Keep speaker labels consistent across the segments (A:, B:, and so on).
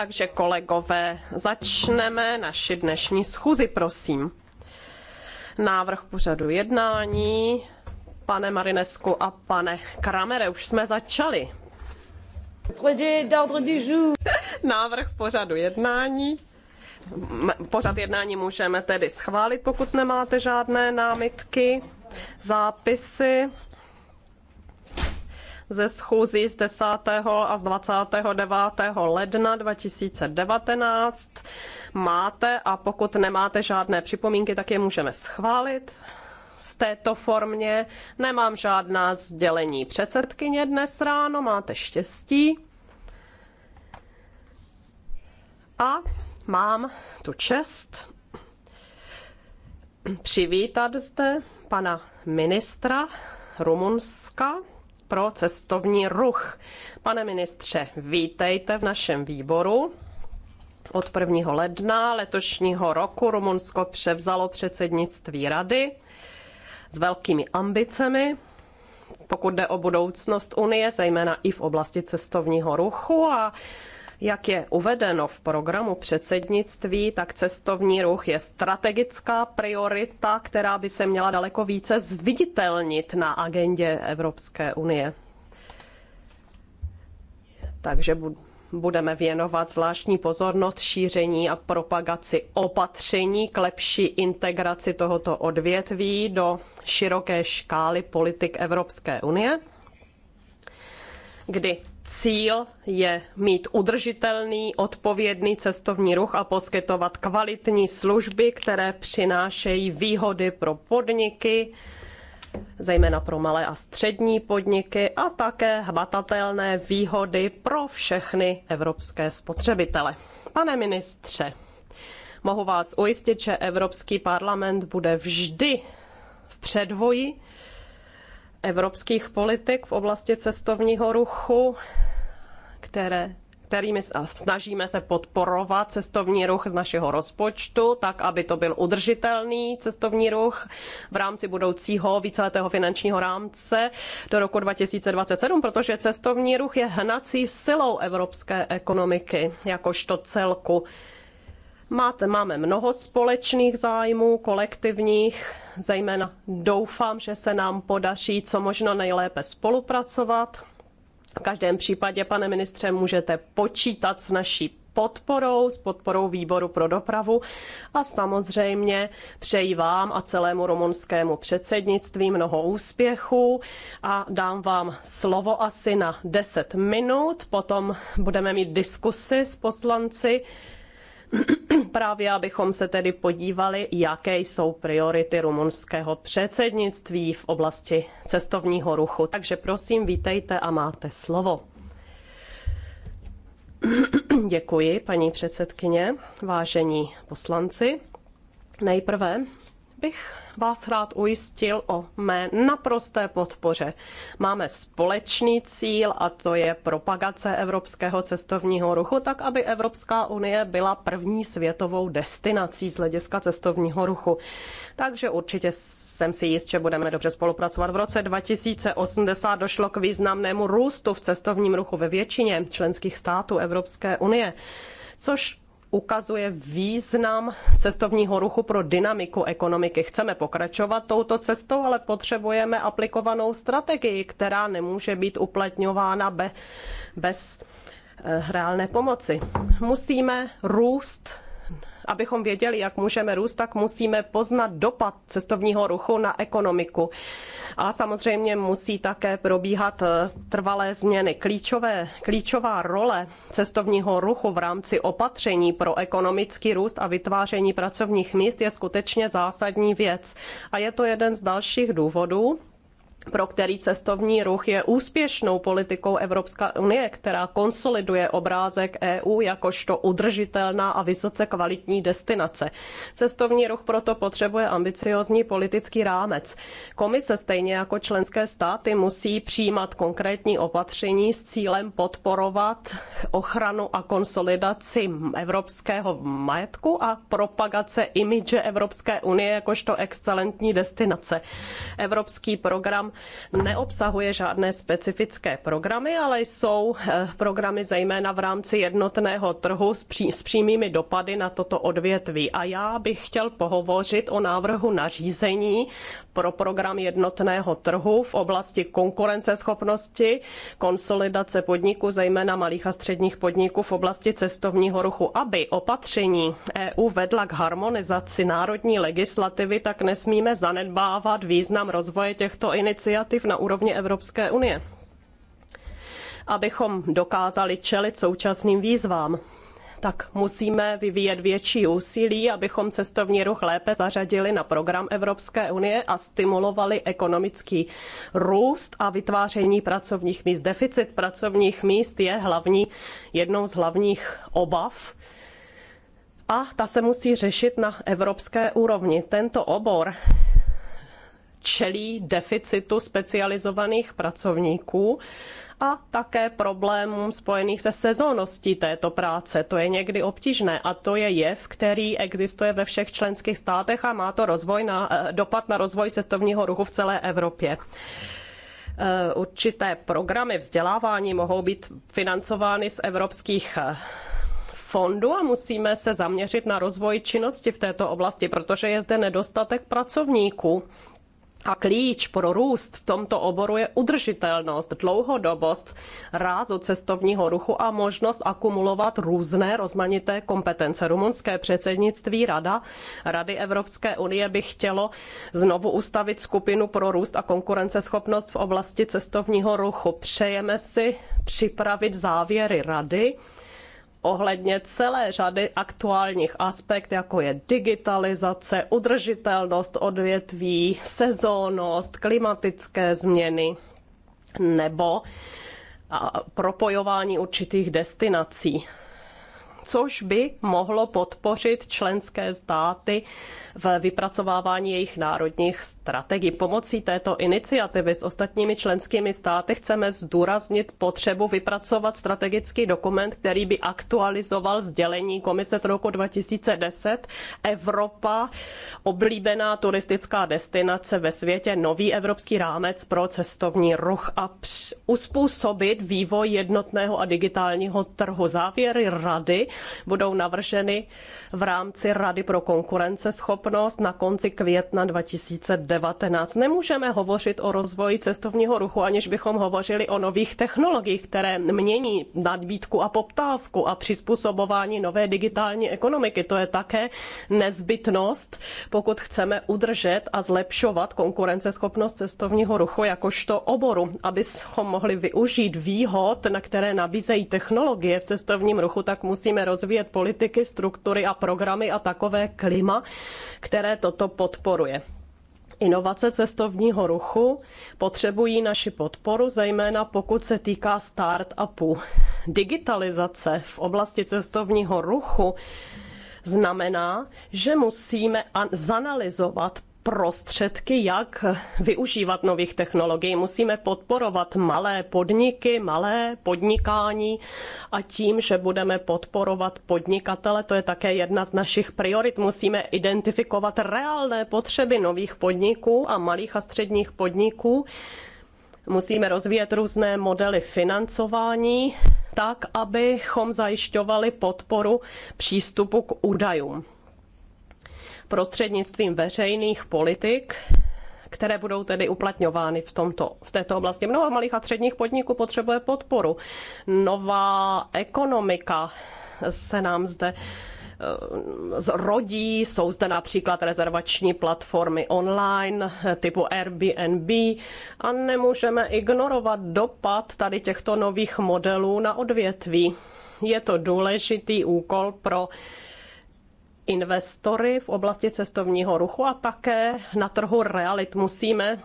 A: Takže kolegové, začneme naši dnešní schůzi, prosím. Návrh pořadu jednání. Pane Marinesku a pane Kramere, už jsme začali. Návrh pořadu jednání. Pořad jednání můžeme tedy schválit, pokud nemáte žádné námitky, zápisy ze schůzí z 10. a z 29. ledna 2019 máte a pokud nemáte žádné připomínky, tak je můžeme schválit v této formě. Nemám žádná sdělení předsedkyně dnes ráno, máte štěstí. A mám tu čest přivítat zde pana ministra Rumunska, pro cestovní ruch. Pane ministře, vítejte v našem výboru. Od 1. ledna letošního roku Rumunsko převzalo předsednictví rady s velkými ambicemi, pokud jde o budoucnost Unie, zejména i v oblasti cestovního ruchu a jak je uvedeno v programu předsednictví, tak cestovní ruch je strategická priorita, která by se měla daleko více zviditelnit na agendě Evropské unie. Takže budeme věnovat zvláštní pozornost šíření a propagaci opatření k lepší integraci tohoto odvětví do široké škály politik Evropské unie, kdy cíl je mít udržitelný, odpovědný cestovní ruch a poskytovat kvalitní služby, které přinášejí výhody pro podniky, zejména pro malé a střední podniky a také hmatatelné výhody pro všechny evropské spotřebitele. Pane ministře, mohu vás ujistit, že Evropský parlament bude vždy v předvoji evropských politik v oblasti cestovního ruchu, které kterými snažíme se podporovat cestovní ruch z našeho rozpočtu, tak aby to byl udržitelný cestovní ruch v rámci budoucího víceletého finančního rámce do roku 2027, protože cestovní ruch je hnací silou evropské ekonomiky jakožto celku. Máte, máme mnoho společných zájmů, kolektivních, zejména doufám, že se nám podaří co možno nejlépe spolupracovat. V každém případě, pane ministře, můžete počítat s naší podporou, s podporou výboru pro dopravu a samozřejmě přeji vám a celému rumunskému předsednictví mnoho úspěchů a dám vám slovo asi na 10 minut, potom budeme mít diskusy s poslanci právě abychom se tedy podívali, jaké jsou priority rumunského předsednictví v oblasti cestovního ruchu. Takže prosím, vítejte a máte slovo. Děkuji, paní předsedkyně, vážení poslanci. Nejprve bych vás rád ujistil o mé naprosté podpoře. Máme společný cíl a to je propagace evropského cestovního ruchu, tak aby Evropská unie byla první světovou destinací z hlediska cestovního ruchu. Takže určitě jsem si jist, že budeme dobře spolupracovat. V roce 2080 došlo k významnému růstu v cestovním ruchu ve většině členských států Evropské unie, což ukazuje význam cestovního ruchu pro dynamiku ekonomiky. Chceme pokračovat touto cestou, ale potřebujeme aplikovanou strategii, která nemůže být uplatňována bez eh, reálné pomoci. Musíme růst abychom věděli, jak můžeme růst, tak musíme poznat dopad cestovního ruchu na ekonomiku. A samozřejmě musí také probíhat eh, trvalé změny. Klíčové, klíčová role cestovního ruchu v rámci opatření pro ekonomický růst a vytváření pracovních míst je skutečně zásadní věc. A je to jeden z dalších důvodů, pro který cestovní ruch je úspěšnou politikou Evropská unie, která konsoliduje obrázek EU jakožto udržitelná a vysoce kvalitní destinace. Cestovní ruch proto potřebuje ambiciózní politický rámec. Komise stejně jako členské státy musí přijímat konkrétní opatření s cílem podporovat ochranu a konsolidaci evropského majetku a propagace imidže Evropské unie jakožto excelentní destinace. Evropský program neobsahuje žádné specifické programy, ale jsou eh, programy zejména v rámci jednotného trhu s, pří, s přímými dopady na toto odvětví. A já bych chtěl pohovořit o návrhu nařízení pro program jednotného trhu v oblasti konkurenceschopnosti, konsolidace podniků, zejména malých a středních podniků v oblasti cestovního ruchu, aby opatření EU vedla k harmonizaci národní legislativy, tak nesmíme zanedbávat význam rozvoje těchto iniciativ iniciativ na úrovni Evropské unie, abychom dokázali čelit současným výzvám tak musíme vyvíjet větší úsilí, abychom cestovní ruch lépe zařadili na program Evropské unie a stimulovali ekonomický růst a vytváření pracovních míst. Deficit pracovních míst je hlavní, jednou z hlavních obav a ta se musí řešit na evropské úrovni. Tento obor čelí deficitu specializovaných pracovníků a také problémům spojených se sezónností této práce. To je někdy obtížné a to je jev, který existuje ve všech členských státech a má to rozvoj na, eh, dopad na rozvoj cestovního ruchu v celé Evropě eh, určité programy vzdělávání mohou být financovány z evropských eh, fondu a musíme se zaměřit na rozvoj činnosti v této oblasti, protože je zde nedostatek pracovníků a klíč pro růst v tomto oboru je udržitelnost, dlouhodobost rázu cestovního ruchu a možnost akumulovat různé rozmanité kompetence. Rumunské předsednictví Rada Rady Evropské unie by chtělo znovu ustavit skupinu pro růst a konkurenceschopnost v oblasti cestovního ruchu. Přejeme si připravit závěry Rady ohledně celé řady aktuálních aspektů, jako je digitalizace, udržitelnost odvětví, sezónnost, klimatické změny nebo propojování určitých destinací což by mohlo podpořit členské státy v vypracovávání jejich národních strategií. Pomocí této iniciativy s ostatními členskými státy chceme zdůraznit potřebu vypracovat strategický dokument, který by aktualizoval sdělení komise z roku 2010 Evropa, oblíbená turistická destinace ve světě, nový evropský rámec pro cestovní ruch a uspůsobit vývoj jednotného a digitálního trhu. Závěry rady budou navrženy v rámci Rady pro konkurenceschopnost na konci května 2019. Nemůžeme hovořit o rozvoji cestovního ruchu, aniž bychom hovořili o nových technologiích, které mění nadbídku a poptávku a přizpůsobování nové digitální ekonomiky. To je také nezbytnost, pokud chceme udržet a zlepšovat konkurenceschopnost cestovního ruchu jakožto oboru, abychom mohli využít výhod, na které nabízejí technologie v cestovním ruchu, tak musíme musíme rozvíjet politiky, struktury a programy a takové klima, které toto podporuje. Inovace cestovního ruchu potřebují naši podporu, zejména pokud se týká start-upů. Digitalizace v oblasti cestovního ruchu znamená, že musíme zanalizovat prostředky, jak využívat nových technologií. Musíme podporovat malé podniky, malé podnikání a tím, že budeme podporovat podnikatele, to je také jedna z našich priorit. Musíme identifikovat reálné potřeby nových podniků a malých a středních podniků. Musíme rozvíjet různé modely financování, tak, abychom zajišťovali podporu přístupu k údajům prostřednictvím veřejných politik, které budou tedy uplatňovány v, tomto, v této oblasti. Mnoho malých a středních podniků potřebuje podporu. Nová ekonomika se nám zde eh, zrodí, jsou zde například rezervační platformy online typu Airbnb a nemůžeme ignorovat dopad tady těchto nových modelů na odvětví. Je to důležitý úkol pro investory v oblasti cestovního ruchu a také na trhu realit musíme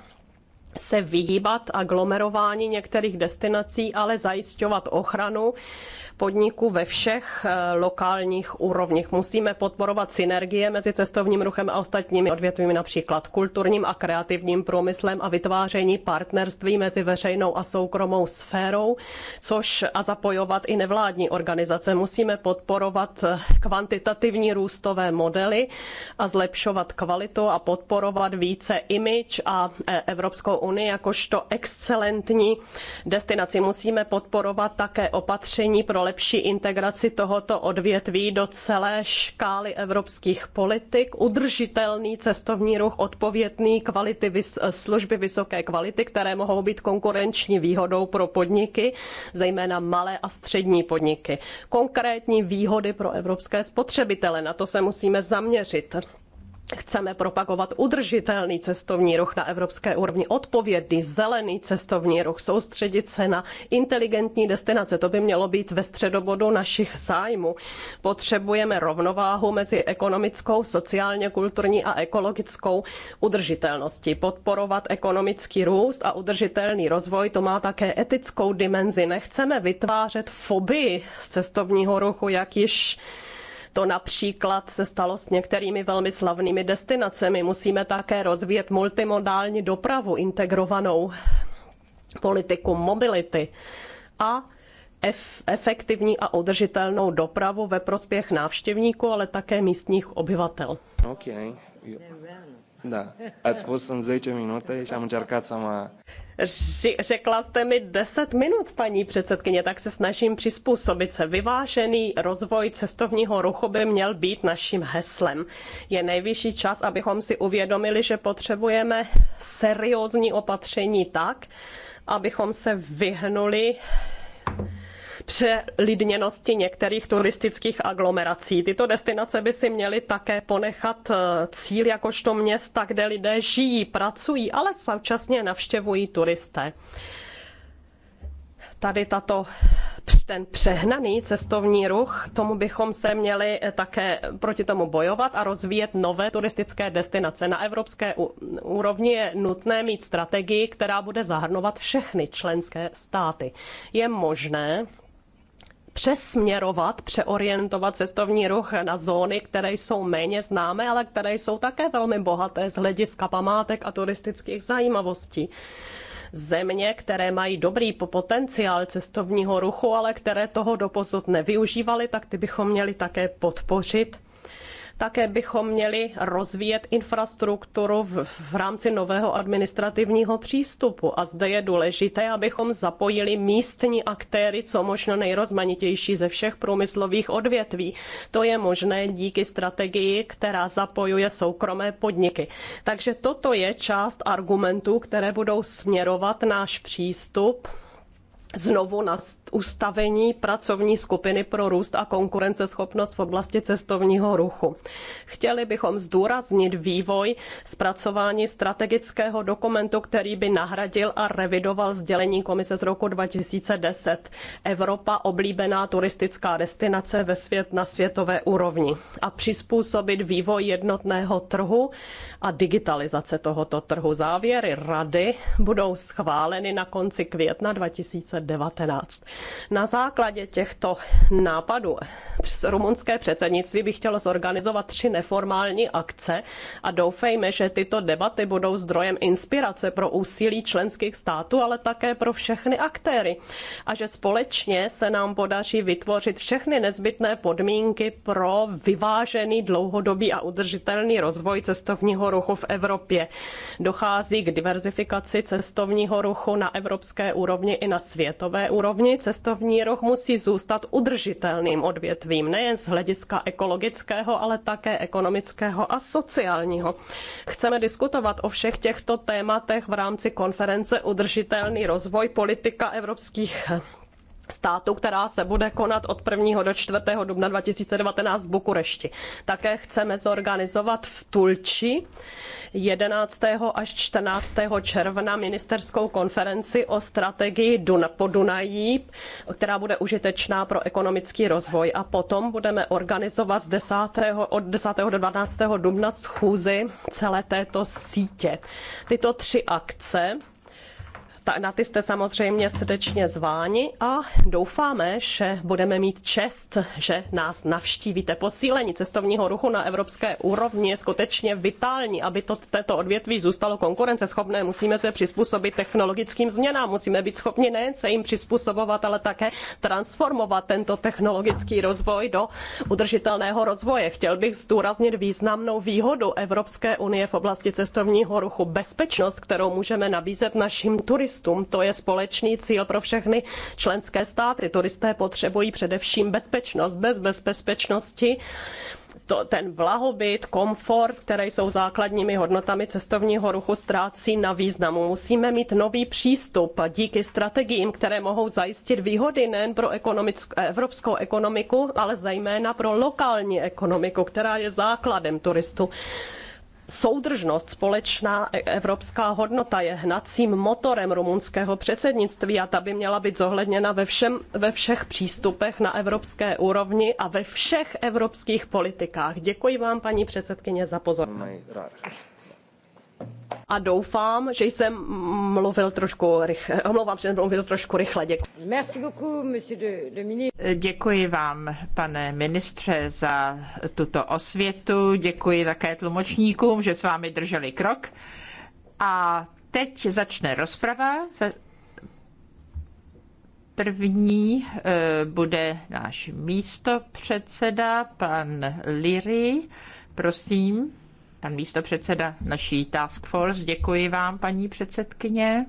A: se vyhýbat aglomerování některých destinací, ale zajišťovat ochranu podniků ve všech eh, lokálních úrovních. Musíme podporovat synergie mezi cestovním ruchem a ostatními odvětvími, například kulturním a kreativním průmyslem a vytváření partnerství mezi veřejnou a soukromou sférou, což a zapojovat i nevládní organizace. Musíme podporovat eh, kvantitativní růstové modely a zlepšovat kvalitu a podporovat více image a eh, Evropskou unii jakožto excelentní destinaci. Musíme podporovat také opatření pro lepší lepší integraci tohoto odvětví do celé škály evropských politik, udržitelný cestovní ruch, odpovědný kvality služby vysoké kvality, které mohou být konkurenční výhodou pro podniky, zejména malé a střední podniky. Konkrétní výhody pro evropské spotřebitele, na to se musíme zaměřit. Chceme propagovat udržitelný cestovní ruch na evropské úrovni, odpovědný zelený cestovní ruch, soustředit se na inteligentní destinace. To by mělo být ve středobodu našich zájmů. Potřebujeme rovnováhu mezi ekonomickou, sociálně kulturní a ekologickou udržitelností. Podporovat ekonomický růst a udržitelný rozvoj, to má také etickou dimenzi. Nechceme vytvářet fobii z cestovního ruchu, jak již to například se stalo s některými velmi slavnými destinacemi. Musíme také rozvíjet multimodální dopravu, integrovanou politiku mobility a efektivní a udržitelnou dopravu ve prospěch návštěvníků, ale také místních obyvatel. Okay. Da, ați spus în 10 minute și am încercat să mă... Řekla jste mi 10 minut, paní předsedkyně, tak se snažím přizpůsobit se. Vyvážený rozvoj cestovního ruchu by měl být naším heslem. Je nejvyšší čas, abychom si uvědomili, že potřebujeme seriózní opatření tak, abychom se vyhnuli přelidněnosti některých turistických aglomerací. Tyto destinace by si měly také ponechat eh, cíl jakožto města, kde lidé žijí, pracují, ale současně navštěvují turisté. Tady tato ten přehnaný cestovní ruch, tomu bychom se měli eh, také proti tomu bojovat a rozvíjet nové turistické destinace. Na evropské úrovni je nutné mít strategii, která bude zahrnovat všechny členské státy. Je možné, přesměrovat, přeorientovat cestovní ruch na zóny, které jsou méně známé, ale které jsou také velmi bohaté z hlediska památek a turistických zajímavostí země, které mají dobrý potenciál cestovního ruchu, ale které toho doposud nevyužívaly, tak ty bychom měli také podpořit také bychom měli rozvíjet infrastrukturu v, v rámci nového administrativního přístupu. A zde je důležité, abychom zapojili místní aktéry, co možno nejrozmanitější ze všech průmyslových odvětví. To je možné díky strategii, která zapojuje soukromé podniky. Takže toto je část argumentů, které budou směrovat náš přístup znovu na ustavení pracovní skupiny pro růst a konkurenceschopnost v oblasti cestovního ruchu. Chtěli bychom zdůraznit vývoj zpracování strategického dokumentu, který by nahradil a revidoval sdělení komise z roku 2010 Evropa oblíbená turistická destinace ve svět na světové úrovni a přizpůsobit vývoj jednotného trhu a digitalizace tohoto trhu. Závěry rady budou schváleny na konci května 2010 2019. Na základě těchto nápadů přes rumunské předsednictví bych chtělo zorganizovat tři neformální akce a doufejme, že tyto debaty budou zdrojem inspirace pro úsilí členských států, ale také pro všechny aktéry a že společně se nám podaří vytvořit všechny nezbytné podmínky pro vyvážený dlouhodobý a udržitelný rozvoj cestovního ruchu v Evropě. Dochází k diverzifikaci cestovního ruchu na evropské úrovni i na světové světové úrovni cestovní ruch musí zůstat udržitelným odvětvím, nejen z hlediska ekologického, ale také ekonomického a sociálního. Chceme diskutovat o všech těchto tématech v rámci konference Udržitelný rozvoj politika evropských státu, která se bude konat od 1. do 4. dubna 2019 v Bukurešti. Také chceme zorganizovat v Tulči 11. až 14. června ministerskou konferenci o strategii Dun- po Dunají, která bude užitečná pro ekonomický rozvoj. A potom budeme organizovat z 10. od 10. do 12. dubna schůzi celé této sítě. Tyto tři akce ta, na ty jste samozřejmě srdečně zváni a doufáme, že budeme mít čest, že nás navštívíte. Posílení cestovního ruchu na evropské úrovni je skutečně vitální, aby to, této odvětví zůstalo konkurenceschopné. Musíme se přizpůsobit technologickým změnám, musíme být schopni nejen se jim přizpůsobovat, ale také transformovat tento technologický rozvoj do udržitelného rozvoje. Chtěl bych zdůraznit významnou výhodu Evropské unie v oblasti cestovního ruchu, bezpečnost, kterou můžeme nabízet našim turistům turistům. To je společný cíl pro všechny členské státy. Turisté potřebují především bezpečnost. Bez, bezpečnosti to, ten blahobyt, komfort, které jsou základními hodnotami cestovního ruchu, ztrácí na významu. Musíme mít nový přístup díky strategiím, které mohou zajistit výhody nejen pro evropskou ekonomiku, ale zejména pro lokální ekonomiku, která je základem turistů soudržnost, společná e- evropská hodnota je hnacím motorem rumunského předsednictví a ta by měla být zohledněna ve, všem, ve všech přístupech na evropské úrovni a ve všech evropských politikách. Děkuji vám, paní předsedkyně, za pozornost a doufám, že jsem mluvil trošku rychle. Omlouvám, že jsem mluvil trošku rychle. Děkuji. Děkuji vám, pane ministře, za
B: tuto osvětu. Děkuji také tlumočníkům, že s vámi drželi krok. A teď začne rozprava. První eh, bude náš místo předseda, pan Liry. Prosím pan místopředseda naší task force. Děkuji vám, paní předsedkyně.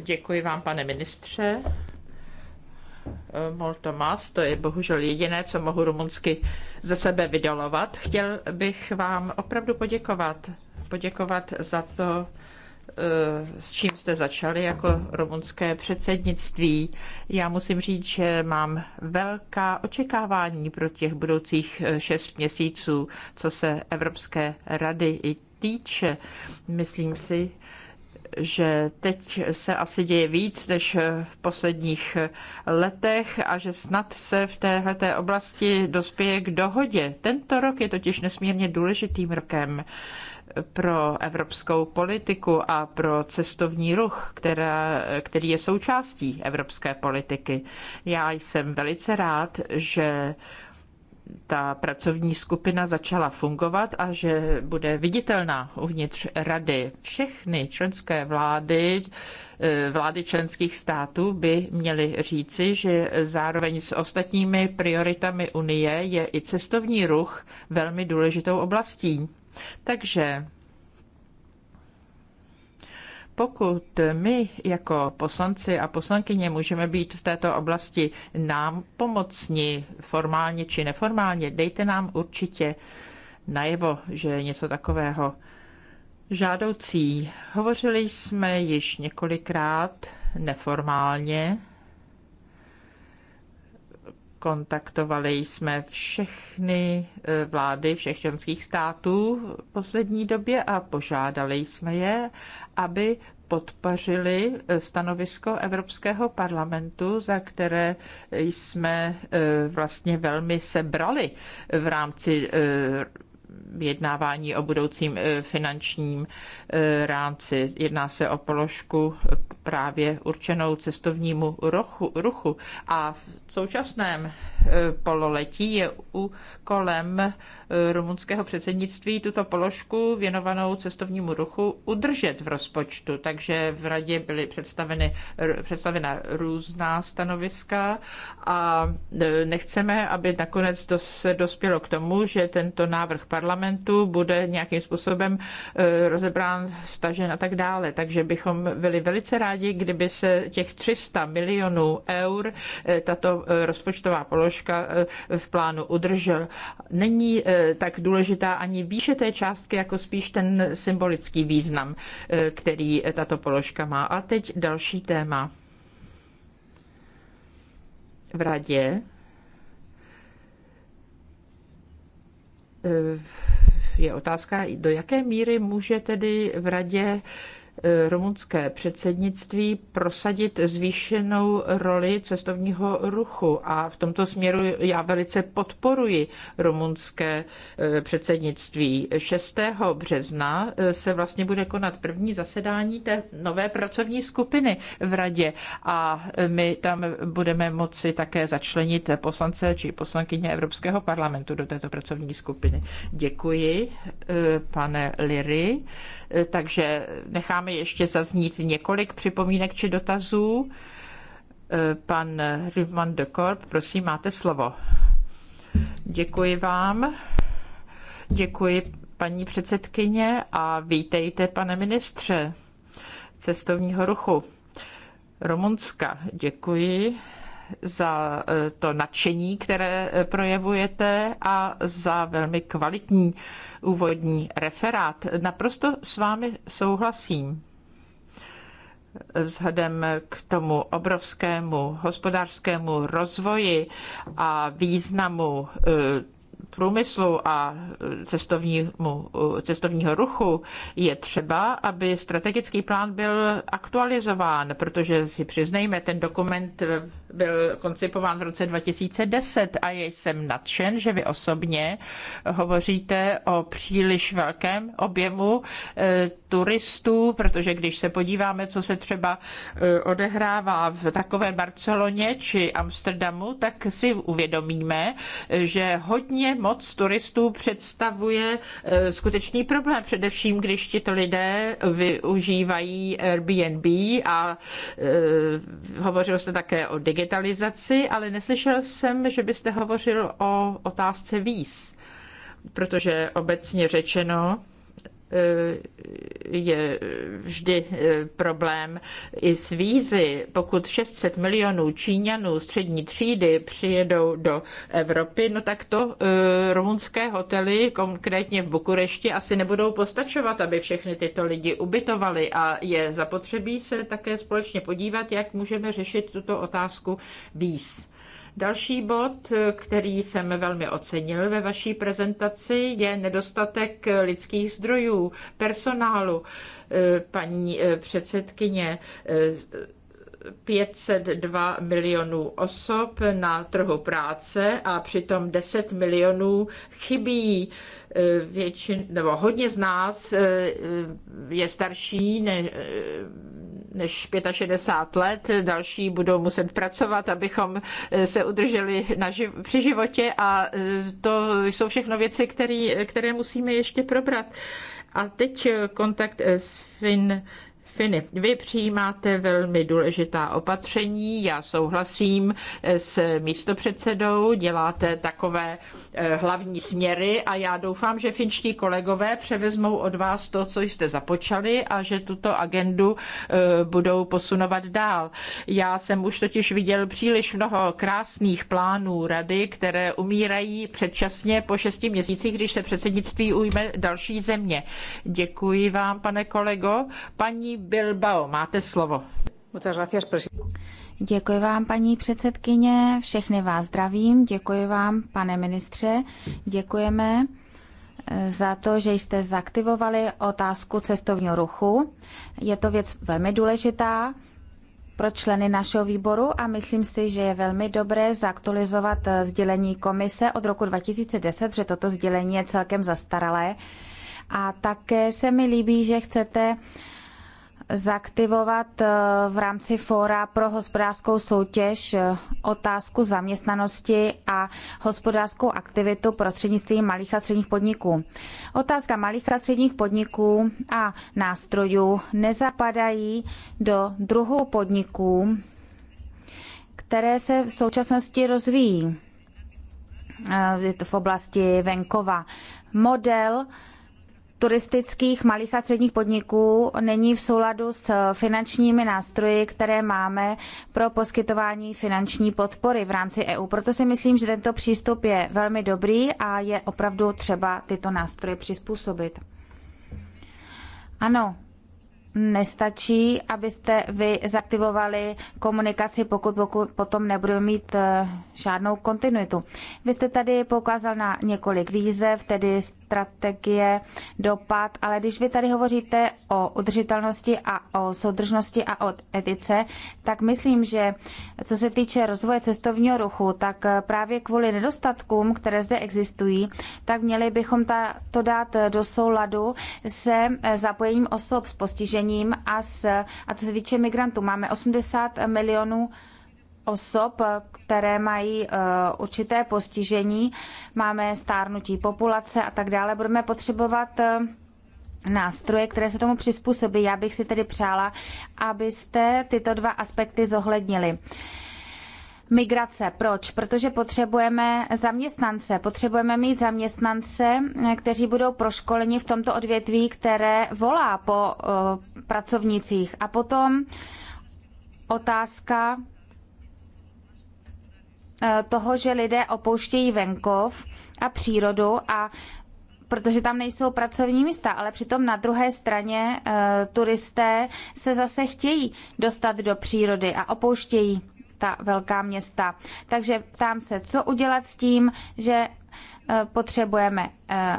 B: Děkuji vám, pane ministře. Molto to je bohužel jediné, co mohu rumunsky ze sebe vydolovat. Chtěl bych vám opravdu poděkovat. Poděkovat za to, Eh, s čím jste začali jako rumunské předsednictví. Já musím říct, že mám velká očekávání pro těch budoucích eh, šest měsíců, co se Evropské rady i týče. Myslím si, že teď se asi děje víc než v posledních eh, letech a že snad se v této oblasti dospěje k dohodě. Tento rok je totiž nesmírně důležitým rokem pro evropskou politiku a pro cestovní ruch, která, který je součástí evropské politiky. Já jsem velice rád, že ta pracovní skupina začala fungovat a že bude viditelná uvnitř rady. Všechny členské vlády, eh, vlády členských států by měly říci, že zároveň s ostatními prioritami Unie je i cestovní ruch velmi důležitou oblastí. Takže pokud my jako poslanci a poslankyně můžeme být v této oblasti nám pomocni formálně či neformálně, dejte nám určitě najevo, že je něco takového žádoucí. Hovořili jsme již několikrát neformálně Kontaktovali jsme všechny eh, vlády všech členských států v poslední době a požádali jsme je, aby podpořili eh, stanovisko Evropského parlamentu, za které jsme eh, vlastně velmi sebrali v rámci vyjednávání o budoucím eh, finančním eh, rámci. Jedná se o položku právě určenou cestovnímu ruchu, ruchu. a v současném pololetí je úkolem eh, rumunského předsednictví tuto položku věnovanou cestovnímu ruchu udržet v rozpočtu. Takže v radě byly představeny, představena různá stanoviska a eh, nechceme, aby nakonec se dospělo k tomu, že tento návrh parlamentu bude nějakým způsobem eh, rozebrán, stažen a tak dále. Takže bychom byli velice rádi, kdyby se těch 300 milionů eur tato rozpočtová položka složka eh, v plánu udržel. Není eh, tak důležitá ani výše té částky, jako spíš ten symbolický význam, eh, který tato položka má. A teď další téma. V radě je otázka, do jaké míry může tedy v radě Eh, rumunské předsednictví prosadit zvýšenou roli cestovního ruchu. A v tomto směru já velice podporuji rumunské eh, předsednictví. 6. března eh, se vlastně bude konat první zasedání té nové pracovní skupiny v radě a my tam budeme moci také začlenit poslance či poslankyně Evropského parlamentu do této pracovní skupiny. Děkuji, pane Liry. Eh, takže necháme ještě zaznít několik připomínek či dotazů. Eh, pan Rivman de Korp, prosím, máte slovo. Děkuji vám. Děkuji paní předsedkyně a vítejte, pane ministře cestovního ruchu Rumunska. Děkuji za eh, to nadšení, které projevujete a za velmi kvalitní úvodní referát. Naprosto s vámi souhlasím vzhledem k tomu obrovskému hospodářskému rozvoji a významu e, průmyslu a cestovnímu, e, cestovního ruchu je třeba, aby strategický plán byl aktualizován, protože si přiznejme, ten dokument byl koncipován v roce 2010 a jsem nadšen, že vy osobně hovoříte o příliš velkém objemu eh, turistů, protože když se podíváme, co se třeba eh, odehrává v takové Barceloně či Amsterdamu, tak si uvědomíme, eh, že hodně moc turistů představuje skutečný problém, především když tito lidé využívají Airbnb a hovořilo se také o digitální digitalizaci, ale neslyšel jsem, že byste hovořil o otázce víz, protože obecně řečeno je vždy eh, problém i s vízy. Pokud 600 milionů Číňanů střední třídy přijedou do Evropy, no tak to eh, rumunské hotely, konkrétně v Bukurešti, asi nebudou postačovat, aby všechny tyto lidi ubytovali a je zapotřebí se také společně podívat, jak můžeme řešit tuto otázku víz. Další bod, který jsem velmi ocenil ve vaší prezentaci, je nedostatek lidských zdrojů, personálu. Paní eh, předsedkyně 502 eh, milionů osob na trhu práce a přitom 10 milionů chybí Eh, většin, nebo hodně z nás eh, je starší ne, eh, než 65 let, další budou muset pracovat, abychom se udrželi na při životě a to jsou všechno věci, který, které musíme ještě probrat. A teď kontakt s Fin Filip, vy přijímáte velmi důležitá opatření, já souhlasím s místopředsedou, děláte takové eh, hlavní směry a já doufám, že finští kolegové převezmou od vás to, co jste započali a že tuto agendu eh, budou posunovat dál. Já jsem už totiž viděl příliš mnoho krásných plánů rady, které umírají předčasně po šesti měsících, když se předsednictví ujme další země. Děkuji vám, pane kolego. Paní Bilbao, máte slovo.
C: Děkuji vám, paní předsedkyně, všechny vás zdravím, děkuji vám, pane ministře, děkujeme eh, za to, že jste zaktivovali otázku cestovního ruchu. Je to věc velmi důležitá pro členy našeho výboru a myslím si, že je velmi dobré zaktualizovat eh, sdělení komise od roku 2010, protože toto sdělení je celkem zastaralé. A také se mi líbí, že chcete zaktivovat eh, v rámci Fóra pro hospodářskou soutěž eh, otázku zaměstnanosti a hospodářskou aktivitu prostřednictvím malých a středních podniků. Otázka malých a středních podniků a nástrojů nezapadají do druhou podniků, které se v současnosti rozvíjí eh, v oblasti venkova. Model turistických malých a středních podniků není v souladu s eh, finančními nástroji, které máme pro poskytování finanční podpory v rámci EU. Proto si myslím, že tento přístup je velmi dobrý a je opravdu třeba tyto nástroje přizpůsobit. Ano, nestačí, abyste vy zaktivovali komunikaci, pokud, pokud potom nebudeme mít eh, žádnou kontinuitu. Vy jste tady poukázal na několik výzev, tedy strategie dopad, ale když vy tady hovoříte o udržitelnosti a o soudržnosti a o etice, tak myslím, že co se týče rozvoje cestovního ruchu, tak právě kvůli nedostatkům, které zde existují, tak měli bychom ta, to dát do souladu se eh, zapojením osob s postižením a, s, a co se týče migrantů. Máme 80 milionů osob, které mají eh, určité postižení, máme stárnutí populace a tak dále, budeme potřebovat eh, nástroje, které se tomu přizpůsobí. Já bych si tedy přála, abyste tyto dva aspekty zohlednili. Migrace. Proč? Protože potřebujeme zaměstnance. Potřebujeme mít zaměstnance, eh, kteří budou proškoleni v tomto odvětví, které volá po pracovnicích. A potom otázka Eh, toho, že lidé opouštějí venkov a přírodu a protože tam nejsou pracovní místa, ale přitom na druhé straně e, turisté se zase chtějí dostat do přírody a opouštějí ta velká města. Takže ptám se, co udělat s tím, že eh, potřebujeme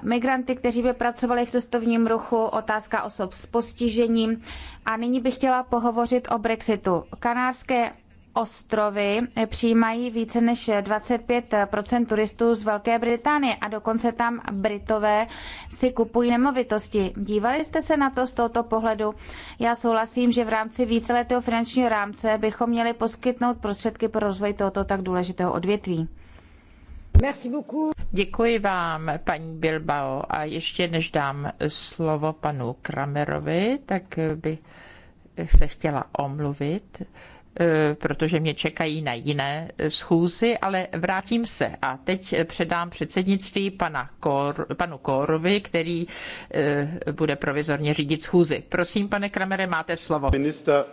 C: migranty, kteří by pracovali v cestovním ruchu, otázka osob s postižením. A nyní bych chtěla pohovořit o Brexitu. Kanárské ostrovy přijímají více než 25 turistů z Velké Británie a dokonce tam Britové si kupují nemovitosti. Dívali jste se na to z tohoto pohledu? Já souhlasím, že v rámci víceletého finančního rámce bychom měli poskytnout prostředky pro rozvoj tohoto tak důležitého odvětví.
B: Děkuji vám, paní Bilbao. A ještě než dám slovo panu Kramerovi, tak bych se chtěla omluvit E, protože mě čekají na jiné e, schůzy, ale vrátím se a teď e, předám předsednictví pana Kor, panu Kórovi, který bude provizorně řídit schůzi. Prosím, pane Kramere, máte slovo. Minister.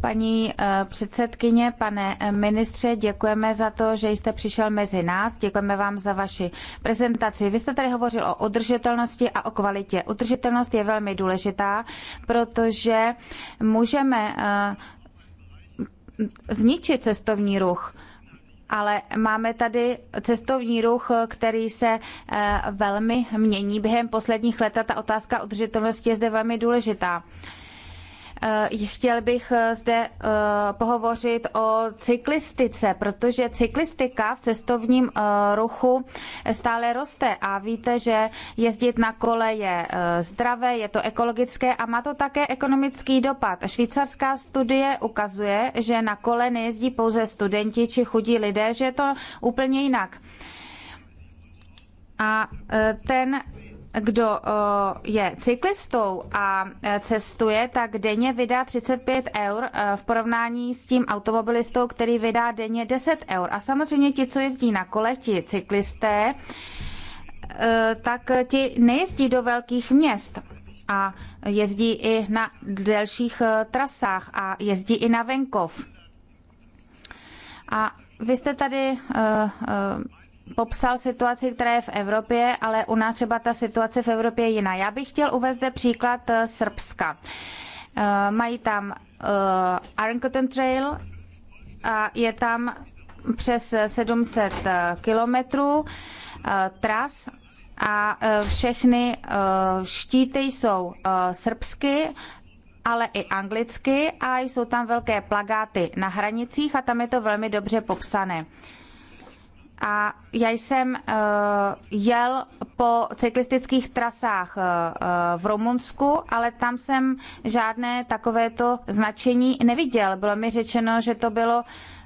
C: Paní předsedkyně, pane ministře, děkujeme za to, že jste přišel mezi nás. Děkujeme vám za vaši prezentaci. Vy jste tady hovořil o udržitelnosti a o kvalitě. Udržitelnost je velmi důležitá, protože můžeme zničit cestovní ruch. Ale máme tady cestovní ruch, který se eh, velmi mění během posledních let a ta otázka udržitelnosti je zde velmi důležitá. Eh, chtěl bych eh, zde eh, pohovořit o cyklistice, protože cyklistika v cestovním ruchu stále roste a víte, že jezdit na kole je zdravé, je to ekologické a má to také ekonomický dopad. Švýcarská studie ukazuje, že na kole nejezdí pouze studenti či chudí lidé, že je to úplně jinak. A ten kdo eh, je cyklistou a eh, cestuje, tak denně vydá 35 eur eh, v porovnání s tím automobilistou, který vydá denně 10 eur. A samozřejmě ti, co jezdí na kole, ti cyklisté, tak ti nejezdí do velkých měst a jezdí i na delších trasách a jezdí i na venkov. A vy jste tady popsal situaci, která je v Evropě, ale u nás třeba ta situace v Evropě je jiná. Já bych chtěl uvést zde příklad eh, Srbska. Eh, mají tam eh, Iron Trail a je tam přes 700 kilometrů tras a všechny štíty jsou srbsky, ale i anglicky a jsou tam velké plagáty na hranicích a tam je to velmi dobře popsané a já jsem uh, jel po cyklistických trasách uh, v Rumunsku, ale tam jsem žádné takovéto značení neviděl. Bylo mi řečeno, že to bylo uh,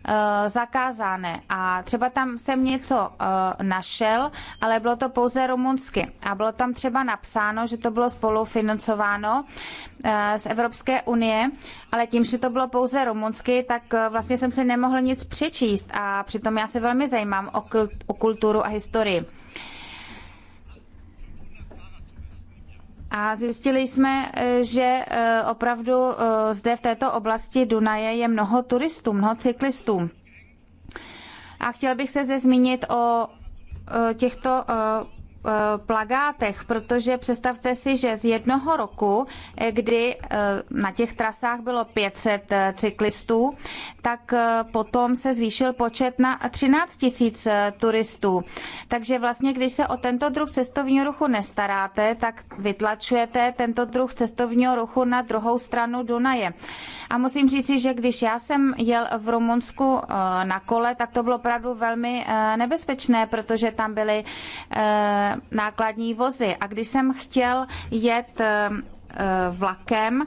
C: Eh, zakázané a třeba tam jsem něco eh, našel, ale bylo to pouze rumunsky a bylo tam třeba napsáno, že to bylo spolufinancováno eh, z Evropské unie, ale tím, že to bylo pouze rumunsky, tak vlastně jsem si nemohl nic přečíst a přitom já se velmi zajímám o, o kulturu a historii. A zjistili jsme, eh, že eh, opravdu eh, zde v této oblasti Dunaje je mnoho turistů, mnoho cyklistů. A chtěl bych se zde zmínit o těchto Eh, plagátech, protože představte si, že z jednoho roku, eh, kdy eh, na těch trasách bylo 500 cyklistů, tak potom se zvýšil počet na 13 tisíc turistů. Takže vlastně, když se o tento druh cestovního ruchu nestaráte, tak vytlačujete tento druh cestovního ruchu na druhou stranu Dunaje. A musím říci, že když já jsem jel v Rumunsku na kole, tak to bylo opravdu velmi nebezpečné, protože tam byly nákladní vozy. A když jsem chtěl jet eh, eh, vlakem,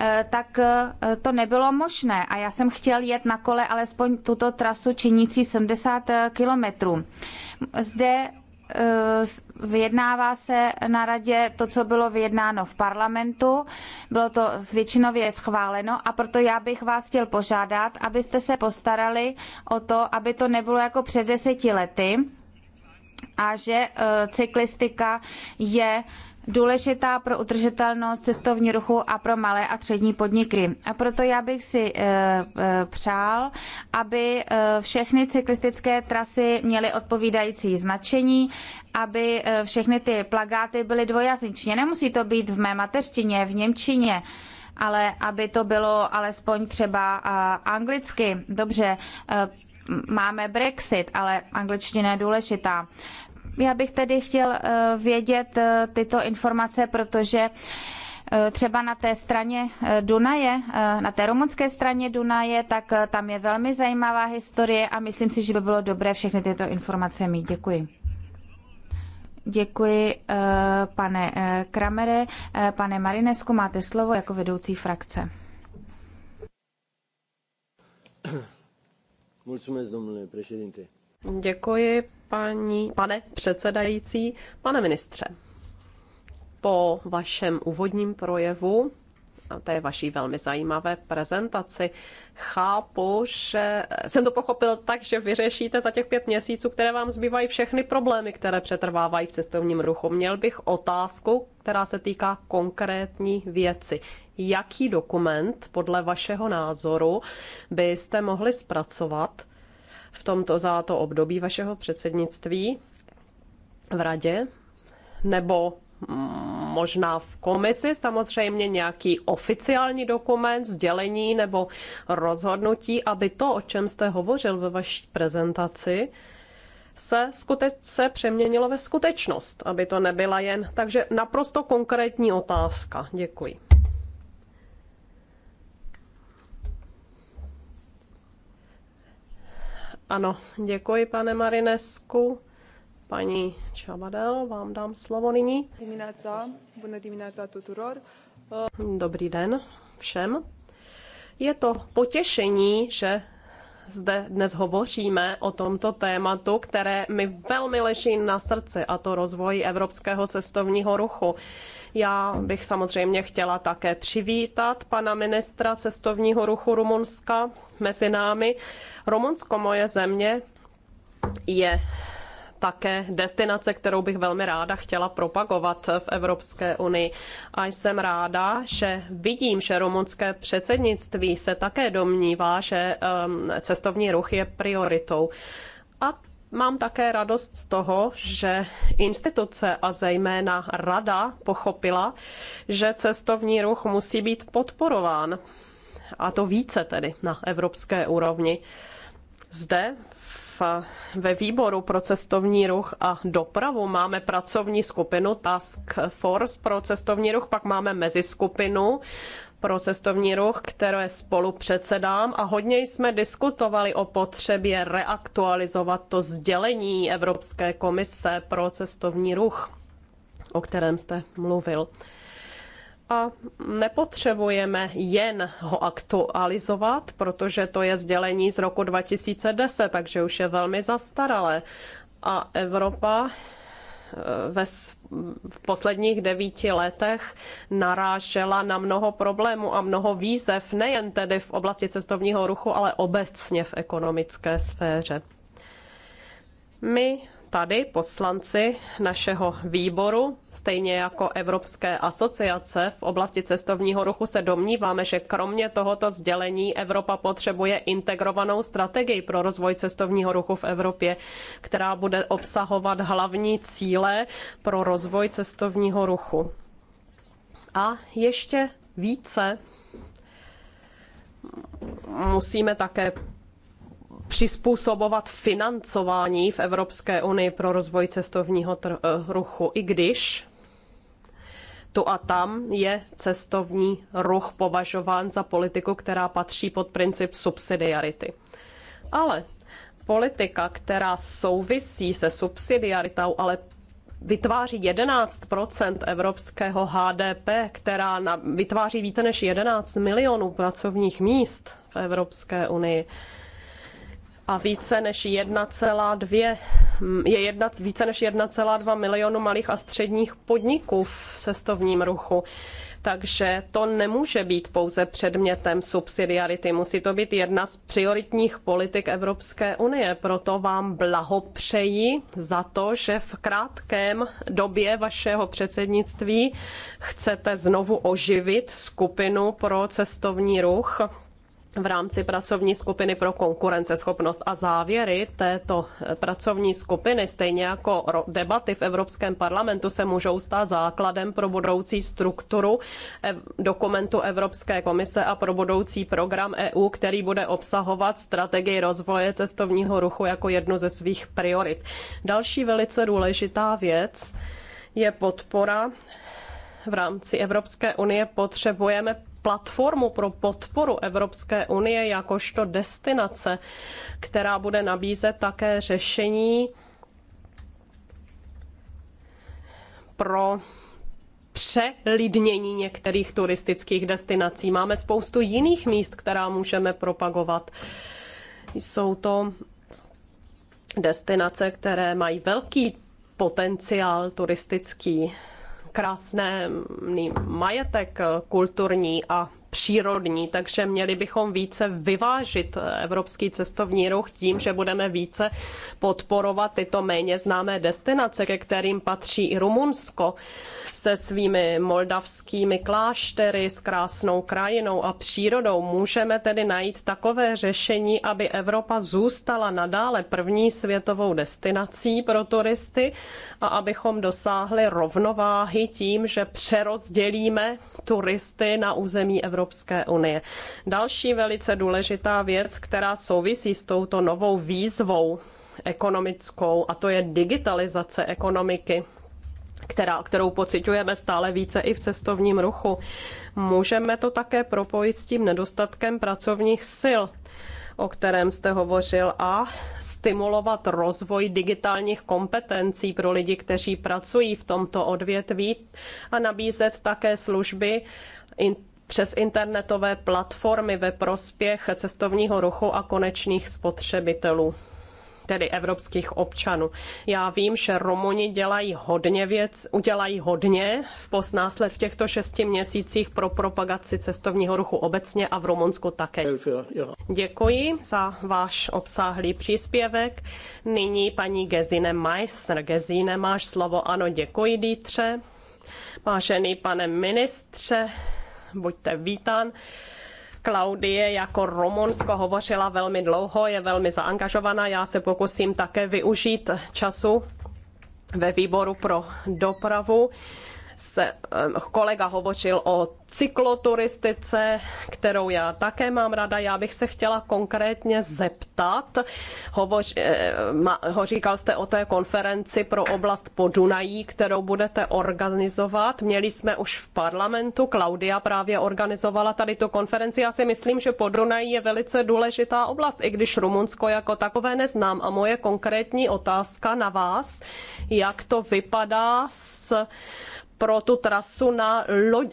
C: eh, tak to nebylo možné. A já jsem chtěl jet na kole alespoň tuto trasu činící 70 kilometrů. Zde vyjednává se na radě to, co bylo vyjednáno v parlamentu. Bylo to většinově schváleno a proto já bych vás chtěl požádat, abyste se postarali o to, aby to nebylo jako před deseti lety, a že e, cyklistika je důležitá pro udržitelnost cestovní ruchu a pro malé a střední podniky. A proto já bych si e, e, přál, aby všechny cyklistické trasy měly odpovídající značení, aby všechny ty plagáty byly dvojazyčně. Nemusí to být v mé mateřštině, v němčině ale aby to bylo alespoň třeba anglicky. Dobře, máme Brexit, ale angličtina je důležitá. Já bych tedy chtěl eh, vědět eh, tyto informace, protože eh, třeba na té straně Dunaje, na té rumunské straně Dunaje, tak tam je velmi zajímavá historie a myslím si, že by bylo dobré všechny tyto informace mít. Děkuji. Děkuji, pane Kramere. Pane Marinesku, máte slovo jako vedoucí frakce.
A: Děkuji, paní, pane předsedající. Pane ministře, po vašem úvodním projevu a té vaší velmi zajímavé prezentaci. Chápu, že jsem to pochopil tak, že vyřešíte za těch pět měsíců, které vám zbývají všechny problémy, které přetrvávají v cestovním ruchu. Měl bych otázku, která se týká konkrétní věci jaký dokument podle vašeho názoru byste mohli zpracovat v tomto za to období vašeho předsednictví v radě nebo možná v komisi samozřejmě nějaký oficiální dokument, sdělení nebo rozhodnutí, aby to, o čem jste hovořil ve vaší prezentaci, se, skuteč, se přeměnilo ve skutečnost, aby to nebyla jen. Takže naprosto konkrétní otázka. Děkuji. Ano, děkuji pane Marinesku. Paní Čabadel, vám dám slovo nyní. Dobrý den všem. Je to potěšení, že zde dnes hovoříme o tomto tématu, které mi velmi leží na srdci, a to rozvoj evropského cestovního ruchu. Já bych samozřejmě chtěla také přivítat pana ministra cestovního ruchu Rumunska mezi námi. Rumunsko, moje země, je také destinace, kterou bych velmi ráda chtěla propagovat v Evropské unii. A jsem ráda, že vidím, že rumunské předsednictví se také domnívá, že um, cestovní ruch je prioritou. A Mám také radost z toho, že instituce a zejména rada pochopila, že cestovní ruch musí být podporován. A to více tedy na evropské úrovni. Zde ve výboru pro cestovní ruch a dopravu máme pracovní skupinu Task Force pro cestovní ruch, pak máme meziskupinu pro cestovní ruch, které spolu předsedám a hodně jsme diskutovali o potřebě reaktualizovat to sdělení Evropské komise pro cestovní ruch, o kterém jste mluvil a nepotřebujeme jen ho aktualizovat, protože to je sdělení z roku 2010, takže už je velmi zastaralé. A Evropa eh, ve, v posledních devíti letech narážela na mnoho problémů a mnoho výzev, nejen tedy v oblasti cestovního ruchu, ale obecně v ekonomické sféře. My tady poslanci našeho výboru, stejně jako Evropské asociace v oblasti cestovního ruchu, se domníváme, že kromě tohoto sdělení Evropa potřebuje integrovanou strategii pro rozvoj cestovního ruchu v Evropě, která bude obsahovat hlavní cíle pro rozvoj cestovního ruchu. A ještě více musíme také přizpůsobovat financování v Evropské unii pro rozvoj cestovního eh, ruchu, i když tu a tam je cestovní ruch považován za politiku, která patří pod princip subsidiarity. Ale politika, která souvisí se subsidiaritou, ale vytváří 11 evropského HDP, která na, vytváří více než 11 milionů pracovních míst v Evropské unii, a více než 1,2 mm, je jedna, více než 1,2 milionu malých a středních podniků v cestovním ruchu. Takže to nemůže být pouze předmětem subsidiarity, musí to být jedna z prioritních politik Evropské unie. Proto vám blahopřeji za to, že v krátkém době vašeho předsednictví chcete znovu oživit skupinu pro cestovní ruch v rámci pracovní skupiny pro konkurenceschopnost a závěry této pracovní skupiny, stejně jako debaty v Evropském parlamentu, se můžou stát základem pro budoucí strukturu dokumentu Evropské komise a pro budoucí program EU, který bude obsahovat strategii rozvoje cestovního ruchu jako jednu ze svých priorit. Další velice důležitá věc je podpora v rámci Evropské unie potřebujeme platformu pro podporu Evropské unie jakožto destinace, která bude nabízet také řešení pro přelidnění některých turistických destinací. Máme spoustu jiných míst, která můžeme propagovat. Jsou to destinace, které mají velký potenciál turistický krásný majetek kulturní a přírodní, takže měli bychom více vyvážit evropský cestovní ruch tím, že budeme více podporovat tyto méně známé destinace, ke kterým patří i Rumunsko se svými moldavskými kláštery, s krásnou krajinou a přírodou. Můžeme tedy najít takové řešení, aby Evropa zůstala nadále první světovou destinací pro turisty a abychom dosáhli rovnováhy tím, že přerozdělíme turisty na území Evropy Evropské unie. Další velice důležitá věc, která souvisí s touto novou výzvou ekonomickou, a to je digitalizace ekonomiky která, kterou pociťujeme stále více i v cestovním ruchu. Můžeme to také propojit s tím nedostatkem pracovních sil, o kterém jste hovořil, a stimulovat rozvoj digitálních kompetencí pro lidi, kteří pracují v tomto odvětví a nabízet také služby přes internetové platformy ve prospěch cestovního ruchu a konečných spotřebitelů tedy evropských občanů. Já vím, že Romuni dělají hodně věc, udělají hodně v posnásled v těchto šesti měsících pro propagaci cestovního ruchu obecně a v Rumunsku také. Děkuji za váš obsáhlý příspěvek. Nyní paní Gezine Meissner. Gezine, máš slovo. Ano, děkuji, Dítře. Vážený pane ministře, buďte vítán. Klaudie jako Romonsko hovořila velmi dlouho, je velmi zaangažovaná. Já se pokusím také využít času ve výboru pro dopravu se eh, kolega hovořil o cykloturistice, kterou já také mám rada. Já bych se chtěla konkrétně zeptat, hovoř, eh, ho říkal jste o té konferenci pro oblast Podunají, kterou budete organizovat. Měli jsme už v parlamentu, Klaudia právě organizovala tady tu konferenci. Já si myslím, že Podunají je velice důležitá oblast, i když Rumunsko jako takové neznám. A moje konkrétní otázka na vás, jak to vypadá s pro tu trasu na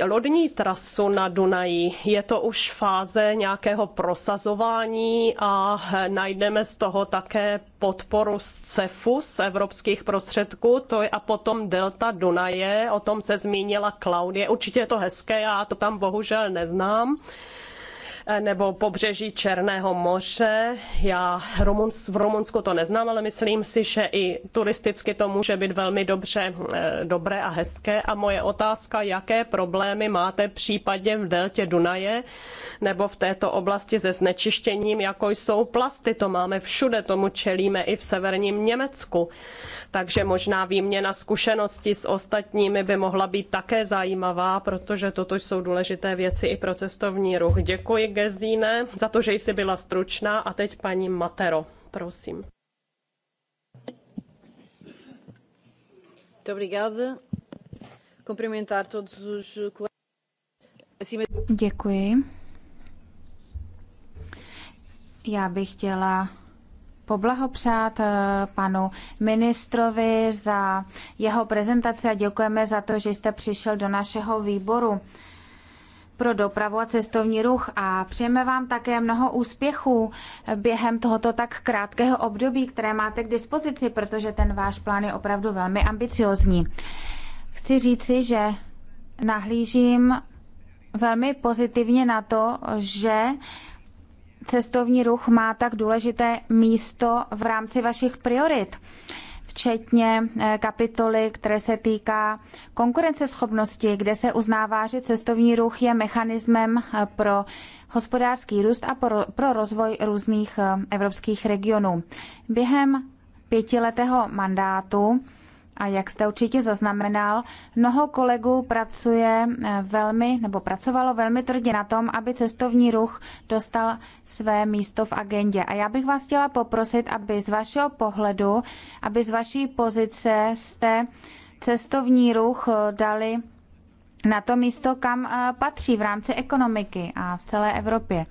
A: lodní trasu na Dunaji. Je to už fáze nějakého prosazování a najdeme z toho také podporu z CEFu, z evropských prostředků, to je a potom Delta Dunaje, o tom se zmínila Klaudie. Určitě je to hezké, já to tam bohužel neznám. Eh, nebo pobřeží Černého moře. Já Rumuns, v Rumunsku to neznám, ale myslím si, že i turisticky to může být velmi dobře, eh, dobré a hezké. A moje otázka, jaké problémy máte případně v deltě Dunaje nebo v této oblasti se znečištěním, jako jsou plasty. To máme všude, tomu čelíme i v severním Německu takže možná výměna zkušeností s ostatními by mohla být také zajímavá, protože toto jsou důležité věci i pro cestovní ruch. Děkuji, Gezíne, za to, že jsi byla stručná. A teď paní Matero, prosím.
C: Děkuji. Já bych chtěla poblahopřát eh, panu ministrovi za jeho prezentaci a děkujeme za to, že jste přišel do našeho výboru pro dopravu a cestovní ruch a přejeme vám také mnoho úspěchů během tohoto tak krátkého období, které máte k dispozici, protože ten váš plán je opravdu velmi ambiciozní. Chci říci, že nahlížím velmi pozitivně na to, že cestovní ruch má tak důležité místo v rámci vašich priorit, včetně eh, kapitoly, které se týká konkurenceschopnosti, kde se uznává, že cestovní ruch je mechanismem eh, pro hospodářský růst a pro rozvoj různých eh, evropských regionů. Během pětiletého mandátu a jak jste určitě zaznamenal, mnoho kolegů pracuje eh, velmi, nebo pracovalo velmi tvrdě na tom, aby cestovní ruch dostal své místo v agendě. A já bych vás chtěla poprosit, aby z vašeho pohledu, aby z vaší pozice jste cestovní ruch eh, dali na to místo, kam eh, patří v rámci ekonomiky a v celé Evropě.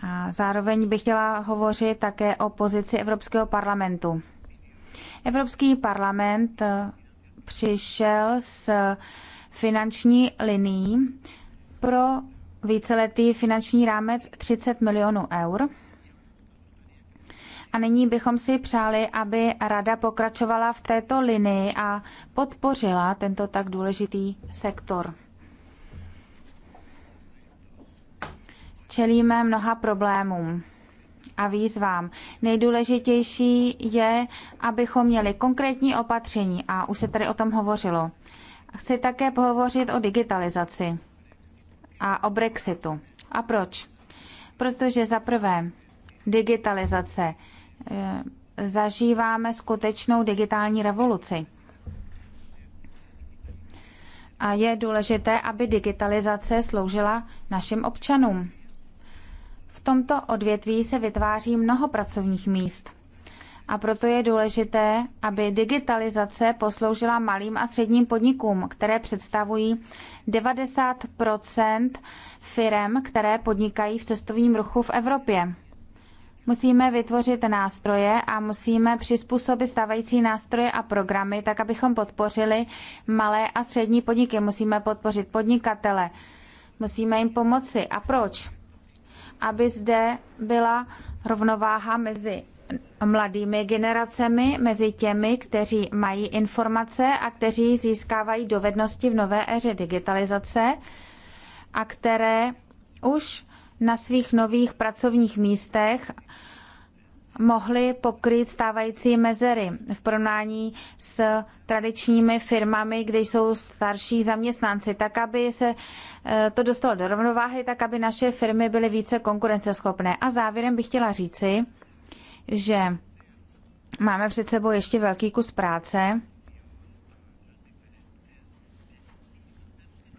C: A zároveň bych chtěla hovořit také o pozici Evropského parlamentu. Evropský parlament eh, přišel s finanční linií pro víceletý finanční rámec 30 milionů eur. A nyní bychom si přáli, aby Rada pokračovala v této linii a podpořila tento tak důležitý sektor. čelíme mnoha problémům a výzvám. Nejdůležitější je, abychom měli konkrétní opatření a už se tady o tom hovořilo. Chci také pohovořit o digitalizaci a o Brexitu. A proč? Protože za prvé, digitalizace. E, zažíváme skutečnou digitální revoluci. A je důležité, aby digitalizace sloužila našim občanům. V tomto odvětví se vytváří mnoho pracovních míst. A proto je důležité, aby digitalizace posloužila malým a středním podnikům, které představují 90 firm, které podnikají v cestovním ruchu v Evropě. Musíme vytvořit nástroje a musíme přizpůsobit stávající nástroje a programy, tak abychom podpořili malé a střední podniky. Musíme podpořit podnikatele, musíme jim pomoci. A proč? aby zde byla rovnováha mezi mladými generacemi, mezi těmi, kteří mají informace a kteří získávají dovednosti v nové éře digitalizace a které už na svých nových pracovních místech mohly pokrýt stávající mezery v porovnání s tradičními firmami, kde jsou starší zaměstnanci, tak aby se e, to dostalo do rovnováhy, tak aby naše firmy byly více konkurenceschopné. A závěrem bych chtěla říci, že máme před sebou ještě velký kus práce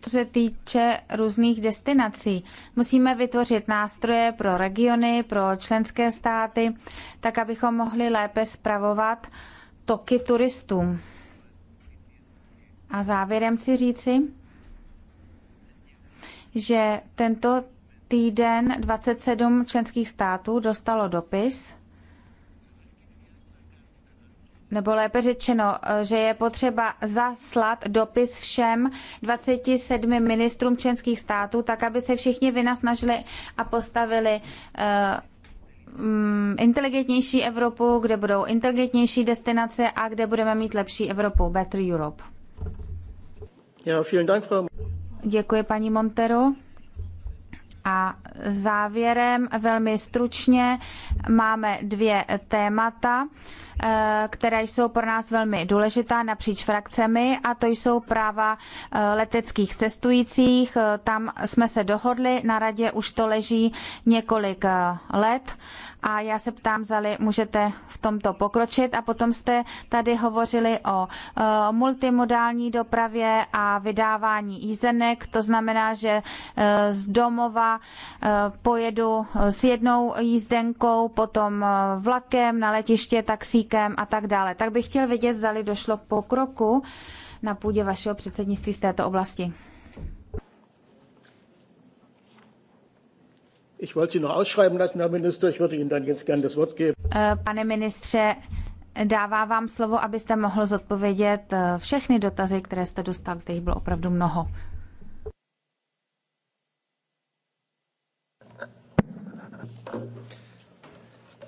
C: co se týče různých destinací. Musíme vytvořit nástroje pro regiony, pro členské státy, tak abychom mohli lépe spravovat toky turistů. A závěrem si říci, že tento týden 27 členských států dostalo dopis, nebo lépe řečeno, eh, že je potřeba zaslat dopis všem 27 ministrům členských států, tak aby se všichni vynasnažili a postavili eh, mm, inteligentnější Evropu, kde budou inteligentnější destinace a kde budeme mít lepší Evropu, Better Europe. Děkuji paní Montero. A závěrem velmi stručně máme dvě témata, eh, které jsou pro nás velmi důležitá napříč frakcemi a to jsou práva eh, leteckých cestujících. Eh, tam jsme se dohodli, na radě už to leží několik let a já se ptám, zali můžete v tomto pokročit. A potom jste tady hovořili o e, multimodální dopravě a vydávání jízdenek. To znamená, že e, z domova e, pojedu s jednou jízdenkou, potom vlakem, na letiště, taxíkem a tak dále. Tak bych chtěl vědět, zali došlo k pokroku na půdě vašeho předsednictví v této oblasti.
B: Ich wollte Sie noch ausschreiben lassen, Herr Minister. Ich würde Ihnen dann jetzt gerne das Wort geben.
C: Eh, pane ministře, dává vám slovo, abyste mohl zodpovědět eh, všechny dotazy, které jste dostal, kterých bylo opravdu mnoho.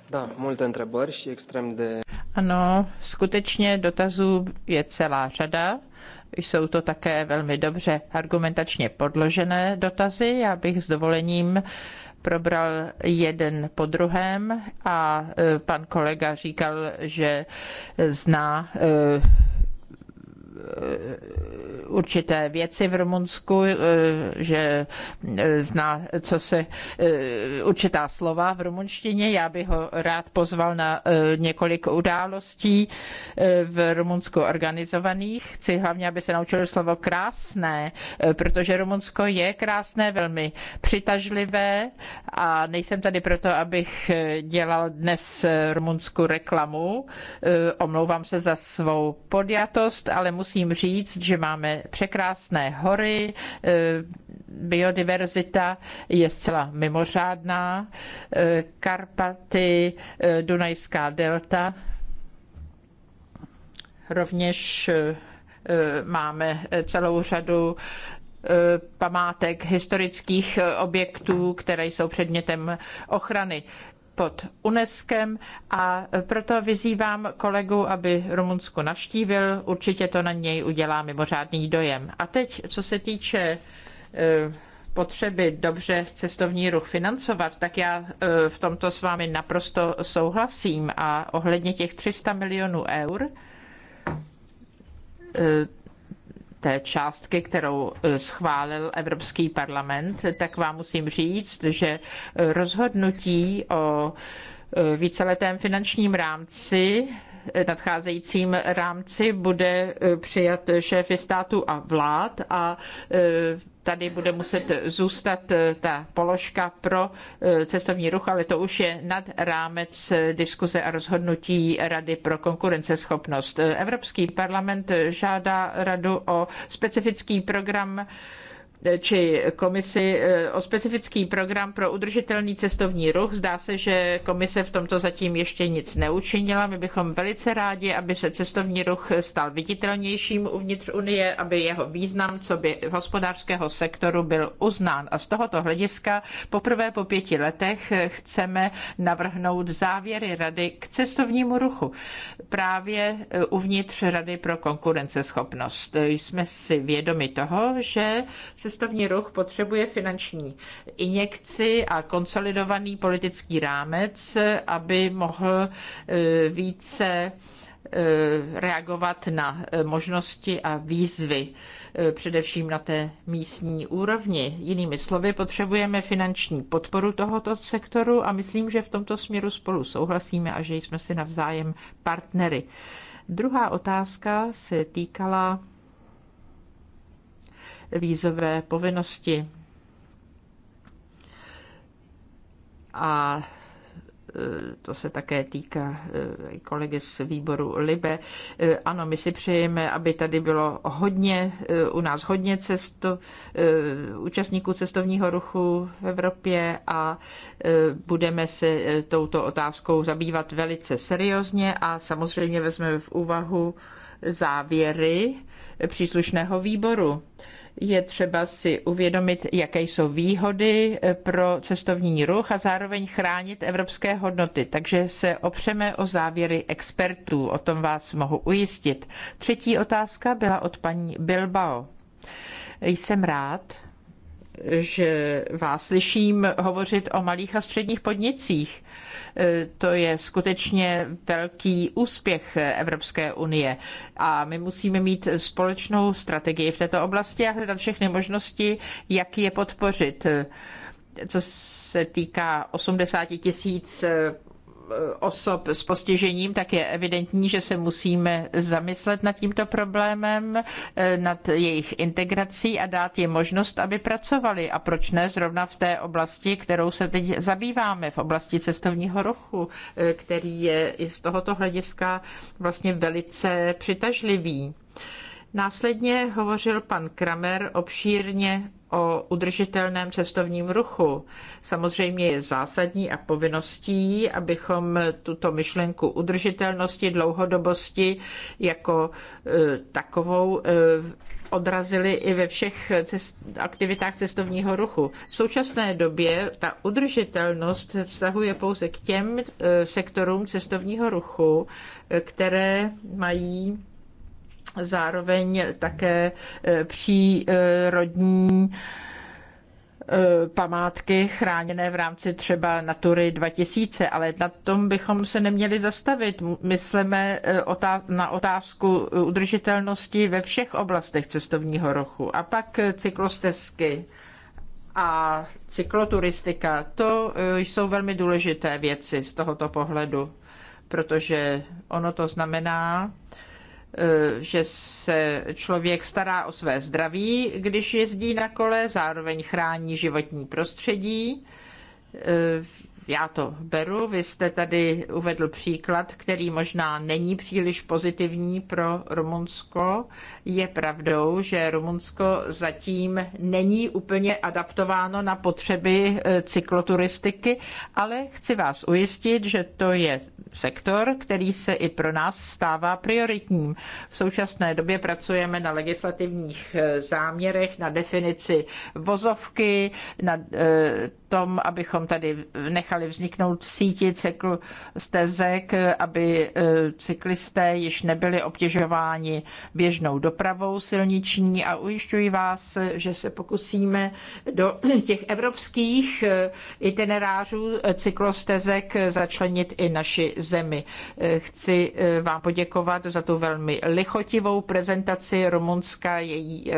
A: Da, multe întrebări și extrem de...
B: Ano, skutečně dotazů je celá řada. Jsou to také velmi dobře argumentačně podložené dotazy. Já bych s dovolením probral jeden po druhém a e, pan kolega říkal, že zná e, určité věci v Rumunsku, eh, že eh, zná, co se eh, určitá slova v rumunštině. Já bych ho rád pozval na několik událostí v Rumunsku organizovaných. Chci hlavně, aby se naučil slovo krásné, protože Rumunsko je krásné, velmi přitažlivé a nejsem tady proto, abych dělal dnes Rumunsku reklamu. Omlouvám se za svou podjatost, ale musím říct, že máme překrásné hory, eh, biodiverzita je zcela mimořádná, eh, Karpaty, eh, Dunajská delta, rovněž máme celou řadu památek, historických objektů, které jsou předmětem ochrany pod UNESCOm a proto vyzývám kolegu, aby Rumunsko navštívil. Určitě to na něj udělá mimořádný dojem. A teď, co se týče eh, potřeby dobře cestovní ruch financovat, tak já eh, v tomto s vámi naprosto souhlasím. A ohledně těch 300 milionů eur, eh, té částky, kterou e, schválil Evropský parlament, tak vám musím říct, že rozhodnutí o e, víceletém finančním rámci nadcházejícím rámci bude e, přijat šéfy států a vlád a e, tady bude muset zůstat e, ta položka pro cestovní ruch, ale to už je nad rámec diskuze a rozhodnutí Rady pro konkurenceschopnost. Evropský parlament žádá radu o specifický program či komisi eh, o specifický program pro udržitelný cestovní ruch. Zdá se, že komise v tomto zatím ještě nic neučinila. My bychom velice rádi, aby se cestovní ruch stal viditelnějším uvnitř Unie, aby jeho význam co by hospodářského sektoru byl uznán. A z tohoto hlediska poprvé po pěti letech chceme navrhnout závěry rady k cestovnímu ruchu právě eh, uvnitř Rady pro konkurenceschopnost. Jsme si vědomi toho, že se cestovní ruch potřebuje finanční injekci a konsolidovaný politický rámec, aby mohl e, více e, reagovat na e, možnosti a výzvy, především na té místní úrovni. Jinými slovy, potřebujeme finanční podporu tohoto sektoru a myslím, že v tomto směru spolu souhlasíme a že jsme si navzájem partnery. Druhá otázka se týkala vízové povinnosti. A e, to se také týká e, kolegy z výboru Libe. E, ano, my si přejeme, aby tady bylo hodně, u nás hodně cesto, účastníků cestovního ruchu v Evropě a budeme se touto otázkou zabývat velice seriózně a samozřejmě vezmeme v úvahu závěry příslušného výboru je třeba si uvědomit, jaké jsou výhody eh, pro cestovní ruch a zároveň chránit evropské hodnoty. Takže se opřeme o závěry expertů, o tom vás mohu ujistit. Třetí otázka byla od paní Bilbao. Jsem rád, že vás slyším hovořit o malých a středních podnicích E, to je skutečně velký úspěch Evropské unie a my musíme mít společnou strategii v této oblasti a hledat všechny možnosti, jak je podpořit e, co se týká 80 tisíc Eh, osob s postižením, tak je evidentní, že se musíme zamyslet nad tímto problémem, eh, nad jejich integrací a dát jim možnost, aby pracovali. A proč ne zrovna v té oblasti, kterou se teď zabýváme, v oblasti cestovního ruchu, eh, který je i z tohoto hlediska vlastně velice přitažlivý. Následně hovořil pan Kramer obšírně o udržitelném cestovním ruchu. Samozřejmě je zásadní a povinností, abychom tuto myšlenku udržitelnosti, dlouhodobosti jako e, takovou e, odrazili i ve všech cest, aktivitách cestovního ruchu. V současné době ta udržitelnost vztahuje pouze k těm e, sektorům cestovního ruchu, které mají zároveň také eh, přírodní eh, památky chráněné v rámci třeba Natury 2000, ale na tom bychom se neměli zastavit. Myslíme eh, na otázku udržitelnosti ve všech oblastech cestovního rochu. A pak cyklostezky a cykloturistika, to jsou velmi důležité věci z tohoto pohledu, protože ono to znamená, Eh, že se člověk stará o své zdraví, když jezdí na kole, zároveň chrání životní prostředí eh, já to beru. Vy jste tady uvedl příklad, který možná není příliš pozitivní pro Rumunsko. Je pravdou, že Rumunsko zatím není úplně adaptováno na potřeby eh, cykloturistiky, ale chci vás ujistit, že to je sektor, který se i pro nás stává prioritním. V současné době pracujeme na legislativních eh, záměrech, na definici vozovky, na eh, tom, abychom tady nechali nechali vzniknout v síti cyklostezek, aby eh, cyklisté již nebyli obtěžováni běžnou dopravou silniční a ujišťuji vás, že se pokusíme do těch evropských eh, itinerářů eh, cyklostezek začlenit i naši zemi. Chci vám poděkovat za tu velmi lichotivou prezentaci Rumunska, její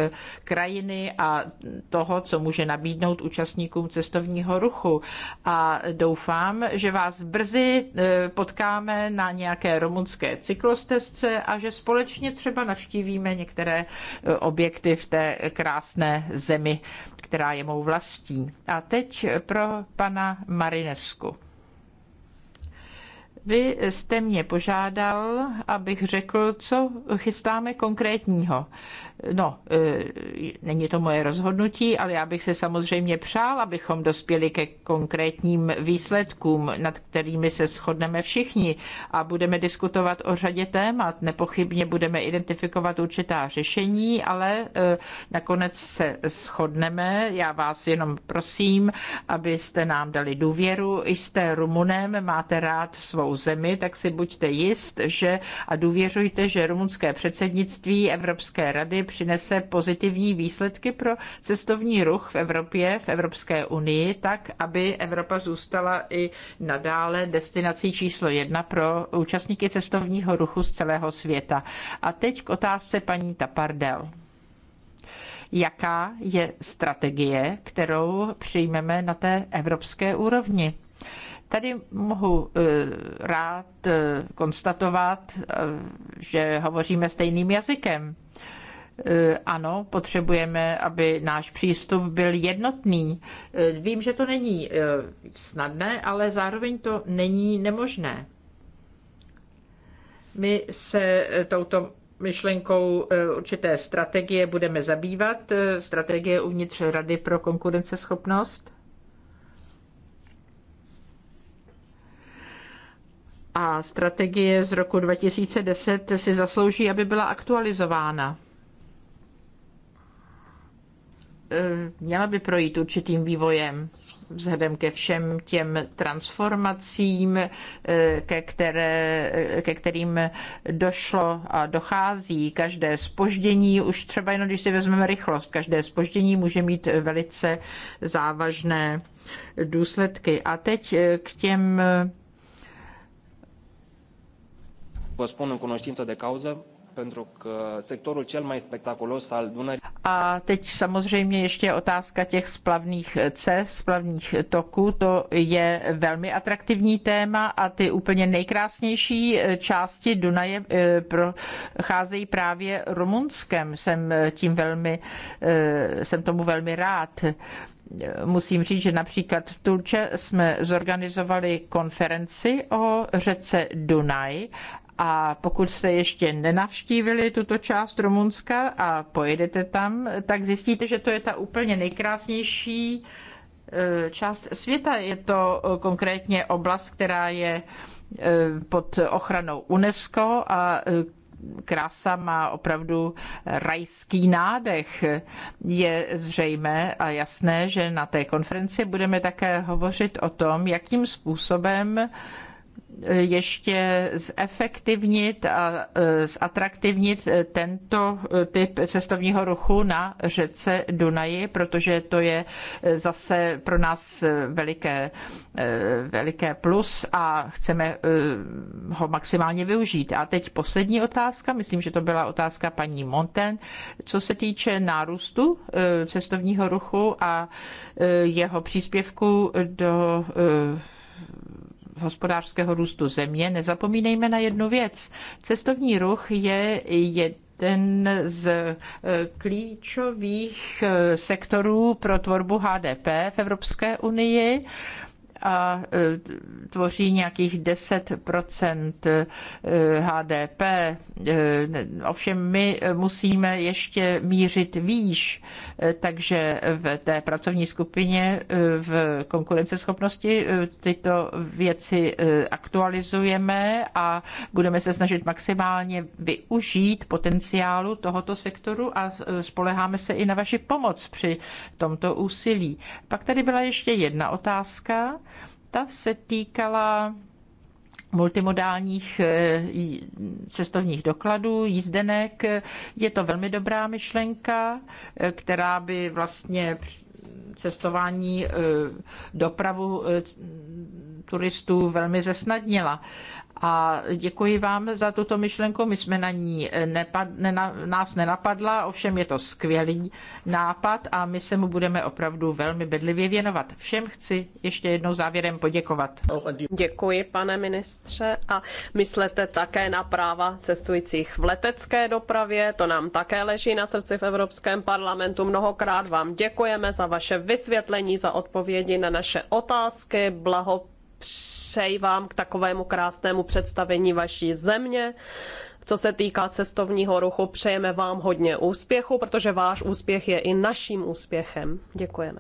B: krajiny a toho, co může nabídnout účastníkům cestovního ruchu. A do Doufám, že vás brzy e, potkáme na nějaké rumunské cyklostezce a že společně třeba navštívíme některé e, objekty v té krásné zemi, která je mou vlastní. A teď pro pana Marinesku. Vy jste mě požádal, abych řekl, co chystáme konkrétního. No, e, není to moje rozhodnutí, ale já bych se samozřejmě přál, abychom dospěli ke konkrétním výsledkům, nad kterými se shodneme všichni a budeme diskutovat o řadě témat. Nepochybně budeme identifikovat určitá řešení, ale e, nakonec se shodneme. Já vás jenom prosím, abyste nám dali důvěru. Jste Rumunem, máte rád svou zemi, tak si buďte jist, že a důvěřujte, že rumunské předsednictví Evropské rady přinese pozitivní výsledky pro cestovní ruch v Evropě, v Evropské unii, tak, aby Evropa zůstala i nadále destinací číslo jedna pro účastníky cestovního ruchu z celého světa. A teď k otázce paní Tapardel jaká je strategie, kterou přijmeme na té evropské úrovni. Tady mohu eh, rád eh, konstatovat, eh, že hovoříme stejným jazykem. E, ano, potřebujeme, aby náš přístup byl jednotný. E, vím, že to není e, snadné, ale zároveň to není nemožné. My se touto myšlenkou určité strategie budeme zabývat, strategie uvnitř Rady pro konkurenceschopnost. A strategie z roku 2010 si zaslouží, aby byla aktualizována. Eh, měla by projít určitým vývojem vzhledem ke všem těm transformacím, eh, ke, které, eh, ke kterým došlo a dochází. Každé spoždění, už třeba jenom když si vezmeme rychlost, každé spoždění může mít velice závažné důsledky. A teď k těm.
A: Vă spun în cunoștință de cauză,
B: a teď samozřejmě ještě otázka těch splavných cest, splavných toků. To je velmi atraktivní téma a ty úplně nejkrásnější části Dunaje eh, procházejí právě Rumunskem. Jsem tím velmi, eh, jsem tomu velmi rád musím říct, že například v Tulče jsme zorganizovali konferenci o řece Dunaj a pokud jste ještě nenavštívili tuto část Rumunska a pojedete tam, tak zjistíte, že to je ta úplně nejkrásnější eh, část světa. Je to eh, konkrétně oblast, která je eh, pod ochranou UNESCO a krása má opravdu rajský nádech. Je zřejmé a jasné, že na té konferenci budeme také hovořit o tom, jakým způsobem ještě zefektivnit a e, zatraktivnit tento typ cestovního ruchu na řece Dunaji, protože to je e, zase pro nás veliké, e, veliké plus a chceme ho maximálně využít. A teď poslední otázka, myslím, že to byla otázka paní Monten, co se týče nárůstu cestovního ruchu a jeho příspěvku do hospodářského růstu země, nezapomínejme na jednu věc. Cestovní ruch je jeden z eh, klíčových eh, sektorů pro tvorbu HDP v Evropské unii a e, tvoří nějakých 10 e, HDP. E, ovšem my musíme ještě mířit výš, takže v té pracovní skupině v konkurenceschopnosti tyto věci aktualizujeme a budeme se snažit maximálně využít potenciálu tohoto sektoru a spoleháme se i na vaši pomoc při tomto úsilí. Pak tady byla ještě jedna otázka ta se týkala multimodálních eh, cestovních dokladů, jízdenek. Je to velmi dobrá myšlenka, eh, která by vlastně cestování, eh, dopravu turistů velmi zesnadnila. A děkuji vám za tuto myšlenku. My jsme na ní nepad, nena, nás nenapadla, ovšem je to skvělý nápad a my se mu budeme opravdu velmi bedlivě věnovat. Všem
A: chci ještě jednou závěrem poděkovat. Děkuji, pane ministře. A myslete také na práva cestujících v letecké dopravě. To nám také leží na srdci v Evropském parlamentu. Mnohokrát vám děkujeme za vaše vysvětlení, za odpovědi na naše otázky. Blaho přeji vám k takovému krásnému představení vaší země. Co se týká cestovního ruchu, přejeme vám hodně úspěchu, protože váš úspěch je i naším úspěchem. Děkujeme.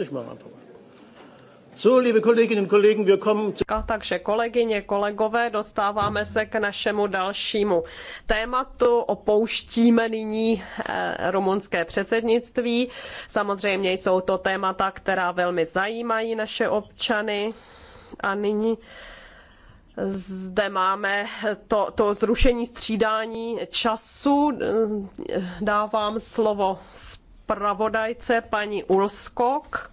A: Ich mache einfach mal. So, liebe Kolleginnen und Kollegen, wir kommen zu... No, takže kolegyně, kolegové, dostáváme se k našemu dalšímu tématu. Opouštíme nyní eh, rumunské předsednictví. Samozřejmě jsou to témata, která velmi zajímají naše občany. A nyní zde máme to, to zrušení střídání času. Dávám slovo zpět zpravodajce paní Ulskok,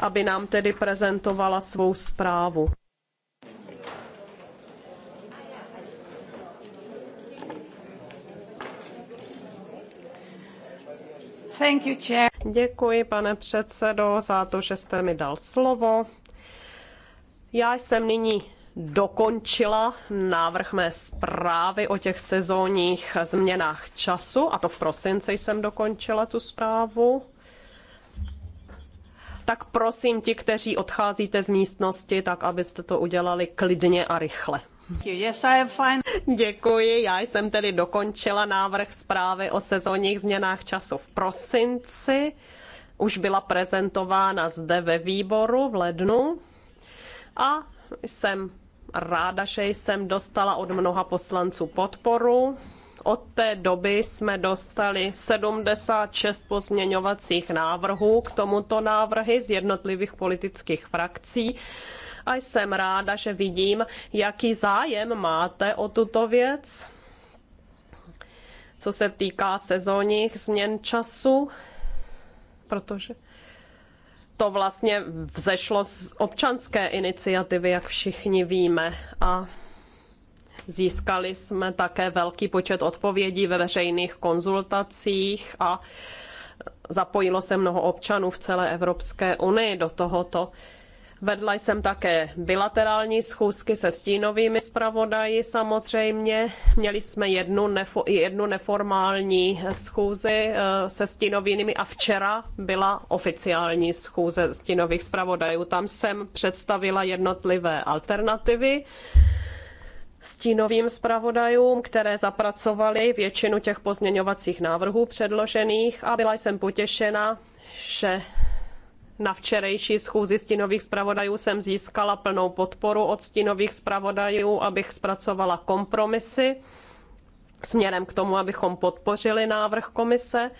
A: aby nám tedy prezentovala svou zprávu. Děkuji, pane předsedo, za to, že jste mi dal slovo. Já jsem nyní dokončila návrh mé zprávy o těch sezónních změnách času, a to v prosinci jsem dokončila tu zprávu. Tak prosím ti, kteří odcházíte z místnosti, tak abyste to udělali klidně a rychle. Yes, I am fine. Děkuji, já jsem tedy dokončila návrh zprávy o sezónních změnách času v prosinci. Už byla prezentována zde ve výboru v lednu a jsem ráda, že jsem dostala od mnoha poslanců podporu. Od té doby jsme dostali 76 pozměňovacích návrhů k tomuto návrhy z jednotlivých politických frakcí a jsem ráda, že vidím, jaký zájem máte o tuto věc. Co se týká sezónních změn času, protože to vlastně vzešlo z občanské iniciativy, jak všichni víme. A získali jsme také velký počet odpovědí ve veřejných konzultacích a zapojilo se mnoho občanů v celé Evropské unii do tohoto Vedla jsem také bilaterální schůzky se stínovými zpravodaji samozřejmě. Měli jsme jednu, nefo, jednu neformální schůzi eh, se stínovými a včera byla oficiální schůze stínových zpravodajů. Tam jsem představila jednotlivé alternativy stínovým zpravodajům, které zapracovali většinu těch pozměňovacích návrhů předložených a byla jsem potěšena, že na včerejší schůzi stínových zpravodajů jsem získala plnou podporu od stínových zpravodajů, abych zpracovala kompromisy směrem k tomu, abychom podpořili návrh komise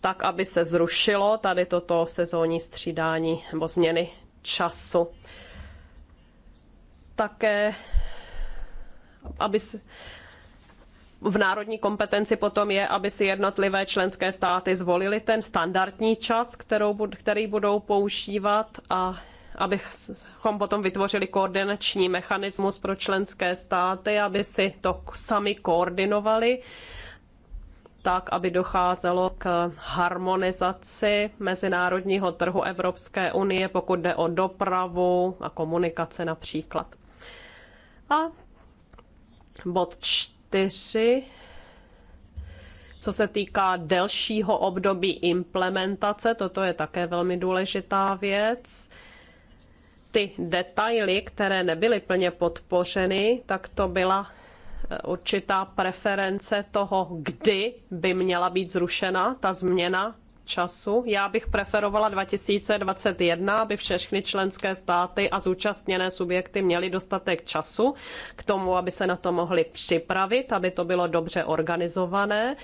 A: tak, aby se zrušilo tady toto sezónní střídání nebo změny času. Také, aby, v národní kompetenci potom je, aby si jednotlivé členské státy zvolili ten standardní čas, kterou, který budou používat a abychom potom vytvořili koordinační mechanismus pro členské státy, aby si to sami koordinovali tak, aby docházelo k harmonizaci mezinárodního trhu Evropské unie, pokud jde o dopravu a komunikace například. A bod 4 4, co se týká delšího období implementace, toto je také velmi důležitá věc. Ty detaily, které nebyly plně podpořeny, tak to byla eh, určitá preference toho, kdy by měla být zrušena ta změna času. Já bych preferovala 2021, aby všechny členské státy a zúčastněné subjekty měly dostatek času k tomu, aby se na to mohli připravit, aby to bylo dobře organizované,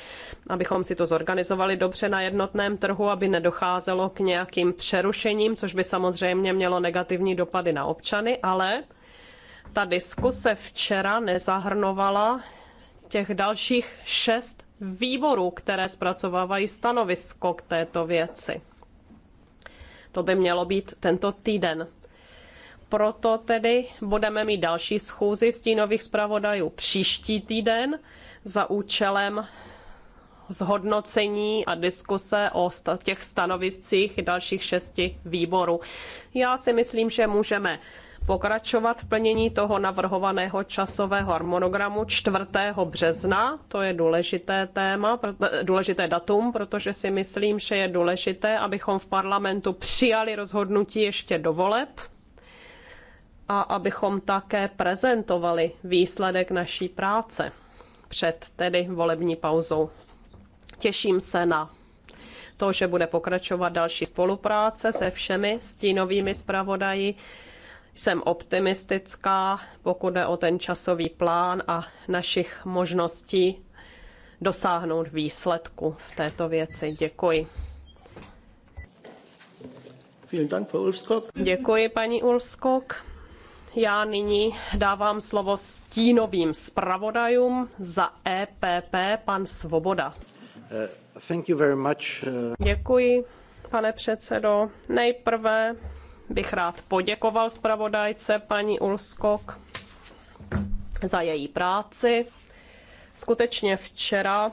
A: abychom si to zorganizovali dobře na jednotném trhu, aby nedocházelo k nějakým přerušením, což by samozřejmě mělo negativní dopady na občany, ale ta diskuse včera nezahrnovala těch dalších šest výborů, které zpracovávají stanovisko k této věci. To by mělo být tento týden. Proto tedy budeme mít další schůzi stínových zpravodajů příští týden za účelem zhodnocení a diskuse o těch stanoviscích dalších šesti výborů. Já si myslím, že můžeme pokračovat v plnění toho navrhovaného časového harmonogramu 4. března. To je důležité téma, důležité datum, protože si myslím, že je důležité, abychom v parlamentu přijali rozhodnutí ještě do voleb a abychom také prezentovali výsledek naší práce před tedy volební pauzou. Těším se na to, že bude pokračovat další spolupráce se všemi stínovými zpravodaji jsem optimistická, pokud jde o ten časový plán a našich možností dosáhnout výsledku v této věci. Děkuji. Děkuji, paní Ulskok. Já nyní dávám slovo stínovým zpravodajům za EPP, pan Svoboda. Uh, uh, Děkuji, pane předsedo. Nejprve bych rád poděkoval zpravodajce paní Ulskok za její práci. Skutečně včera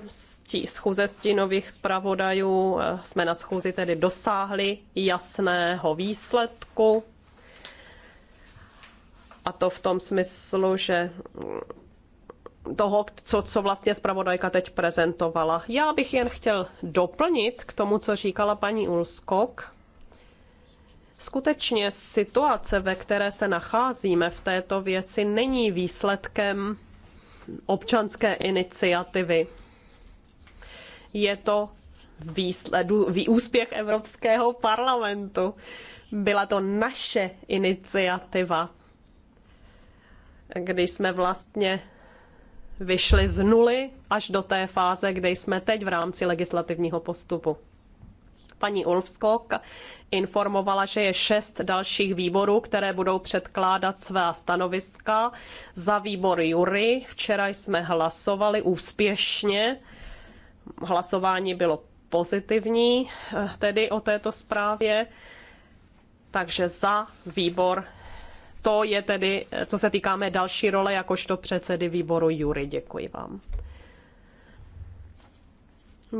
A: schůze stínových zpravodajů eh, jsme na schůzi tedy dosáhli jasného výsledku. A to v tom smyslu, že mm, toho, co, co vlastně zpravodajka teď prezentovala. Já bych jen chtěl doplnit k tomu, co říkala paní Ulskok, Skutečně situace, ve které se nacházíme v této věci, není výsledkem občanské iniciativy. Je to výsledu, výúspěch Evropského parlamentu. Byla to naše iniciativa, kdy jsme vlastně vyšli z nuly až do té fáze, kde jsme teď v rámci legislativního postupu paní Ulfskok informovala, že je šest dalších výborů, které budou předkládat svá stanoviska za výbor Jury. Včera jsme hlasovali úspěšně. Hlasování bylo pozitivní eh, tedy o této zprávě. Takže za výbor to je tedy, eh, co se týká mé další role jakožto předsedy výboru Jury. Děkuji vám.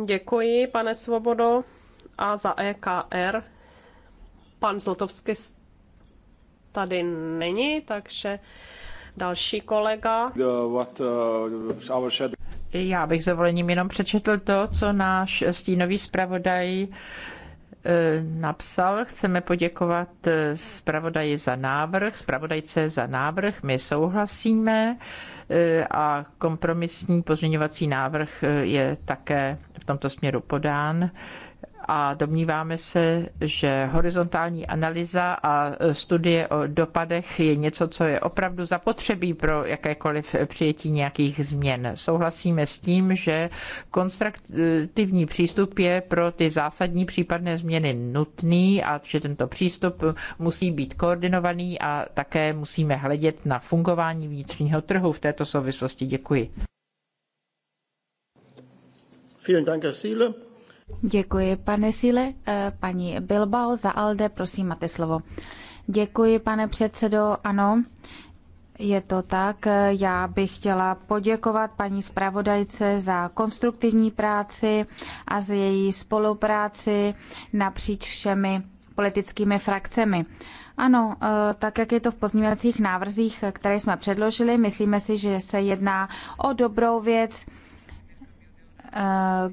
A: Děkuji, pane Svobodo a za EKR pan Zlotovský tady není, takže další kolega.
B: Uh, Já bych s dovolením jenom přečetl to, co náš stínový zpravodaj uh, napsal. Chceme poděkovat uh, zpravodaji za návrh, zpravodajce za návrh. My souhlasíme a kompromisní pozměňovací návrh je také v tomto směru podán a domníváme se, že horizontální analýza a studie o dopadech je něco, co je opravdu zapotřebí pro jakékoliv přijetí nějakých změn. Souhlasíme s tím, že konstruktivní přístup je pro ty zásadní případné změny nutný a že tento přístup musí být koordinovaný a také musíme hledět na fungování vnitřního trhu. V této souvislosti děkuji.
A: Vielen Dank, Herr Siele.
C: Děkuji, pane Síle. Eh, paní Bilbao za ALDE, prosím, máte slovo. Děkuji, pane předsedo. Ano, je to tak. Já bych chtěla poděkovat paní zpravodajce za konstruktivní práci a za její spolupráci napříč všemi politickými frakcemi. Ano, eh, tak jak je to v pozměňovacích návrzích, eh, které jsme předložili, myslíme si, že se jedná o dobrou věc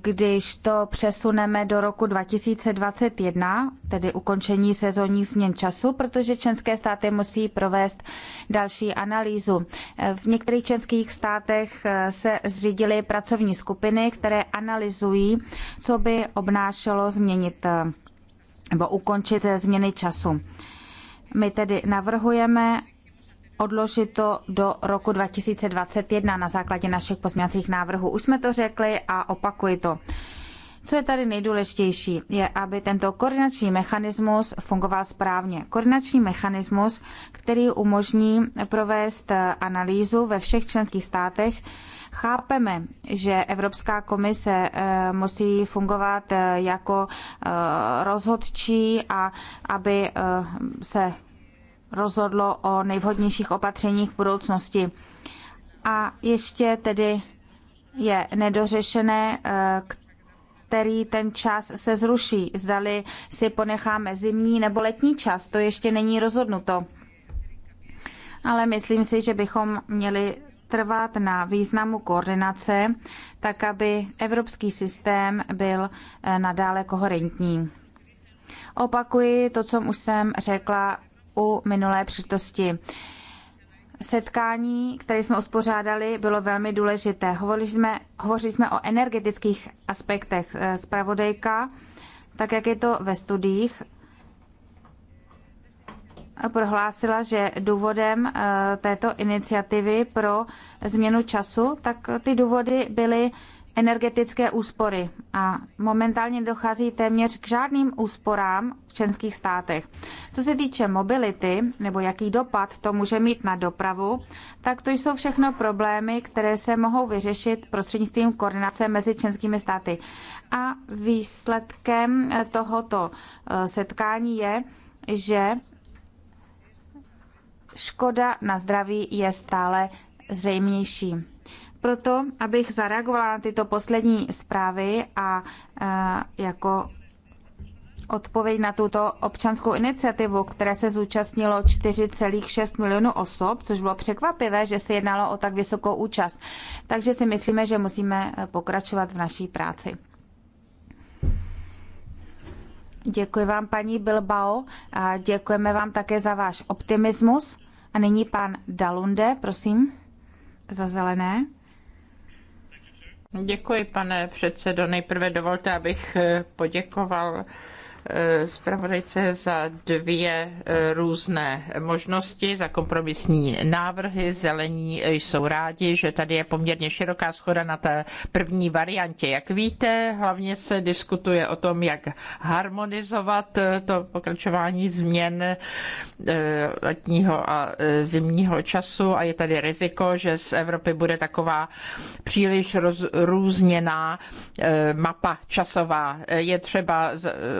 C: když to přesuneme do roku 2021, tedy ukončení sezónních změn času, protože členské státy musí provést další analýzu. V některých českých státech eh, se zřídily pracovní skupiny, které analyzují, co by obnášelo změnit eh, nebo ukončit změny času. My tedy navrhujeme, odložit to do roku 2021 na základě našich pozměňovacích návrhů. Už jsme to řekli a opakuji to. Co je tady nejdůležitější, je, aby tento koordinační mechanismus fungoval správně. Koordinační mechanismus, který umožní provést eh, analýzu ve všech členských státech, Chápeme, že Evropská komise eh, musí fungovat eh, jako rozhodčí a aby se rozhodlo o nejvhodnějších opatřeních v budoucnosti. A ještě tedy je nedořešené, eh, který ten čas se zruší. Zdali si ponecháme zimní nebo letní čas, to ještě není rozhodnuto. Ale myslím si, že bychom měli trvat na významu koordinace, tak aby evropský systém byl eh, nadále koherentní. Opakuji to, co už jsem řekla u minulé příležitosti. Setkání, které jsme uspořádali, bylo velmi důležité. Hovořili jsme, hovořili jsme o energetických aspektech. Spravodajka, tak jak je to ve studiích, prohlásila, že důvodem eh, této iniciativy pro změnu času, tak ty důvody byly energetické úspory a momentálně dochází téměř k žádným úsporám v členských státech. Co se týče mobility nebo jaký dopad to může mít na dopravu, tak to jsou všechno problémy, které se mohou vyřešit prostřednictvím koordinace mezi členskými státy. A výsledkem tohoto eh, setkání je, že škoda na zdraví je stále zřejmější proto, abych zareagovala na tyto poslední zprávy a e, jako odpověď na tuto občanskou iniciativu, které se zúčastnilo 4,6 milionů osob, což bylo překvapivé, že se jednalo o tak vysokou účast. Takže si myslíme, že musíme e, pokračovat v naší práci. Děkuji vám, paní Bilbao, a děkujeme vám také za váš optimismus. A nyní pan Dalunde, prosím, za zelené.
B: Děkuji, pane předsedo. Nejprve dovolte, abych poděkoval Eh, zpravodajce za dvě eh, různé možnosti, za kompromisní návrhy. Zelení jsou rádi, že tady je poměrně široká schoda na té první variantě. Jak víte, hlavně se diskutuje o tom, jak harmonizovat eh, to pokračování změn letního a zimního času a je tady riziko, že z Evropy bude taková příliš roz, různěná mapa časová. Je třeba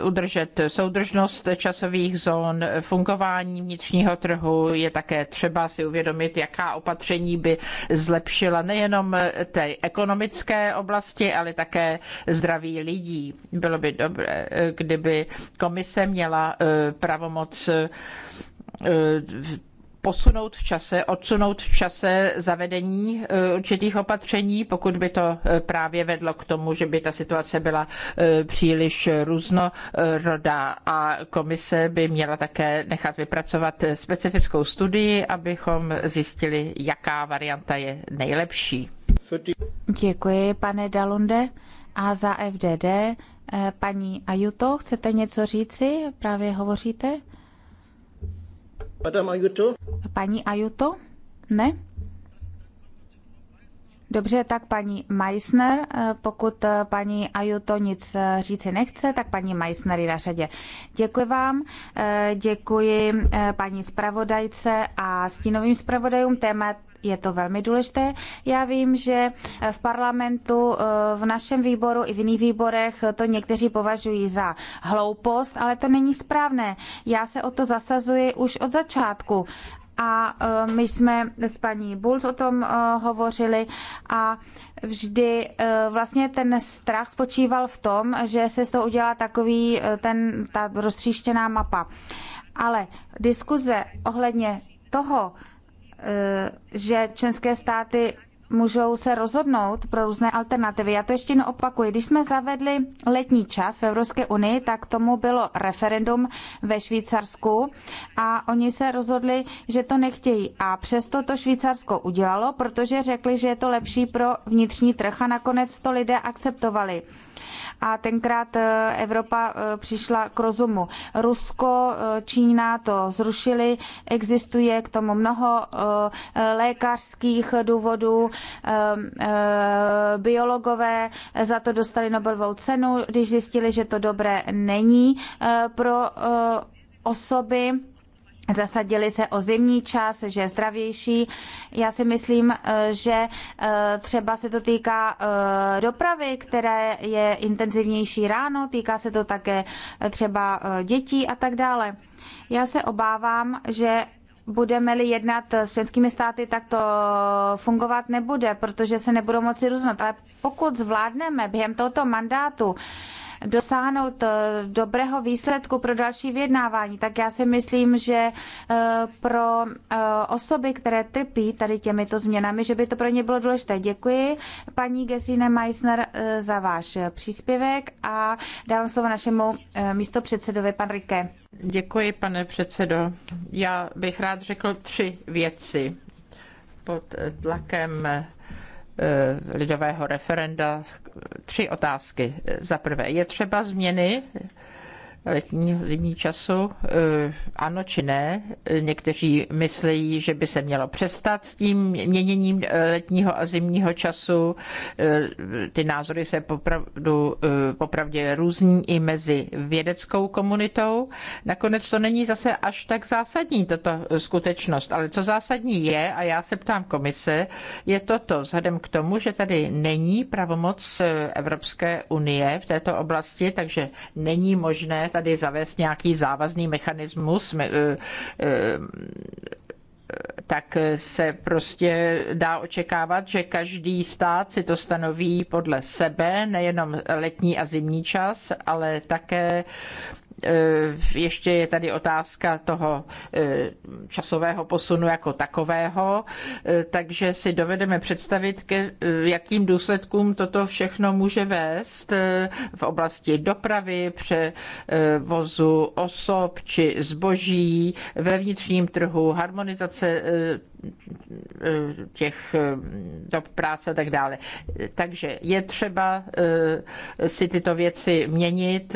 B: udržet udržet soudržnost časových zón, fungování vnitřního trhu. Je také třeba si uvědomit, jaká opatření by zlepšila nejenom té ekonomické oblasti, ale také zdraví lidí. Bylo by dobré, kdyby komise měla eh, pravomoc eh, posunout v čase, odsunout v čase zavedení eh, určitých opatření, pokud by to eh, právě vedlo k tomu, že by ta situace byla eh, příliš různorodá a komise by měla také nechat vypracovat specifickou studii, abychom zjistili, jaká varianta je nejlepší.
C: Děkuji, pane Dalunde. A za FDD, paní Ajuto, chcete něco říci? Právě hovoříte?
B: Madame Ayuto,
C: Paní Ayuto, Ne? Dobře, tak paní Meissner, eh, pokud eh, paní Ajuto nic eh, říci nechce, tak paní Meissner je na řadě. Děkuji vám, děkuji paní zpravodajce a stínovým zpravodajům. Téma je to velmi důležité. Já vím, že v parlamentu, eh, v našem výboru i v jiných výborech to někteří považují za hloupost, ale to není správné. Já se o to zasazuji už od začátku. A eh, my jsme s paní Bulls o tom eh, hovořili a vždy vlastně ten strach spočíval v tom, že se z toho udělá takový ten, ta roztříštěná mapa. Ale diskuze ohledně toho, Eh, že členské státy můžou se rozhodnout pro různé alternativy. Já to ještě jednou opakuji. Když jsme zavedli letní čas v Evropské unii, tak tomu bylo referendum ve Švýcarsku a oni se rozhodli, že to nechtějí. A přesto to Švýcarsko udělalo, protože řekli, že je to lepší pro vnitřní trh a nakonec to lidé akceptovali a tenkrát eh, Evropa eh, přišla k rozumu. Rusko, eh, Čína to zrušili, existuje k tomu mnoho lékařských důvodů, biologové za to dostali Nobelovou cenu, když zjistili, že to dobré není pro osoby, zasadili se o zimní čas, že je zdravější. Já si myslím, eh, že eh, třeba se to týká eh, dopravy, které je intenzivnější ráno, týká se to také třeba dětí a tak dále. Já se obávám, že budeme-li jednat s členskými státy, tak to fungovat nebude, protože se nebudou moci různat. Ale pokud zvládneme během tohoto mandátu dosáhnout eh, dobrého výsledku pro další vyjednávání, tak já si myslím, že eh, pro eh, osoby, které trpí tady těmito změnami, že by to pro ně bylo důležité. Děkuji paní Gesine Meissner za váš příspěvek a dávám slovo našemu místopředsedovi pan Rike.
B: Děkuji, pane předsedo. Já bych rád řekl tři věci pod tlakem Eh, lidového referenda tři otázky. Za prvé, je třeba změny letního zimní času, eh, ano či ne. Eh, někteří myslí, že by se mělo přestat s tím měněním eh, letního a zimního času. Ty názory se popravdu, popravdě různí i mezi vědeckou komunitou. Nakonec to není zase až tak zásadní, tato skutečnost. Ale co zásadní je, a já se ptám komise, je toto vzhledem k tomu, že tady není pravomoc Evropské unie v této oblasti, takže není možné tady zavést nějaký závazný mechanismus eh, eh, tak se prostě dá očekávat, že každý stát si to stanoví podle sebe, nejenom letní a zimní čas, ale také Eh, ještě je tady otázka toho eh, časového posunu jako takového, eh, takže si dovedeme představit, ke jakým důsledkům toto všechno může vést v oblasti dopravy, převozu osob či zboží ve vnitřním trhu, harmonizace těch dob práce a tak dále. Takže je třeba si tyto věci měnit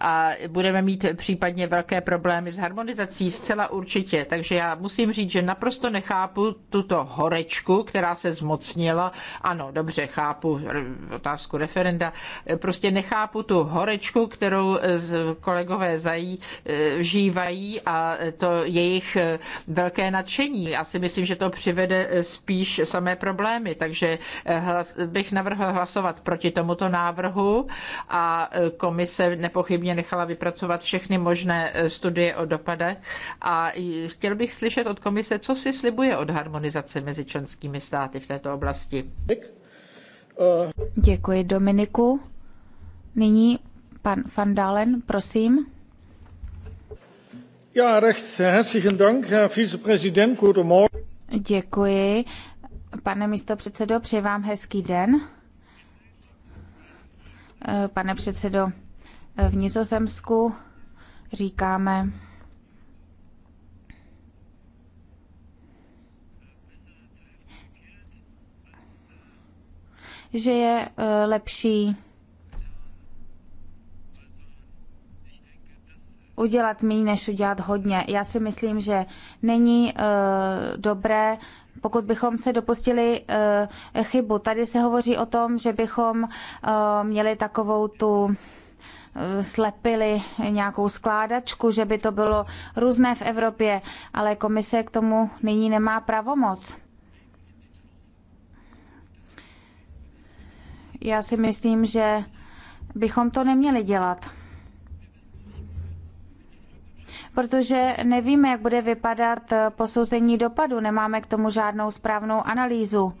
B: a budeme mít případně velké problémy s harmonizací, zcela určitě. Takže já musím říct, že naprosto nechápu tuto horečku, která se zmocnila. Ano, dobře, chápu otázku referenda. Prostě nechápu tu horečku, kterou eh, kolegové zažívají eh, a to jejich eh, velké nadšení. Já si myslím, že to přivede spíš samé problémy, takže bych navrhl hlasovat proti tomuto návrhu a komise nepochopila nepochybně nechala vypracovat všechny možné eh, studie o dopadech a chtěl bych slyšet od komise, co si slibuje od harmonizace mezi členskými státy v této oblasti.
C: Děkuji Dominiku. Nyní pan Van Dalen, prosím. Ja, recht eh, herzlichen Dank, Herr Vizepräsident, guten Morgen. Děkuji. Pane předsedo, přeji vám hezký den. Eh, pane předsedo v Nizozemsku říkáme, že je eh, lepší udělat méně, než udělat hodně. Já si myslím, že není eh, dobré pokud bychom se dopustili eh, chybu. Tady se hovoří o tom, že bychom měli takovou tu Eh, slepili nějakou skládačku, že by to bylo různé v Evropě, ale komise k tomu nyní nemá pravomoc. Já si myslím, že bychom to neměli dělat. Protože nevíme, jak bude vypadat posouzení dopadu, nemáme k tomu žádnou správnou analýzu.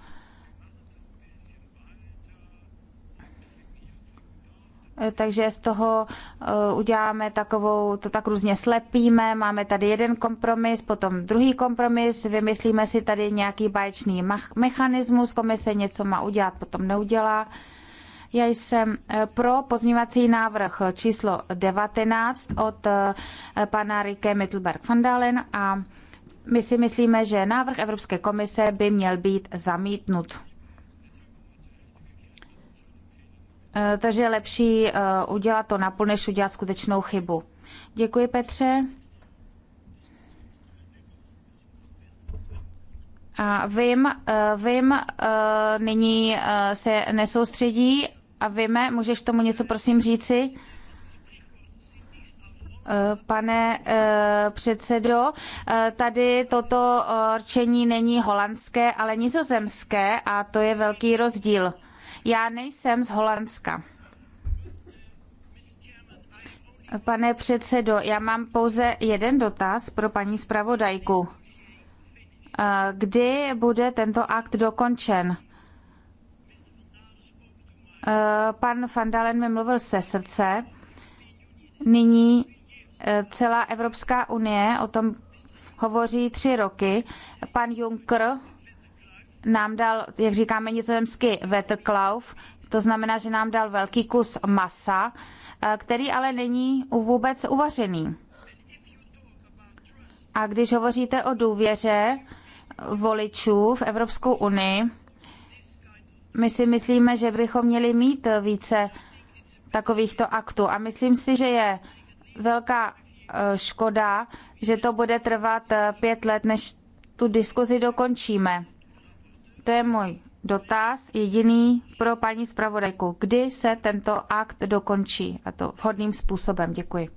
C: Eh, takže z toho eh, uděláme takovou, to tak různě slepíme, máme tady jeden kompromis, potom druhý kompromis, vymyslíme si tady nějaký báječný mechanismus, komise něco má udělat, potom neudělá. Já jsem eh, pro pozměňovací návrh číslo 19 od pana Rike Mittelberg van Dalen a my si myslíme, že návrh Evropské komise by měl být zamítnut. Eh, takže je lepší eh, udělat to napůl, než udělat skutečnou chybu. Děkuji, Petře. A vím, eh, vím, nyní se nesoustředí a víme, můžeš tomu něco prosím říci? Pane předsedo, tady toto rčení není holandské, ale nizozemské a to je velký rozdíl. Já nejsem z Holandska. Pane předsedo, já mám pouze jeden dotaz pro paní zpravodajku. Eh, kdy bude tento akt dokončen? Eh, pan Fandalen mi mluvil se srdce. Nyní eh, celá Evropská unie o tom hovoří tři roky. Pan Juncker nám dal, jak říkáme nizozemsky, Wetterklauf, to znamená, že nám dal velký kus masa, eh, který ale není vůbec uvařený. A když hovoříte o důvěře voličů v Evropskou unii, my si myslíme, že bychom měli mít více takovýchto aktů. A myslím si, že je velká eh, škoda, že to bude trvat eh, pět let, než tu diskuzi dokončíme to je můj dotaz, jediný pro paní zpravodajku. Kdy se tento akt dokončí? A to vhodným způsobem. Děkuji.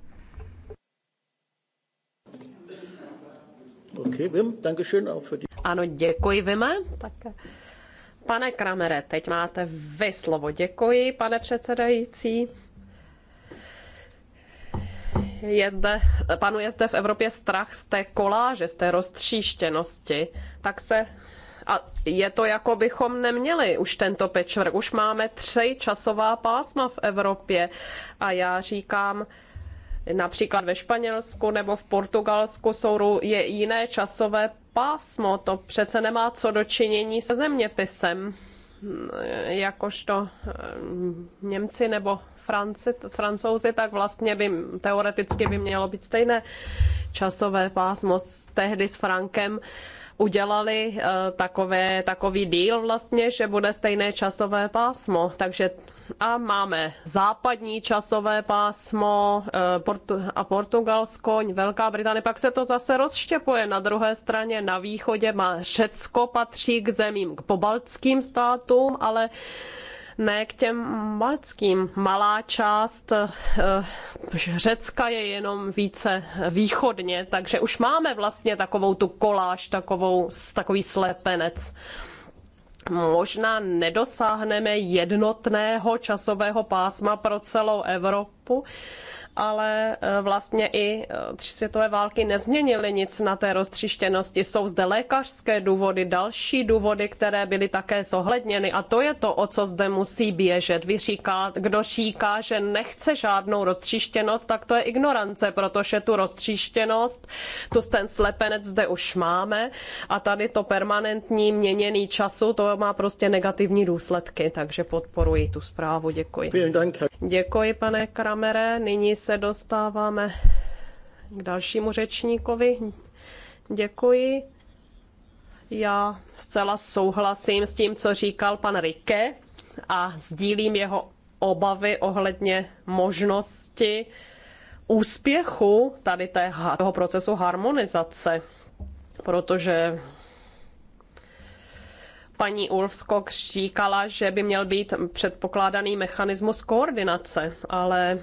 B: Okay, die...
A: Ano, děkuji, Vime. Pane Kramere, teď máte vy slovo. Děkuji, pane předsedající. Je zde, je zde v Evropě strach z té koláže, z té roztříštěnosti. Tak se a je to jako bychom neměli už tento patchwork. Už máme tři časová pásma v Evropě. A já říkám, například ve Španělsku nebo v Portugalsku jsou je jiné časové pásmo. To přece nemá co dočinění se zeměpisem jakožto eh, Němci nebo Franci, Francouzi, tak vlastně by teoreticky by mělo být stejné časové pásmo. s Tehdy s Frankem udělali eh, takové, takový díl vlastně, že bude stejné časové pásmo. Takže a máme západní časové pásmo eh, a Portugalsko, Velká Británie, pak se to zase rozštěpuje. Na druhé straně na východě má Řecko patří k zemím, k pobaltským státům, ale ne k těm malckým. Malá část eh, Řecka je jenom více východně, takže už máme vlastně takovou tu koláž, takovou, takový slepenec možná nedosáhneme jednotného časového pásma pro celou Evropu, ale eh, vlastně i eh, tři světové války nezměnily nic na té roztřištěnosti. Jsou zde lékařské důvody, další důvody, které byly také zohledněny a to je to, o co zde musí běžet. Vy říká, kdo říká, že nechce žádnou roztříštěnost, tak to je ignorance, protože tu roztříštěnost, tu ten slepenec zde už máme a tady to permanentní měněný času, to má prostě negativní důsledky, takže podporuji tu zprávu. Děkuji. Děkuji, pane Kramere. Nyní se dostáváme k dalšímu řečníkovi. Děkuji. Já zcela souhlasím s tím, co říkal pan Rike a sdílím jeho obavy ohledně možnosti úspěchu tady té, toho procesu harmonizace, protože paní Ulfsko říkala, že by měl být předpokládaný mechanismus koordinace, ale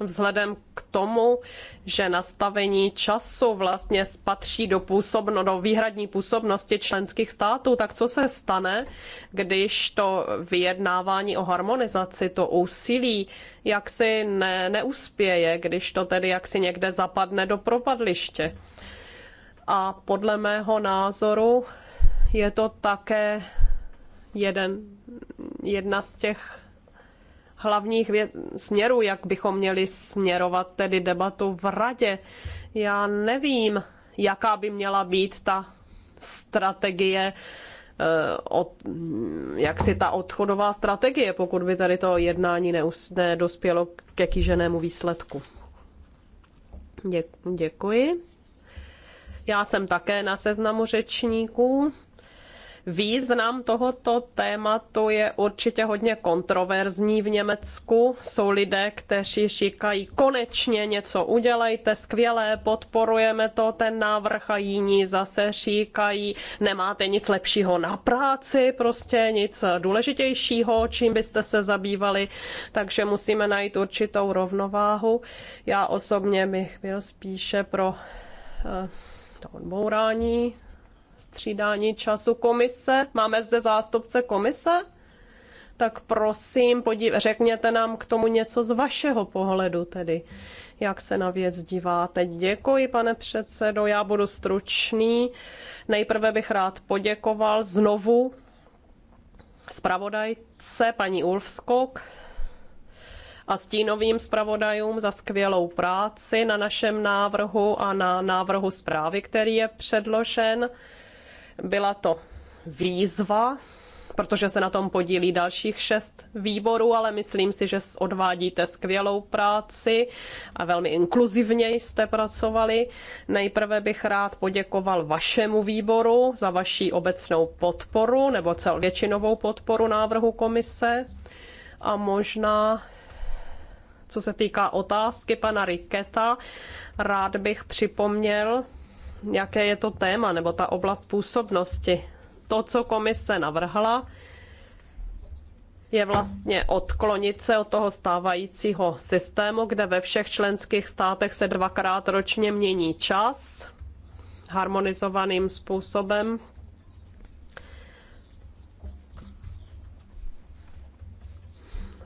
A: vzhledem k tomu, že nastavení času vlastně spatří do, působno, do výhradní působnosti členských států, tak co se stane, když to vyjednávání o harmonizaci, to úsilí, jak si ne, neuspěje, když to tedy jaksi někde zapadne do propadliště. A podle mého názoru je to také jeden, jedna z těch hlavních směrů, jak bychom měli směrovat tedy debatu v radě. Já nevím, jaká by měla být ta strategie, eh, od, jak si ta odchodová strategie, pokud by tady to jednání neus, nedospělo k kýženému výsledku. děkuji. Já jsem také na seznamu řečníků. Význam tohoto tématu je určitě hodně kontroverzní v Německu. Jsou lidé, kteří říkají, konečně něco udělejte, skvělé, podporujeme to, ten návrh a jiní zase říkají, nemáte nic lepšího na práci, prostě nic důležitějšího, čím byste se zabývali, takže musíme najít určitou rovnováhu. Já osobně bych byl spíše pro eh, to odbourání střídání času komise. Máme zde zástupce komise? Tak prosím, podívej, řekněte nám k tomu něco z vašeho pohledu tedy, jak se na věc díváte. Děkuji, pane předsedo, já budu stručný. Nejprve bych rád poděkoval znovu zpravodajce paní Ulfskok a stínovým zpravodajům za skvělou práci na našem návrhu a na návrhu zprávy, který je předložen. Byla to výzva, protože se na tom podílí dalších šest výborů, ale myslím si, že odvádíte skvělou práci a velmi inkluzivně jste pracovali. Nejprve bych rád poděkoval vašemu výboru za vaši obecnou podporu nebo cel většinovou podporu návrhu komise a možná co se týká otázky pana Riketa, rád bych připomněl, jaké je to téma nebo ta oblast působnosti. To, co komise navrhla, je vlastně odklonit se od toho stávajícího systému, kde ve všech členských státech se dvakrát ročně mění čas harmonizovaným způsobem.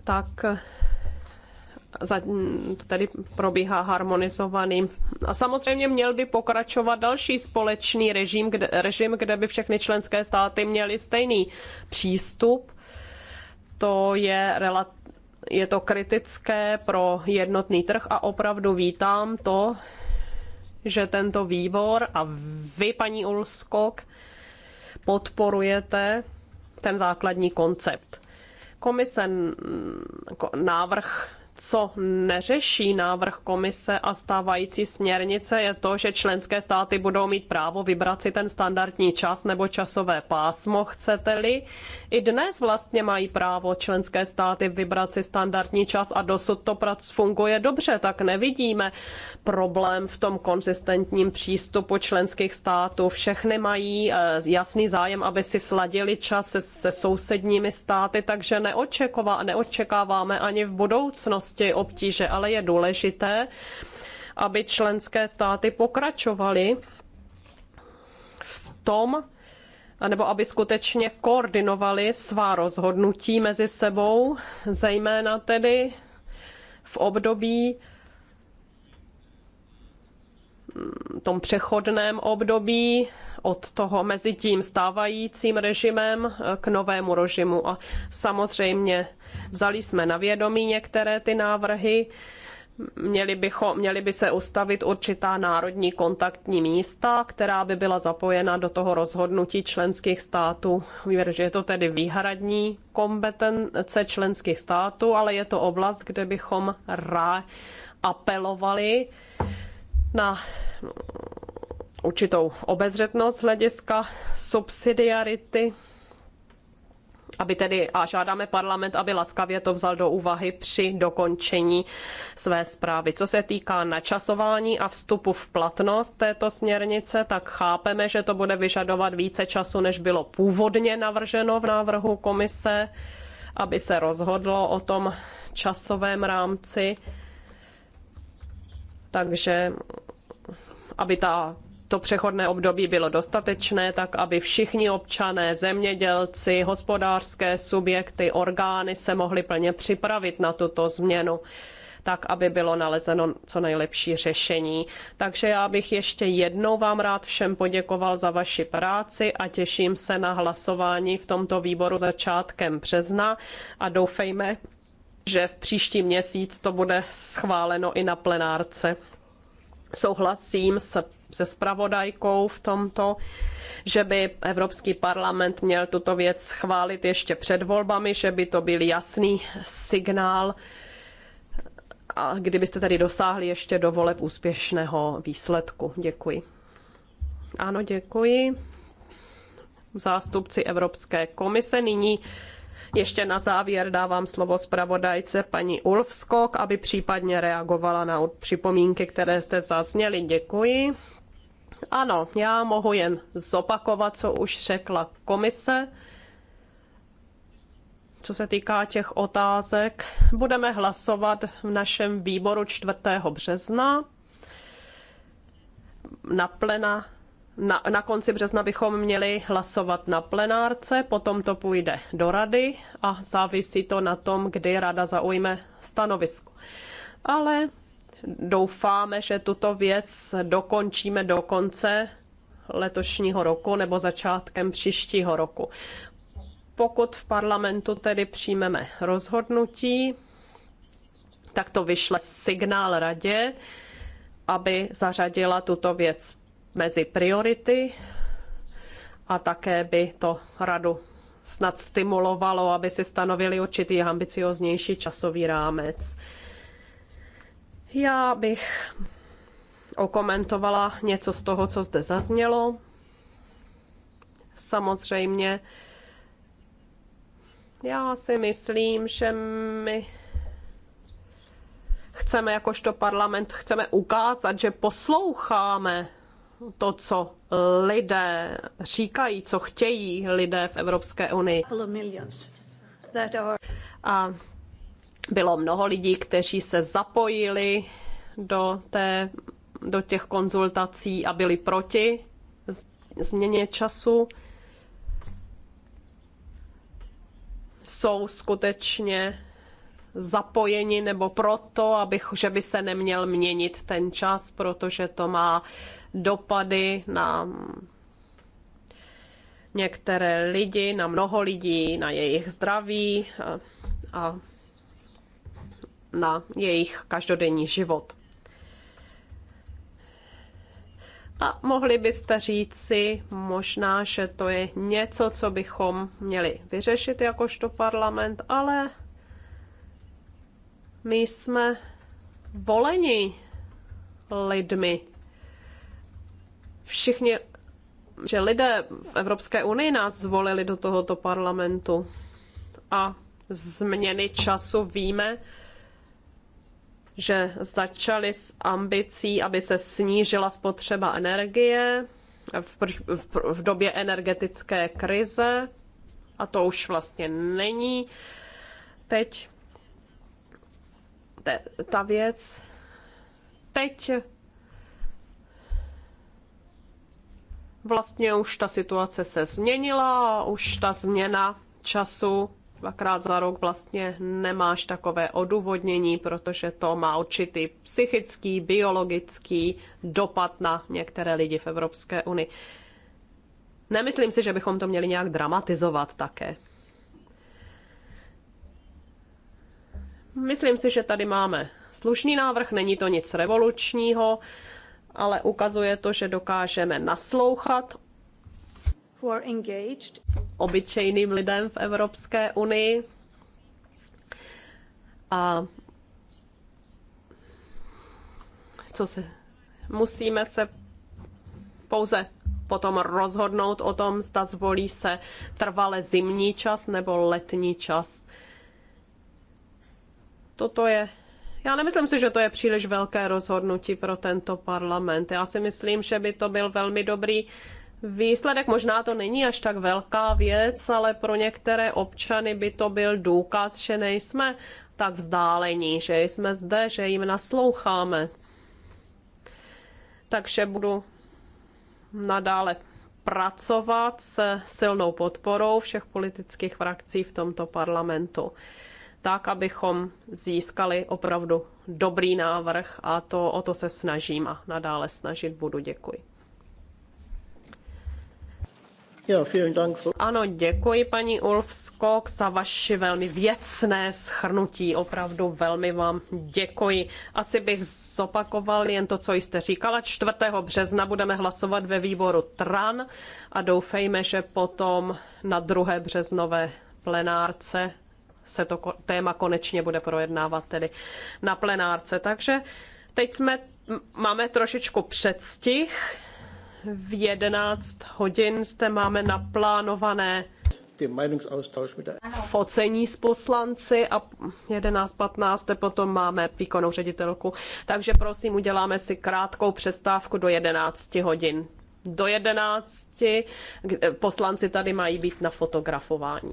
A: Tak tady probíhá harmonizovaný. A samozřejmě měl by pokračovat další společný režim, kde, režim, kde by všechny členské státy měly stejný přístup. To je relativně je to kritické pro jednotný trh a opravdu vítám to, že tento výbor a vy, paní Ulskok, podporujete ten základní koncept. Komise návrh co neřeší návrh komise a stávající směrnice, je to, že členské státy budou mít právo vybrat si ten standardní čas nebo časové pásmo, chcete-li. I dnes vlastně mají právo členské státy vybrat si standardní čas a dosud to prac funguje dobře, tak nevidíme problém v tom konzistentním přístupu členských států. Všechny mají eh, jasný zájem, aby si sladili čas se, se sousedními státy, takže neočekáváme ani v budoucnosti složitosti, obtíže, ale je důležité, aby členské státy pokračovaly v tom, anebo aby skutečně koordinovali svá rozhodnutí mezi sebou, zejména tedy v období mm, tom přechodném období od toho mezi tím stávajícím režimem eh, k novému režimu. A samozřejmě vzali jsme na vědomí některé ty návrhy, Měli, bychom, měli by se ustavit určitá národní kontaktní místa, která by byla zapojena do toho rozhodnutí členských států. Že je to tedy výhradní kompetence členských států, ale je to oblast, kde bychom rá apelovali na určitou obezřetnost z hlediska subsidiarity, aby tedy, a žádáme parlament, aby laskavě to vzal do úvahy při dokončení své zprávy. Co se týká načasování a vstupu v platnost této směrnice, tak chápeme, že to bude vyžadovat více času, než bylo původně navrženo v návrhu komise, aby se rozhodlo o tom časovém rámci. Takže aby ta to přechodné období bylo dostatečné, tak aby všichni občané, zemědělci, hospodářské subjekty, orgány se mohli plně připravit na tuto změnu tak, aby bylo nalezeno co nejlepší řešení. Takže já bych ještě jednou vám rád všem poděkoval za vaši práci a těším se na hlasování v tomto výboru začátkem března a doufejme, že v příští měsíc to bude schváleno i na plenárce. Souhlasím s se spravodajkou v tomto, že by Evropský parlament měl tuto věc schválit ještě před volbami, že by to byl jasný signál, a kdybyste tady dosáhli ještě do voleb úspěšného výsledku. Děkuji. Ano, děkuji. Zástupci Evropské komise nyní ještě na závěr dávám slovo zpravodajce paní Ulfskok, aby případně reagovala na připomínky, které jste zazněli. Děkuji. Ano, já mohu jen zopakovat, co už řekla komise. Co se týká těch otázek, budeme hlasovat v našem výboru 4. března. Na, plena, na, na konci března bychom měli hlasovat na plenárce, potom to půjde do rady a závisí to na tom, kdy rada zaujme stanovisko. Ale Doufáme, že tuto věc dokončíme do konce letošního roku nebo začátkem příštího roku. Pokud v parlamentu tedy přijmeme rozhodnutí, tak to vyšle signál radě, aby zařadila tuto věc mezi priority a také by to radu snad stimulovalo, aby si stanovili určitý ambicioznější časový rámec. Já bych okomentovala něco z toho, co zde zaznělo. Samozřejmě, já si myslím, že my chceme jakožto parlament, chceme ukázat, že posloucháme to, co lidé říkají, co chtějí lidé v Evropské unii. A bylo mnoho lidí, kteří se zapojili do, té, do těch konzultací a byli proti změně času. Jsou skutečně zapojeni nebo proto, abych, že by se neměl měnit ten čas, protože to má dopady na některé lidi, na mnoho lidí, na jejich zdraví a, a na jejich každodenní život. A mohli byste říci možná, že to je něco, co bychom měli vyřešit jakožto parlament, ale my jsme voleni lidmi. Všichni, že lidé v Evropské unii nás zvolili do tohoto parlamentu a změny času víme, že začali s ambicí, aby se snížila spotřeba energie v, v, v době energetické krize, a to už vlastně není teď te, ta věc. Teď vlastně už ta situace se změnila, už ta změna času dvakrát za rok vlastně nemáš takové odůvodnění, protože to má určitý psychický, biologický dopad na některé lidi v Evropské unii. Nemyslím si, že bychom to měli nějak dramatizovat také. Myslím si, že tady máme slušný návrh, není to nic revolučního, ale ukazuje to, že dokážeme naslouchat obyčejným lidem v Evropské unii. A co se musíme se pouze potom rozhodnout o tom, zda zvolí se trvale zimní čas nebo letní čas. Toto je já nemyslím si, že to je příliš velké rozhodnutí pro tento parlament. Já si myslím, že by to byl velmi dobrý Výsledek možná to není až tak velká věc, ale pro některé občany by to byl důkaz, že nejsme tak vzdálení, že jsme zde, že jim nasloucháme. Takže budu nadále pracovat se silnou podporou všech politických frakcí v tomto parlamentu, tak, abychom získali opravdu dobrý návrh a to o to se snažím a nadále snažit budu. Děkuji. Ano, děkuji paní Ulfskok za vaše velmi věcné schrnutí. Opravdu velmi vám děkuji. Asi bych zopakoval jen to, co jste říkala. 4. března budeme hlasovat ve výboru TRAN a doufejme, že potom na 2. březnové plenárce se to téma konečně bude projednávat tedy na plenárce. Takže teď jsme, máme trošičku předstih v 11 hodin zde máme naplánované focení s poslanci a 11.15 potom máme výkonnou ředitelku. Takže prosím, uděláme si krátkou přestávku do 11 hodin. Do 11 poslanci tady mají být na fotografování.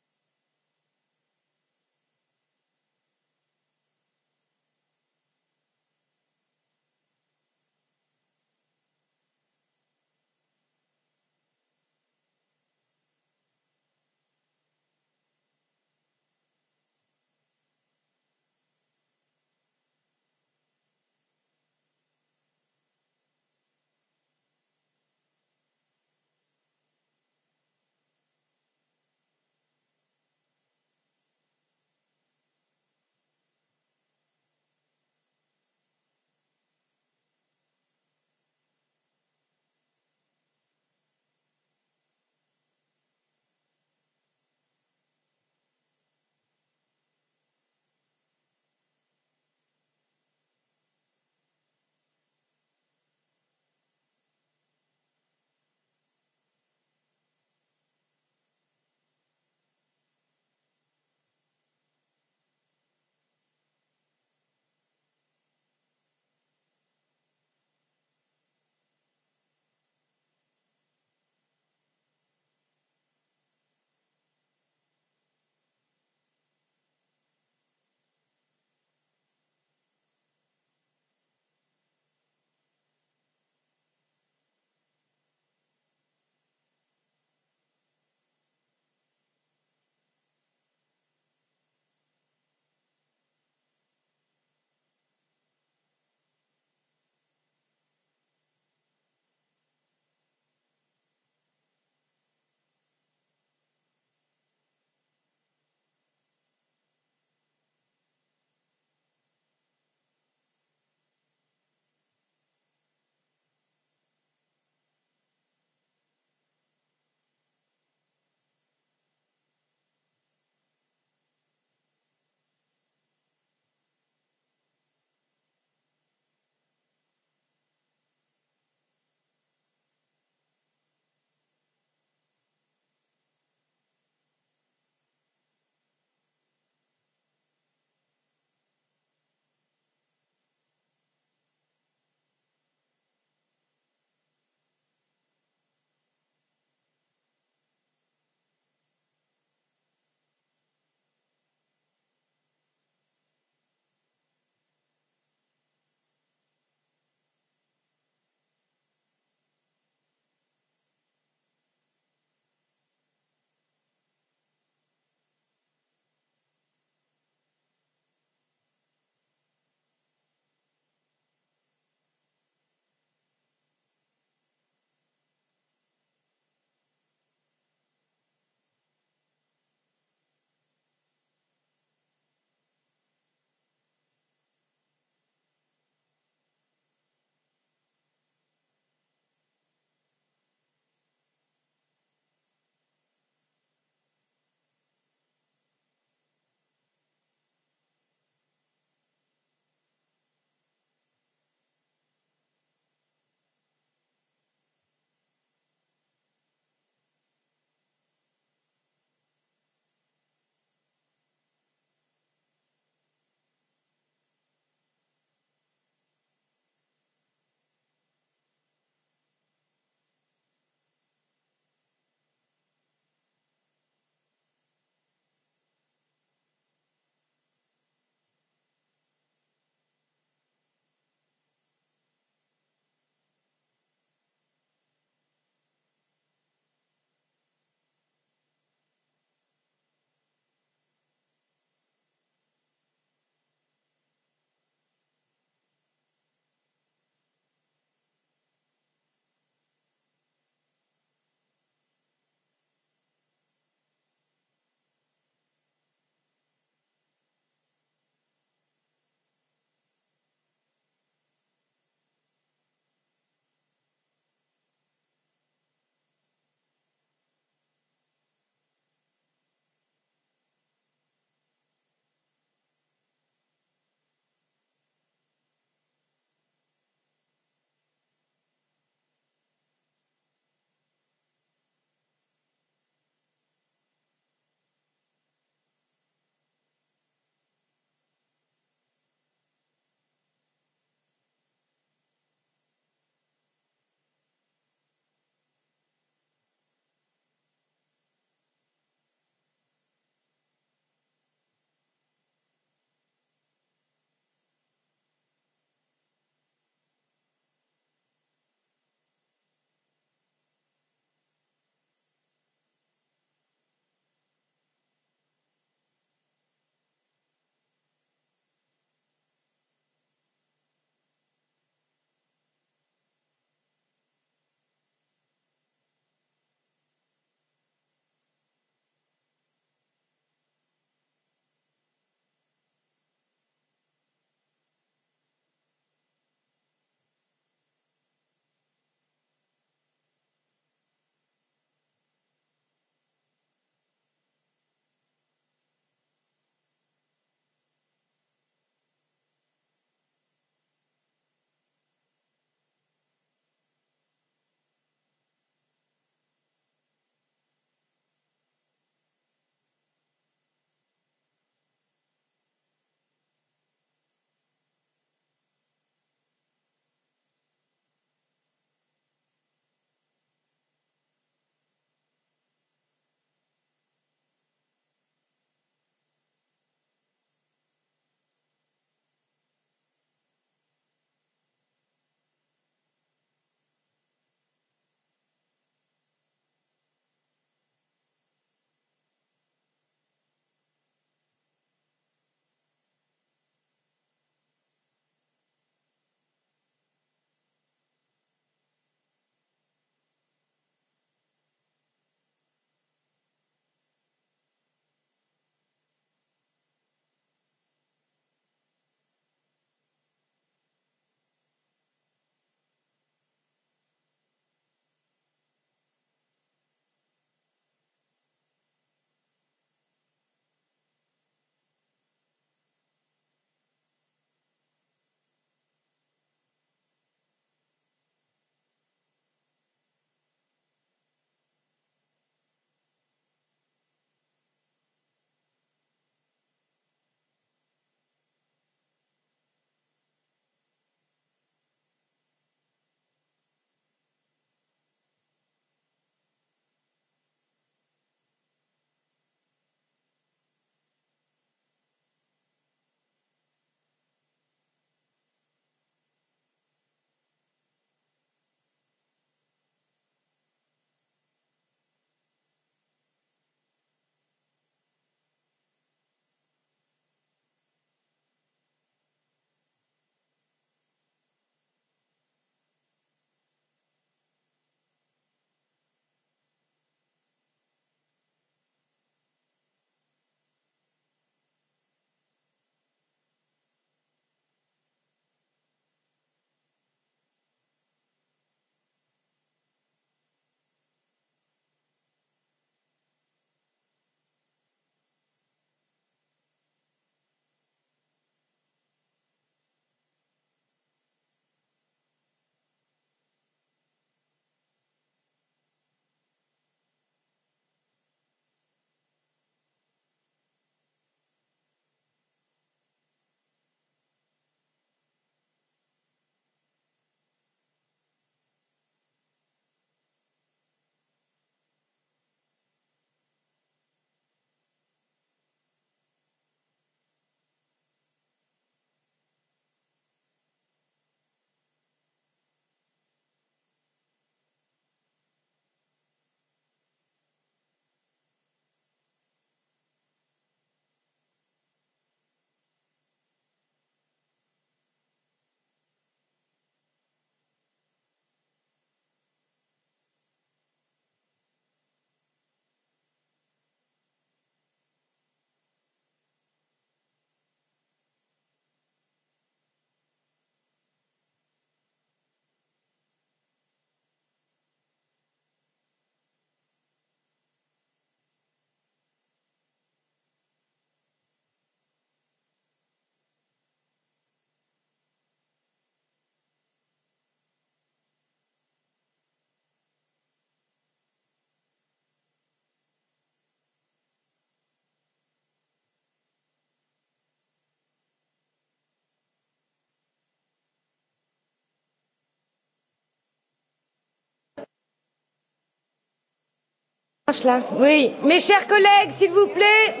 D: Là. Oui, mes chers collègues, s'il
A: vous plaît,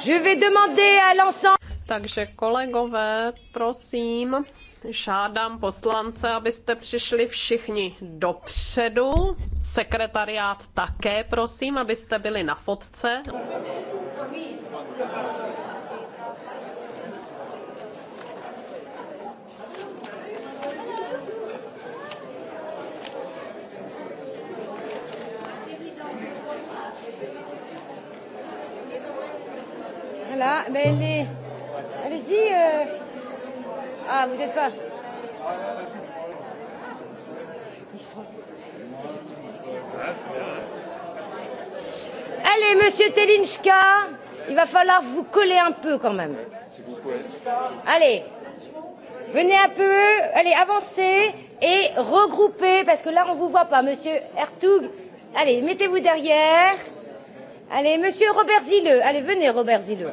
A: je vais demander à l'ensemble. Takže kolegové, prosím, žádám poslance, abyste přišli všichni dopředu. Sekretariát také, prosím, abyste byli na fotce.
D: Oui. là. mais elle est. Allez-y. Euh... Ah, vous n'êtes pas. Ils sont. Allez, monsieur Telinchka, il va falloir vous coller un peu quand même. Allez, venez un peu, allez, avancez et regroupez, parce que là, on ne vous voit pas, monsieur Hertoug. Allez, mettez-vous derrière. Allez, monsieur Robert Zilleux. Allez, venez, Robert Zilleux.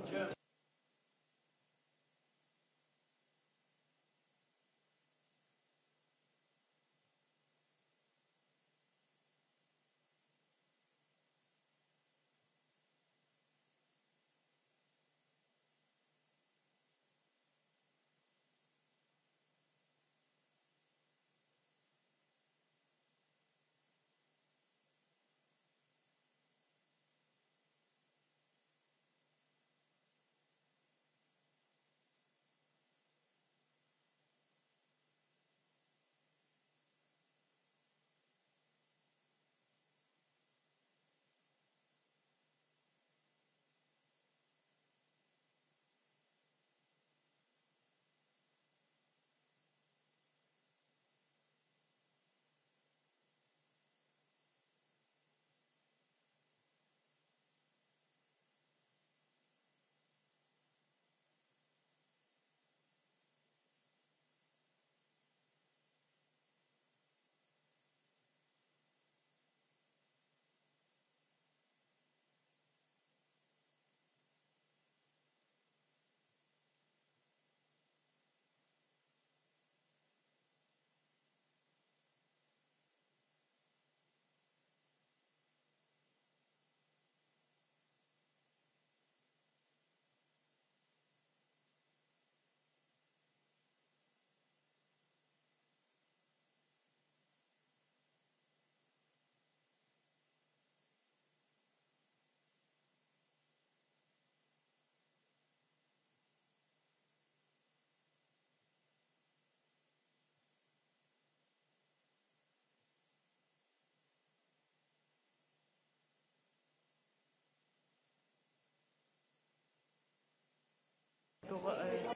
D: pour.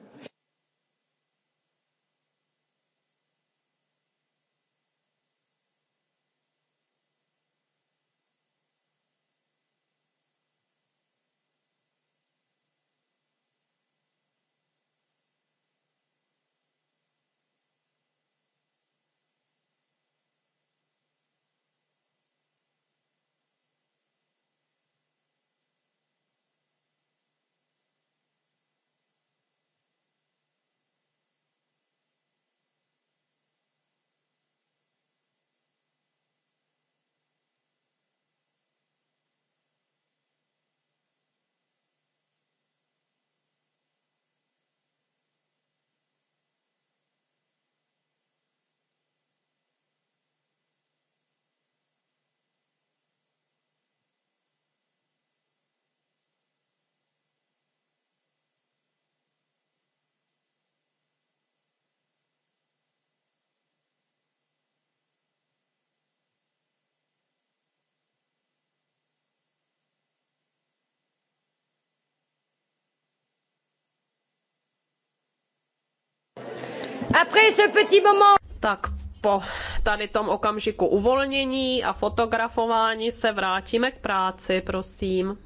A: Après ce petit moment... Tak po tady tom okamžiku uvolnění a fotografování se vrátíme k práci, prosím.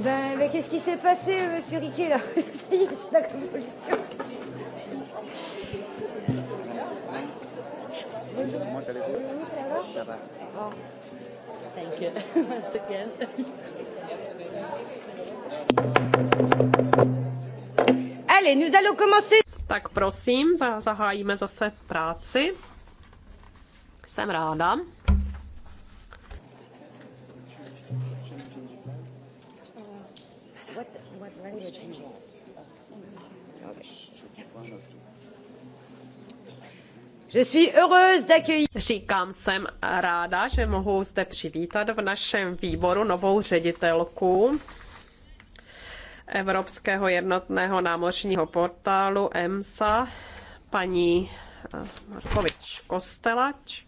D: Ben, mais qu'est-ce qui s'est passé, monsieur Riquet, là la convulsion. Bonjour. Ça va
A: Oh. Thank you. Once again. Allez, nous allons commencer. Tak prosím, zahájíme zase práci. Jsem ráda. Je suis heureuse d'accueillir. Říkám, jsem ráda, že mohu zde přivítat v našem výboru novou ředitelku Evropského jednotného námořního portálu EMSA paní eh, Markovič Kostelač,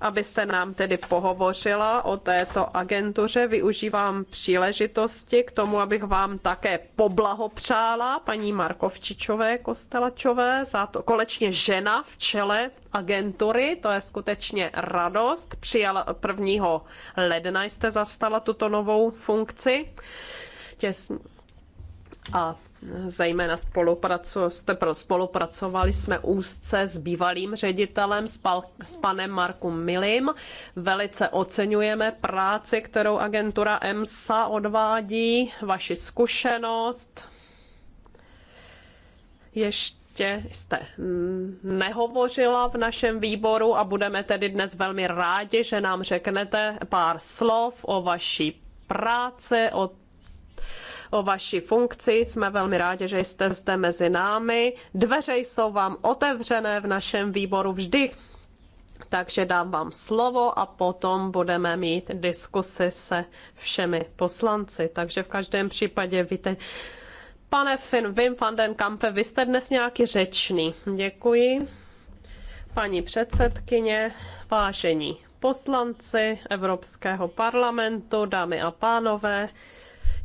A: abyste nám tedy pohovořila o této agentuře. Využívám příležitosti k tomu, abych vám také poblahopřála paní Markovčičové Kostelačové za to kolečně žena v čele agentury. To je skutečně radost. Přijala 1. ledna jste zastala tuto novou funkci těsně a zejména spolupraco, spolupracovali jsme úzce s bývalým ředitelem, s, pal, s panem Markem Milim. Velice oceňujeme práci, kterou agentura EMSA odvádí, vaši zkušenost. Ještě jste nehovořila v našem výboru a budeme tedy dnes velmi rádi, že nám řeknete pár slov o vaší práci, o o vaši funkci. Jsme velmi rádi, že jste zde mezi námi. Dveře jsou vám otevřené v našem výboru vždy. Takže dám vám slovo a potom budeme mít diskusy se všemi poslanci. Takže v každém případě víte, pane Finn, Wim van den Kampe, vy jste dnes nějaký řečný. Děkuji. Paní předsedkyně, vážení poslanci Evropského parlamentu, dámy a pánové,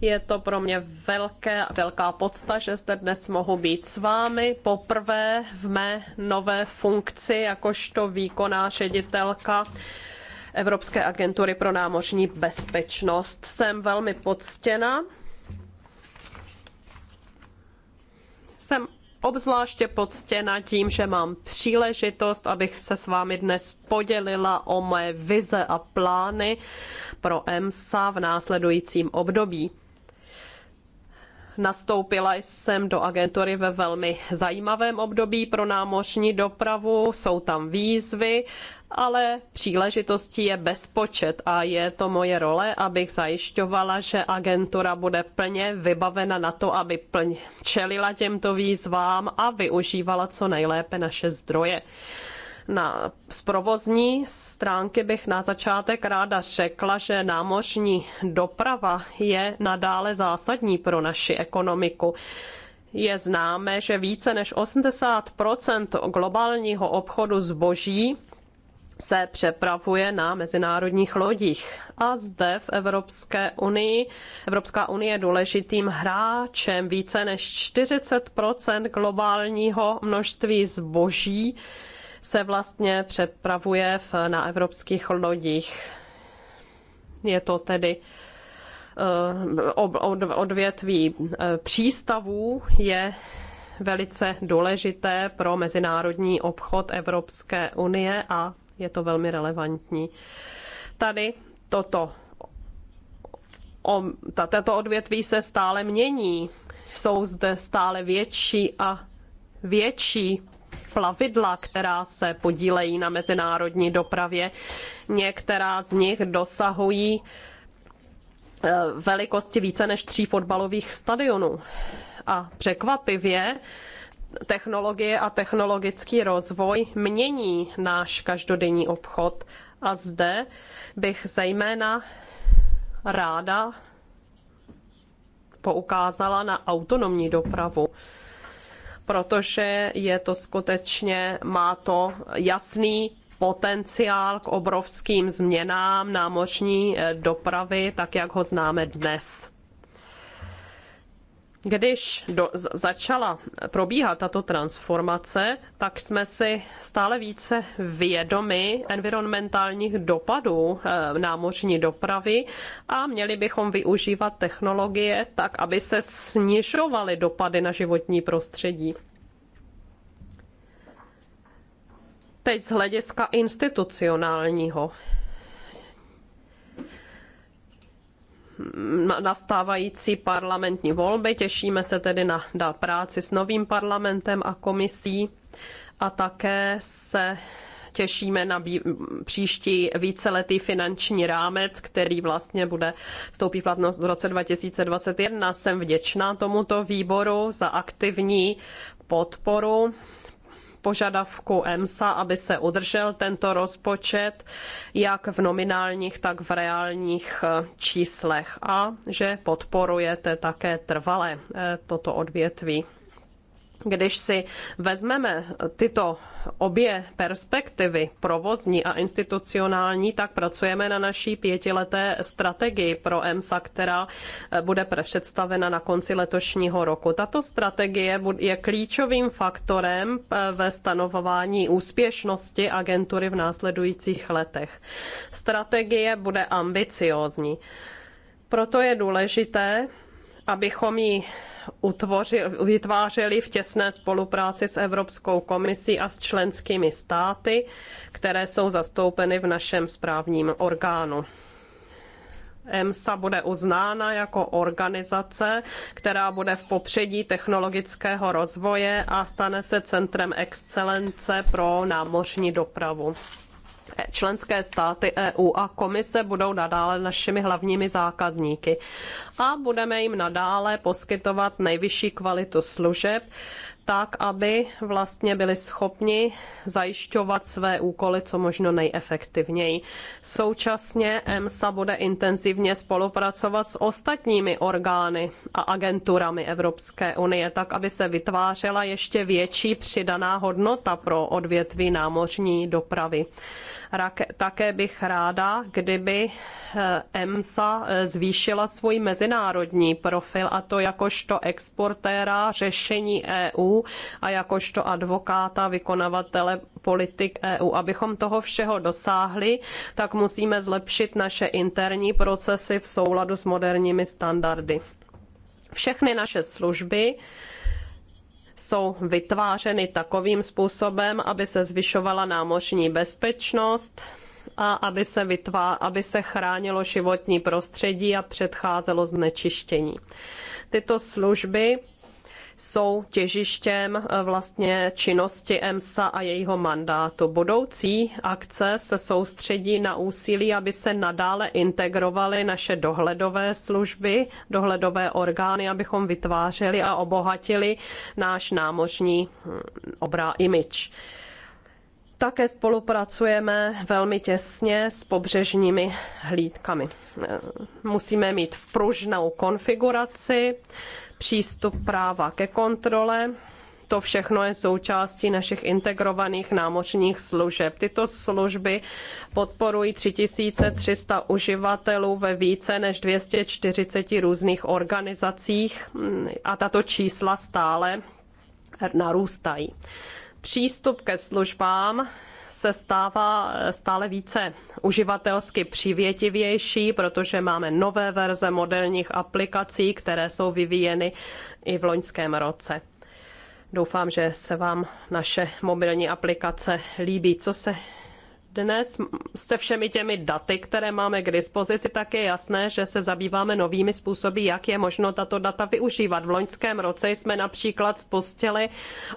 A: je to pro mě velké, velká podsta, že zde dnes mohu být s vámi poprvé v mé nové funkci jakožto výkonná ředitelka Evropské agentury pro námořní bezpečnost. Jsem velmi poctěna. Jsem obzvláště poctěna tím, že mám příležitost, abych se s vámi dnes podělila o mé vize a plány pro EMSA v následujícím období. Nastoupila jsem do agentury ve velmi zajímavém období pro námořní dopravu, jsou tam výzvy, ale příležitostí je bezpočet a je to moje role, abych zajišťovala, že agentura bude plně vybavena na to, aby plně čelila těmto výzvám a využívala co nejlépe naše zdroje. Na, z provozní stránky bych na začátek ráda řekla, že námořní doprava je nadále zásadní pro naši ekonomiku je známé, že více než 80 globálního obchodu zboží se přepravuje na mezinárodních lodích. A zde v Evropské unii, Evropská unie je důležitým hráčem. Více než 40 globálního množství zboží se vlastně přepravuje v, na evropských lodích. Je to tedy eh, odvětví eh, přístavů je velice důležité pro mezinárodní obchod Evropské unie a je to velmi relevantní. Tady toto tato odvětví se stále mění. Jsou zde stále větší a větší plavidla, která se podílejí na mezinárodní dopravě. Některá z nich dosahují eh, velikosti více než tří fotbalových stadionů. A překvapivě technologie a technologický rozvoj mění náš každodenní obchod. A zde bych zejména ráda poukázala na autonomní dopravu protože je to skutečně, má to jasný potenciál k obrovským změnám námořní eh, dopravy, tak jak ho známe dnes když do, začala probíhat tato transformace, tak jsme si stále více vědomi environmentálních dopadů eh, námořní dopravy a měli bychom využívat technologie tak, aby se snižovaly dopady na životní prostředí. Teď z hlediska institucionálního nastávající parlamentní volby. Těšíme se tedy na, na práci s novým parlamentem a komisí a také se těšíme na příští víceletý finanční rámec, který vlastně bude vstoupí v platnost v roce 2021. Jsem vděčná tomuto výboru za aktivní podporu požadavku EMSA, aby se udržel tento rozpočet jak v nominálních, tak v reálních eh, číslech a že podporujete také trvale eh, toto odvětví. Když si vezmeme tyto obě perspektivy, provozní a institucionální, tak pracujeme na naší pětileté strategii pro EMSA, která eh, bude představena na konci letošního roku. Tato strategie je klíčovým faktorem eh, ve stanovování úspěšnosti agentury v následujících letech. Strategie bude ambiciózní. Proto je důležité, abychom ji utvořil, vytvářeli v těsné spolupráci s Evropskou komisí a s členskými státy, které jsou zastoupeny v našem správním orgánu. EMSA bude uznána jako organizace, která bude v popředí technologického rozvoje a stane se centrem excelence pro námořní dopravu členské státy EU a komise budou nadále našimi hlavními zákazníky a budeme jim nadále poskytovat nejvyšší kvalitu služeb, tak, aby vlastně byli schopni zajišťovat své úkoly co možno nejefektivněji. Současně EMSA bude intenzivně spolupracovat s ostatními orgány a agenturami Evropské unie, tak, aby se vytvářela ještě větší přidaná hodnota pro odvětví námořní dopravy. Také bych ráda, kdyby eh, EMSA eh, zvýšila svůj mezinárodní profil a to jakožto exportéra řešení EU a jakožto advokáta, vykonavatele politik EU. Abychom toho všeho dosáhli, tak musíme zlepšit naše interní procesy v souladu s moderními standardy. Všechny naše služby jsou vytvářeny takovým způsobem, aby se zvyšovala námořní bezpečnost a aby se, vytvá, aby se chránilo životní prostředí a předcházelo znečištění. Tyto služby jsou těžištěm eh, vlastně činnosti EMSA a jejího mandátu. Budoucí akce se soustředí na úsilí, aby se nadále integrovaly naše dohledové služby, dohledové orgány, abychom vytvářeli a obohatili náš námořní hm, obrá image. Také spolupracujeme velmi těsně s pobřežními hlídkami. Eh, musíme mít v pružnou konfiguraci, přístup práva ke kontrole, to všechno je součástí našich integrovaných námořních služeb. Tyto služby podporují 3300 uživatelů ve více než 240 různých organizacích mm, a tato čísla stále narůstají. Přístup ke službám se stává eh, stále více uživatelsky přívětivější, protože máme nové verze moderních aplikací, které jsou vyvíjeny i v loňském roce. Doufám, že se vám naše mobilní aplikace líbí. Co se dnes se všemi těmi daty, které máme k dispozici, tak je jasné, že se zabýváme novými způsoby, jak je možno tato data využívat. V loňském roce jsme například spustili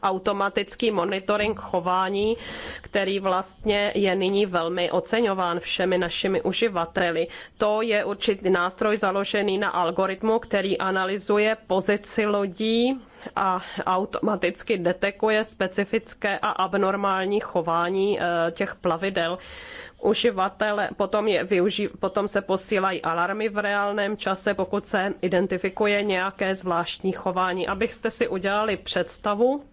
A: automatický monitoring chování, který vlastně je nyní velmi oceňován všemi našimi uživateli. To je určitý nástroj založený na algoritmu, který analyzuje pozici lodí a automaticky detekuje specifické a abnormální chování eh, těch plavidel uživatele, potom, je využi- potom se posílají alarmy v reálném čase, pokud se identifikuje nějaké zvláštní chování. Abyste si udělali představu,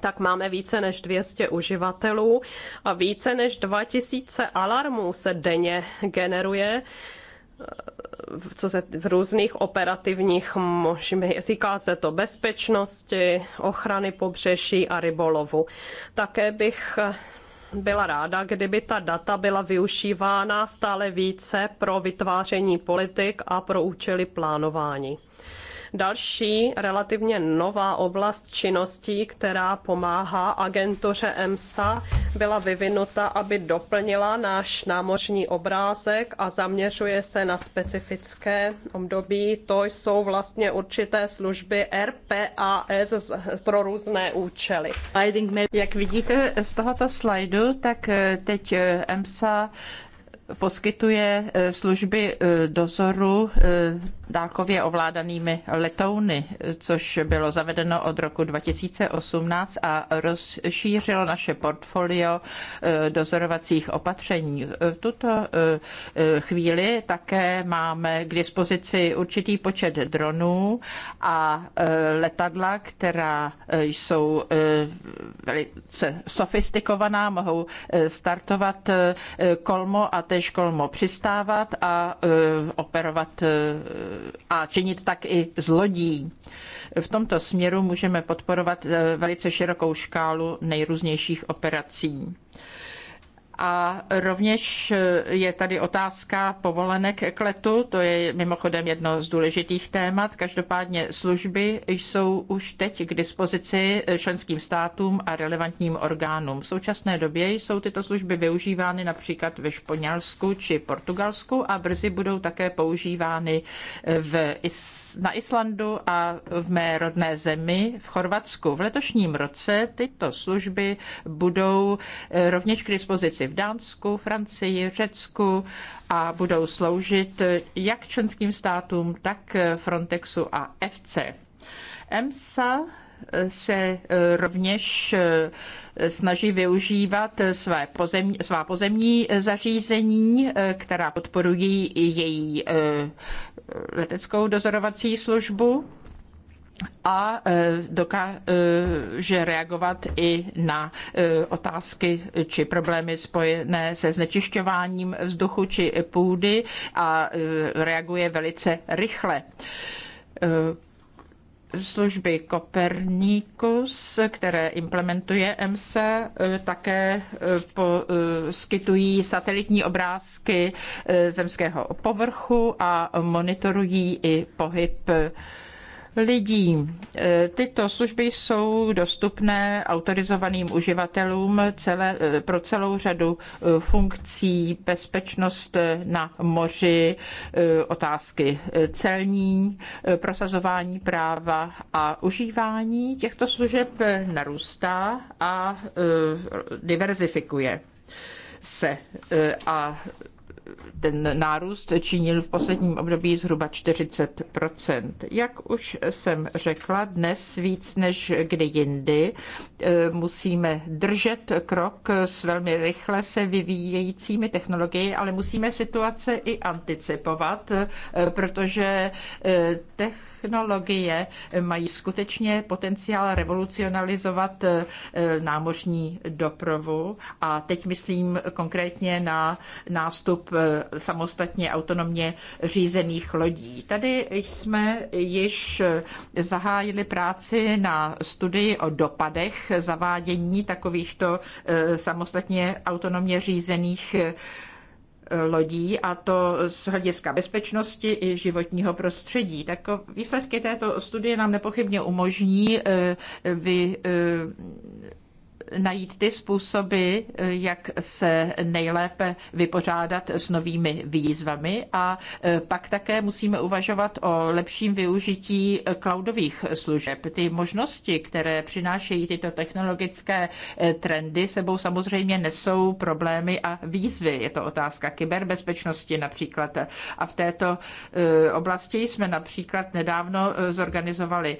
A: tak máme více než 200 uživatelů a více než 2000 alarmů se denně generuje co se v různých operativních, můžeme, říká se to bezpečnosti, ochrany pobřeží a rybolovu. Také bych eh, byla ráda, kdyby ta data byla využívána stále více pro vytváření politik a pro účely plánování. Další relativně nová oblast činností, která pomáhá agentuře EMSA, byla vyvinuta, aby doplnila náš námořní obrázek a zaměřuje se na specifické období. To jsou vlastně určité služby RPAS pro různé účely.
B: Jak vidíte z tohoto slajdu, tak eh, teď eh, EMSA poskytuje eh, služby dozoru dálkově ovládanými letouny, což bylo zavedeno od roku 2018 a rozšířilo naše portfolio eh, dozorovacích opatření. V tuto eh, chvíli také máme k dispozici určitý počet dronů a eh, letadla, která jsou velice sofistikovaná, mohou startovat kolmo a tež kolmo přistávat a operovat a činit tak i z lodí. V tomto směru můžeme podporovat eh, velice širokou škálu nejrůznějších operací. A rovněž eh, je tady otázka povolenek k letu, to je mimochodem jedno z důležitých témat. Každopádně služby jsou už teď k dispozici eh, členským státům a relevantním orgánům. V současné době jsou tyto služby využívány například ve Španělsku či Portugalsku a brzy budou také používány eh, v, na Islandu a v mé rodné zemi v Chorvatsku. V letošním roce tyto služby budou rovněž k dispozici pomoci v Dánsku, Francii, Řecku a budou sloužit jak členským státům, tak Frontexu a FC. EMSA se rovněž snaží využívat své pozemní, svá pozemní zařízení, která podporují její eh, leteckou dozorovací službu a e, dokáže e, reagovat i na e, otázky či problémy spojené se znečišťováním vzduchu či půdy a reaguje velice rychle služby Copernicus, které implementuje MC, také poskytují satelitní obrázky zemského povrchu a monitorují i pohyb lidí. E, tyto služby jsou dostupné autorizovaným uživatelům celé, e, pro celou řadu e, funkcí, bezpečnost na moři, otázky celní, prosazování práva a užívání těchto služeb narůstá a diverzifikuje se a ten nárůst činil v posledním období zhruba 40 Jak už jsem řekla, dnes víc než kdy jindy eh, musíme držet krok s velmi rychle se vyvíjejícími technologiemi, ale musíme situace i anticipovat, eh, protože eh, tech technologie mají skutečně potenciál revolucionalizovat eh, námořní dopravu a teď myslím konkrétně na nástup eh, samostatně autonomně řízených lodí. Tady jsme již eh, zahájili práci na studii o dopadech zavádění takovýchto samostatně autonomně řízených lodí a to z hlediska bezpečnosti i životního prostředí. Tak výsledky této studie nám nepochybně umožní eh, vy, eh, najít ty způsoby, eh, jak se nejlépe vypořádat s novými výzvami a eh, pak také musíme uvažovat o lepším využití eh, cloudových služeb. Ty možnosti, které přinášejí tyto technologické trendy, sebou samozřejmě nesou problémy a výzvy. Je to otázka kyberbezpečnosti například. A v této oblasti jsme například nedávno zorganizovali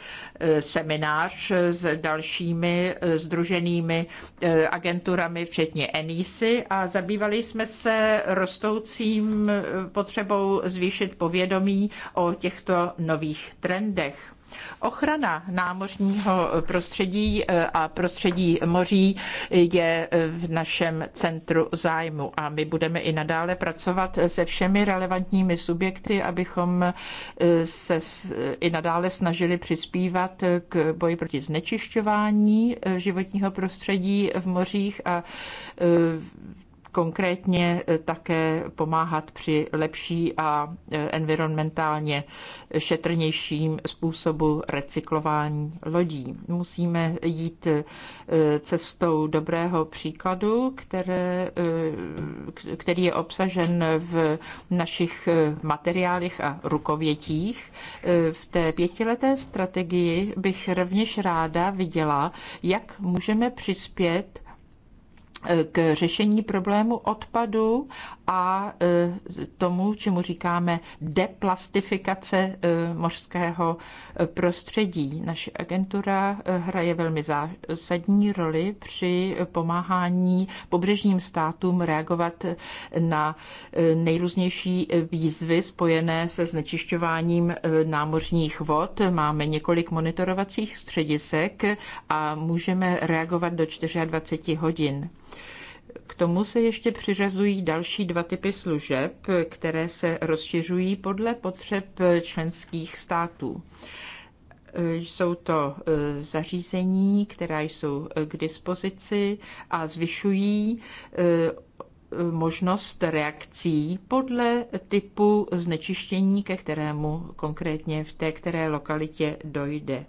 B: seminář s dalšími združenými E, agenturami, včetně ENISy, a zabývali jsme se rostoucím e, potřebou zvýšit povědomí o těchto nových trendech. Ochrana námořního prostředí eh, a prostředí moří je eh, v našem centru zájmu a my budeme i nadále pracovat se všemi relevantními subjekty, abychom eh, se i nadále snažili přispívat k boji proti znečišťování životního prostředí v mořích a konkrétně eh, také pomáhat při lepší a eh, environmentálně šetrnějším způsobu recyklování lodí. Musíme jít eh, cestou dobrého příkladu, které, který je obsažen v našich materiálech a rukovětích. V té pětileté strategii bych rovněž ráda viděla, jak můžeme přispět k řešení problému odpadu a e, tomu, čemu říkáme deplastifikace e, mořského e, prostředí. Naše agentura hraje velmi zásadní roli při pomáhání pobřežním státům reagovat na nejrůznější výzvy spojené se znečišťováním námořních vod. Máme několik monitorovacích středisek a můžeme reagovat do 24 hodin. K tomu se ještě přiřazují další dva typy služeb, které se rozšiřují podle potřeb členských států. Jsou to eh, zařízení, která jsou eh, k dispozici a zvyšují eh, možnost reakcí podle typu znečištění, ke kterému konkrétně v té které lokalitě dojde.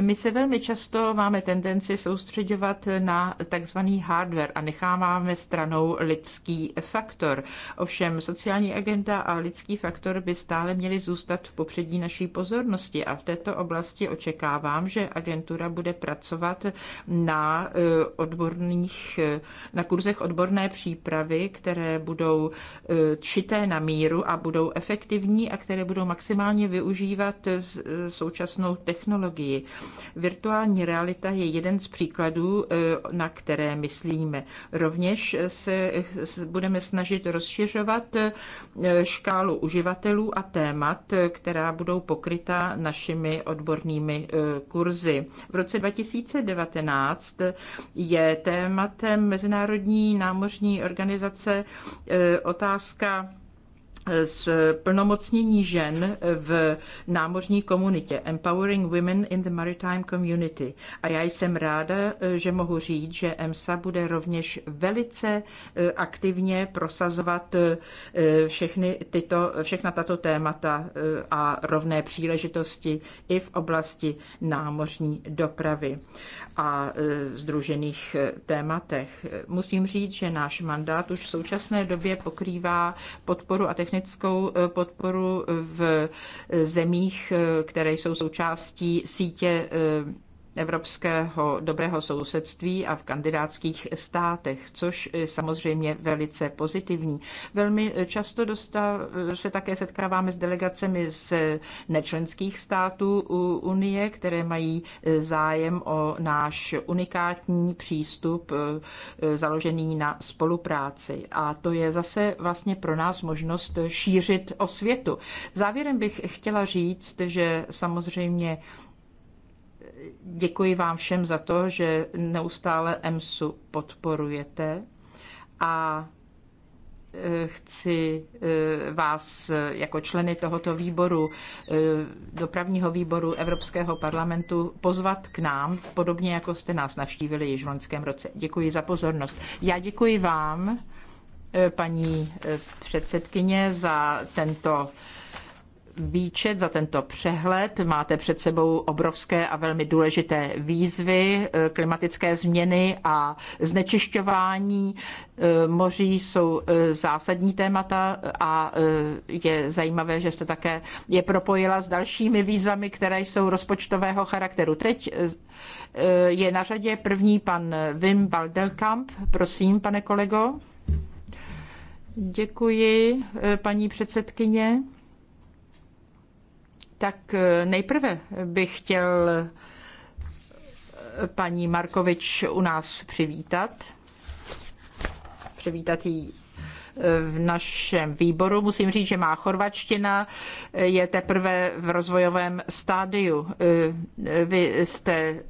B: My se velmi často máme tendenci soustředovat na takzvaný hardware a necháváme stranou lidský faktor. Ovšem sociální agenda a lidský faktor by stále měly zůstat v popředí naší pozornosti a v této oblasti očekávám, že agentura bude pracovat na eh, odborných, eh, na kurzech odborné přípravy, které budou eh, čité na míru a budou efektivní a které budou maximálně využívat současnou technologii technologii. Virtuální realita je jeden z příkladů, eh, na které myslíme. Rovněž se eh, budeme snažit rozšiřovat eh, škálu uživatelů a témat, která budou pokryta našimi odbornými kurzy. V roce 2019 je tématem Mezinárodní námořní organizace otázka z plnomocnění žen v námořní komunitě Empowering Women in the Maritime Community. A já jsem ráda, že mohu říct, že EMSA bude rovněž velice eh, aktivně prosazovat eh, všechny tyto, všechna tato témata eh, a rovné příležitosti i v oblasti námořní dopravy a e, združených e, tématech. Musím říct, že náš mandát už v současné době pokrývá podporu a technickou e, podporu v zemích, které jsou součástí sítě evropského dobrého sousedství a v kandidátských státech, což samozřejmě velice pozitivní. Velmi často dostav, se také setkáváme s delegacemi z nečlenských států Unie, které mají zájem o náš unikátní přístup e, založený na spolupráci. A to je zase vlastně pro nás možnost šířit osvětu. Závěrem bych chtěla říct, že samozřejmě Děkuji vám všem za to, že neustále EMSu podporujete a e, chci e, vás jako členy tohoto výboru, e, dopravního výboru Evropského parlamentu, pozvat k nám, podobně jako jste nás navštívili již v loňském roce. Děkuji za pozornost. Já děkuji vám, paní předsedkyně, za tento výčet, za tento přehled. Máte před sebou obrovské a velmi důležité výzvy, eh, klimatické změny a znečišťování eh, moří jsou eh, zásadní témata a je zajímavé, že jste také je propojila s dalšími výzvami, které jsou rozpočtového charakteru. Teď je na řadě první pan Wim Baldelkamp. Prosím, pane kolego. Děkuji, paní předsedkyně. Tak eh, nejprve bych chtěl eh, paní Markovič u nás přivítat. Přivítat ji v našem výboru. Musím říct, že má chorvačtina, je teprve v rozvojovém stádiu. Vy jste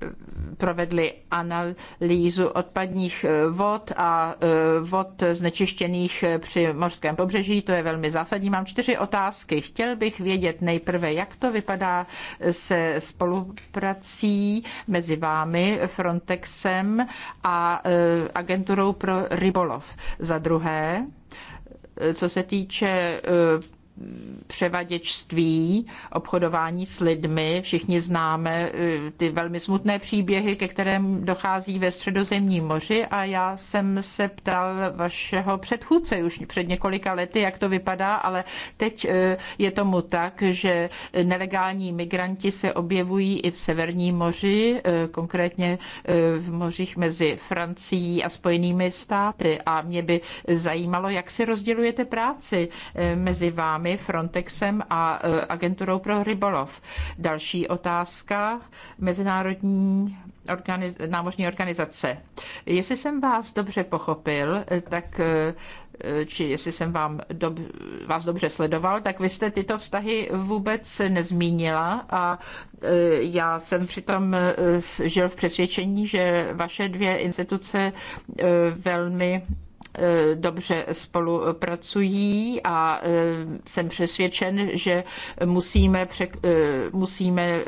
B: provedli analýzu odpadních vod a vod znečištěných při mořském pobřeží. To je velmi zásadní. Mám čtyři otázky. Chtěl bych vědět nejprve, jak to vypadá se spoluprací mezi vámi, Frontexem a agenturou pro rybolov. Za druhé, co se týče eh, převaděčství, obchodování s lidmi. Všichni známe eh, ty velmi smutné příběhy, ke kterým dochází ve středozemním moři a já jsem se ptal vašeho předchůdce už před několika lety, jak to vypadá, ale teď eh, je tomu tak, že nelegální migranti se objevují i v severním moři, eh, konkrétně v mořích mezi Francií a Spojenými státy a mě by zajímalo, jak si rozdělujete práci mezi vámi námi, Frontexem a e, Agenturou pro rybolov. Další otázka, Mezinárodní organiz- námořní organizace. Jestli jsem vás dobře pochopil, e, tak e, či jestli jsem vám dob, vás dobře sledoval, tak vy jste tyto vztahy vůbec nezmínila a já jsem přitom žil v přesvědčení, že vaše dvě instituce velmi Eh, dobře spolupracují a eh, jsem přesvědčen, že musíme, přek, eh, musíme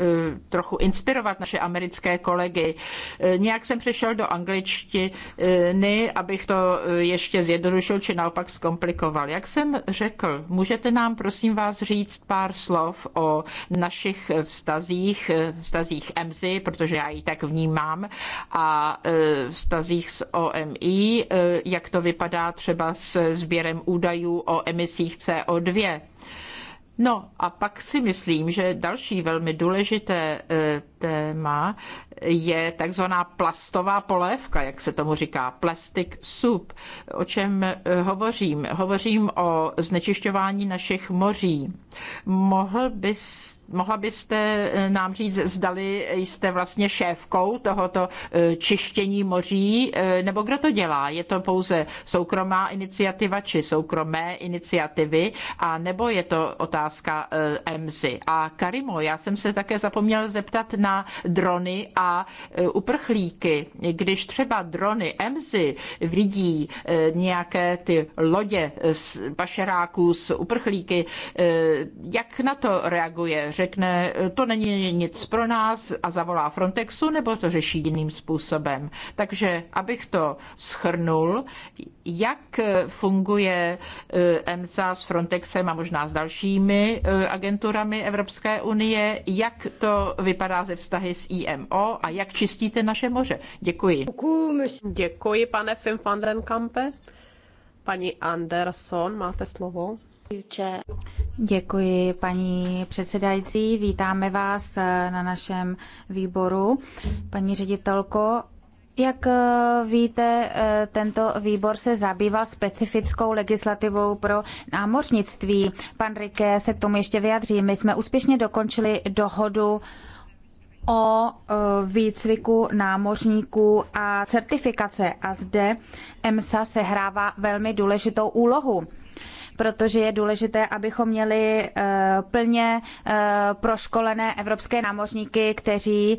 B: trochu inspirovat naše americké kolegy. Nějak jsem přešel do angličtiny, abych to ještě zjednodušil či naopak zkomplikoval. Jak jsem řekl, můžete nám prosím vás říct pár slov o našich vztazích, vztazích EMSI, protože já ji tak vnímám, a vztazích s OMI, jak to to vypadá třeba s sběrem údajů o emisích CO2. No a pak si myslím, že další velmi důležité eh, téma je takzvaná plastová polévka, jak se tomu říká, plastic soup. O čem eh, hovořím? Hovořím o znečišťování našich moří. Mohl bys, mohla byste eh, nám říct, zdali jste vlastně šéfkou tohoto eh, čištění moří, nebo kdo to dělá? Je to pouze soukromá iniciativa či soukromé iniciativy, a nebo je to otázka EMSI? A Karimo, já jsem se také zapomněl zeptat na na drony a e, uprchlíky. Když třeba drony EMZY vidí e, nějaké ty lodě z pašeráků s uprchlíky, e, jak na to reaguje? Řekne, to není nic pro nás a zavolá Frontexu, nebo to řeší jiným způsobem? Takže, abych to schrnul, jak funguje EMSA s Frontexem a možná s dalšími agenturami Evropské unie, jak to vypadá ze vztahy s IMO a jak čistíte naše moře. Děkuji.
A: Děkuji, pane Fim van den Kampe. Paní Anderson, máte slovo.
C: Děkuji, paní předsedající. Vítáme vás eh, na našem výboru. Paní ředitelko, jak eh, víte, eh, tento výbor se zabýval specifickou legislativou pro námořnictví. Pan Rike se k tomu ještě vyjadří. My jsme úspěšně dokončili dohodu o výcviku námořníků a certifikace. A zde EMSA sehrává velmi důležitou úlohu protože je důležité, abychom měli e, plně e, proškolené evropské námořníky, kteří e,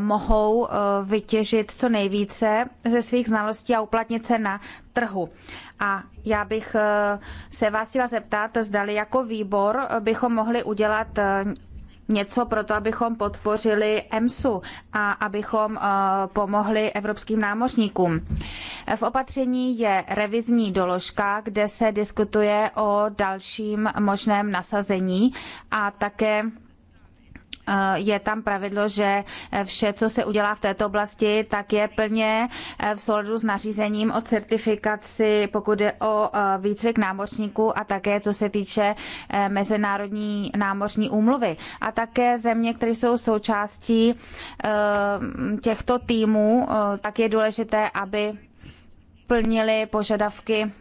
C: mohou vytěžit co nejvíce ze svých znalostí a uplatnit se na trhu. A já bych se vás chtěla zeptat, zdali jako výbor bychom mohli udělat něco pro to, abychom podpořili EMSu a abychom eh, pomohli evropským námořníkům. V opatření je revizní doložka, kde se diskutuje o dalším možném nasazení a také Eh, je tam pravidlo, že eh, vše, co se udělá v této oblasti, tak je plně eh, v souladu s nařízením o certifikaci, pokud je o výcvik námořníků a také co se týče Mezinárodní námořní úmluvy. A také země, které jsou součástí těchto týmů, tak je důležité, aby plnili požadavky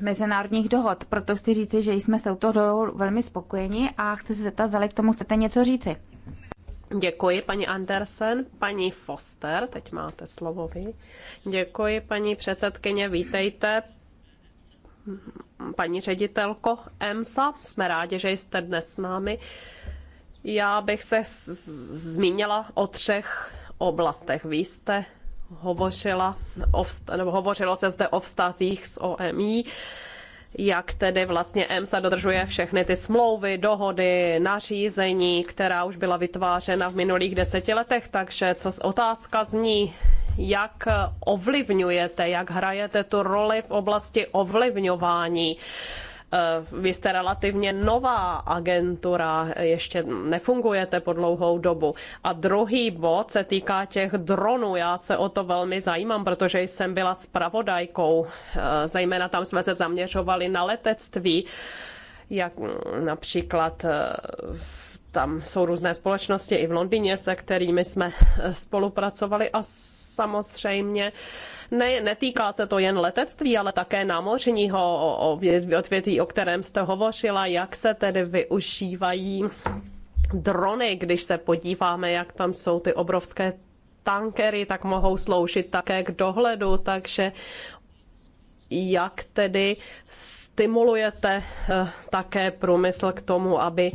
C: mezinárodních dohod. Proto chci říci, že jsme s touto dohodou velmi spokojeni a chci se zeptat, zda k tomu chcete něco říci.
A: Děkuji, paní Andersen. Paní Foster, teď máte slovo vy. Děkuji, paní předsedkyně, vítejte. Paní ředitelko EMSA, jsme rádi, že jste dnes s námi. Já bych se zmínila o třech oblastech. Vy jste hovořila, nebo hovořilo se zde o vztazích s OMI jak tedy vlastně EMSA dodržuje všechny ty smlouvy, dohody, nařízení, která už byla vytvářena v minulých deseti letech. Takže co otázka zní, jak ovlivňujete, jak hrajete tu roli v oblasti ovlivňování Eh, vy jste relativně nová agentura, ještě nefungujete po dlouhou dobu. A druhý bod se týká těch dronů. Já se o to velmi zajímám, protože jsem byla spravodajkou. Eh, zejména tam jsme se zaměřovali na letectví, jak například eh, tam jsou různé společnosti i v Londýně, se kterými jsme spolupracovali a samozřejmě uh, ne, netýká se to jen letectví, ale také námořního odvětví, o kterém jste hovořila, jak se tedy využívají drony, když se podíváme, jak tam jsou ty obrovské tankery, tak mohou sloužit také k dohledu, takže jak tedy stimulujete eh, také průmysl k tomu, aby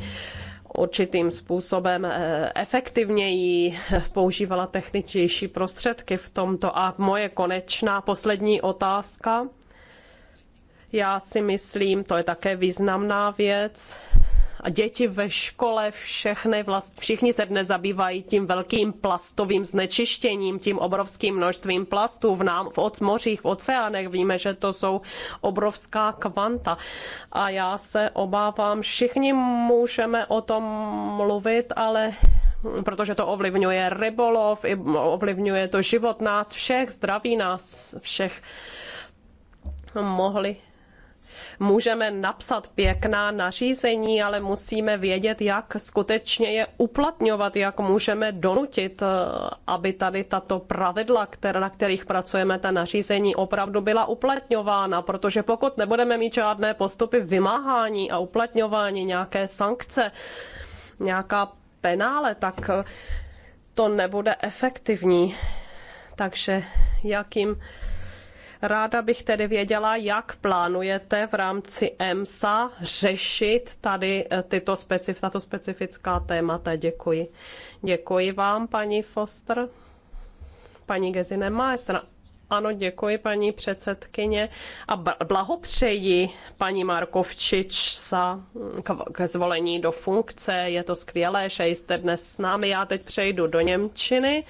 A: určitým způsobem eh, efektivněji používala techničtější prostředky v tomto. A moje konečná poslední otázka. Já si myslím, to je také významná věc, a děti ve škole, všechny vlast, všichni se dnes zabývají tím velkým plastovým znečištěním, tím obrovským množstvím plastů v, nám, v mořích, v oceánech. Víme, že to jsou obrovská kvanta. A já se obávám, všichni můžeme o tom mluvit, ale protože to ovlivňuje rybolov, ovlivňuje to život nás všech, zdraví nás všech. Mohli můžeme napsat pěkná nařízení, ale musíme vědět, jak skutečně je uplatňovat, jak můžeme donutit, eh, aby tady tato pravidla, které, na kterých pracujeme, ta nařízení opravdu byla uplatňována, protože pokud nebudeme mít žádné postupy vymáhání a uplatňování nějaké sankce, nějaká penále, tak eh, to nebude efektivní. Takže jakým Ráda bych tedy věděla, jak plánujete v rámci EMSA řešit tady eh, tyto specif, tato specifická témata. Děkuji. Děkuji vám, paní Foster. Paní Gezine Maestra. Ano, děkuji paní předsedkyně a blahopřeji paní Markovčič za, hm, k, zvolení do funkce. Je to skvělé, že jste dnes s námi. Já teď přejdu do Němčiny,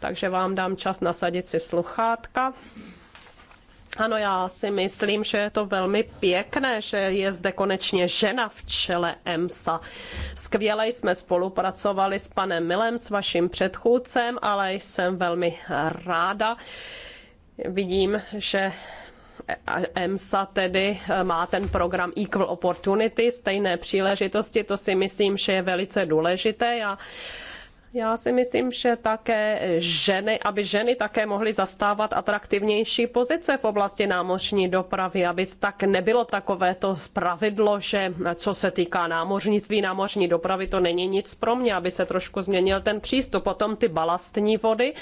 A: takže vám dám čas nasadit si sluchátka. Ano, já si myslím, že je to velmi pěkné, že je zde konečně žena v čele EMSA. Skvěle jsme spolupracovali s panem Milem, s vaším předchůdcem, ale jsem velmi ráda. Vidím, že EMSA tedy eh, má ten program Equal Opportunity, stejné příležitosti, to si myslím, že je velice důležité. Já já si myslím, že také ženy, aby ženy také mohly zastávat atraktivnější pozice v oblasti námořní dopravy, aby tak nebylo takové to pravidlo, že co se týká námořnictví, námořní dopravy, to není nic pro mě, aby se trošku změnil ten přístup. Potom ty balastní vody,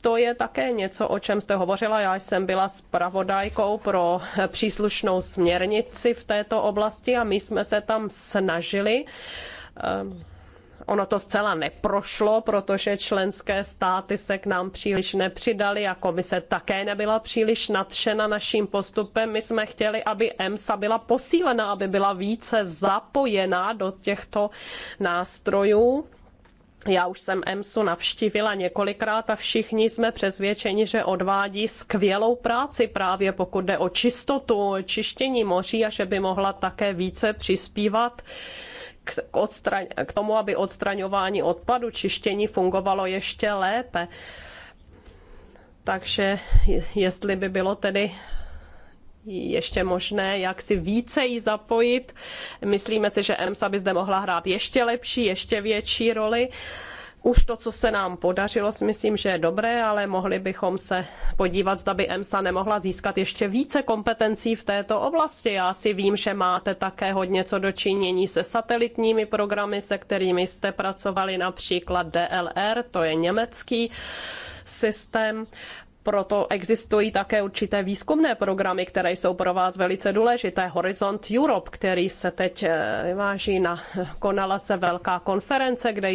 A: to je také něco, o čem jste hovořila. Já jsem byla spravodajkou pro příslušnou směrnici v této oblasti a my jsme se tam snažili ehm, Ono to zcela neprošlo, protože členské státy se k nám příliš nepřidali a komise také nebyla příliš nadšena naším postupem. My jsme chtěli, aby EMSA byla posílena, aby byla více zapojená do těchto nástrojů. Já už jsem EMSu navštívila několikrát a všichni jsme přesvědčeni, že odvádí skvělou práci právě pokud jde o čistotu, čištění moří a že by mohla také více přispívat uh, k, odstraň, k tomu, aby odstraňování odpadu, čištění fungovalo ještě lépe. Takže jestli by bylo tedy ještě možné, jak si více jí zapojit. Myslíme si, že EMSA by zde mohla hrát ještě lepší, ještě větší roli. Uh, už to, co se nám podařilo, si myslím, že je dobré, ale mohli bychom se podívat, zda by EMSA nemohla získat ještě více kompetencí v této oblasti. Já si vím, že máte také hodně co dočinění se satelitními programy, se kterými jste pracovali, například DLR, to je německý systém. Proto existují také určité výzkumné programy, které jsou pro vás velice důležité. Horizont Europe, který se teď eh, vyváží na, konala se velká konference, kde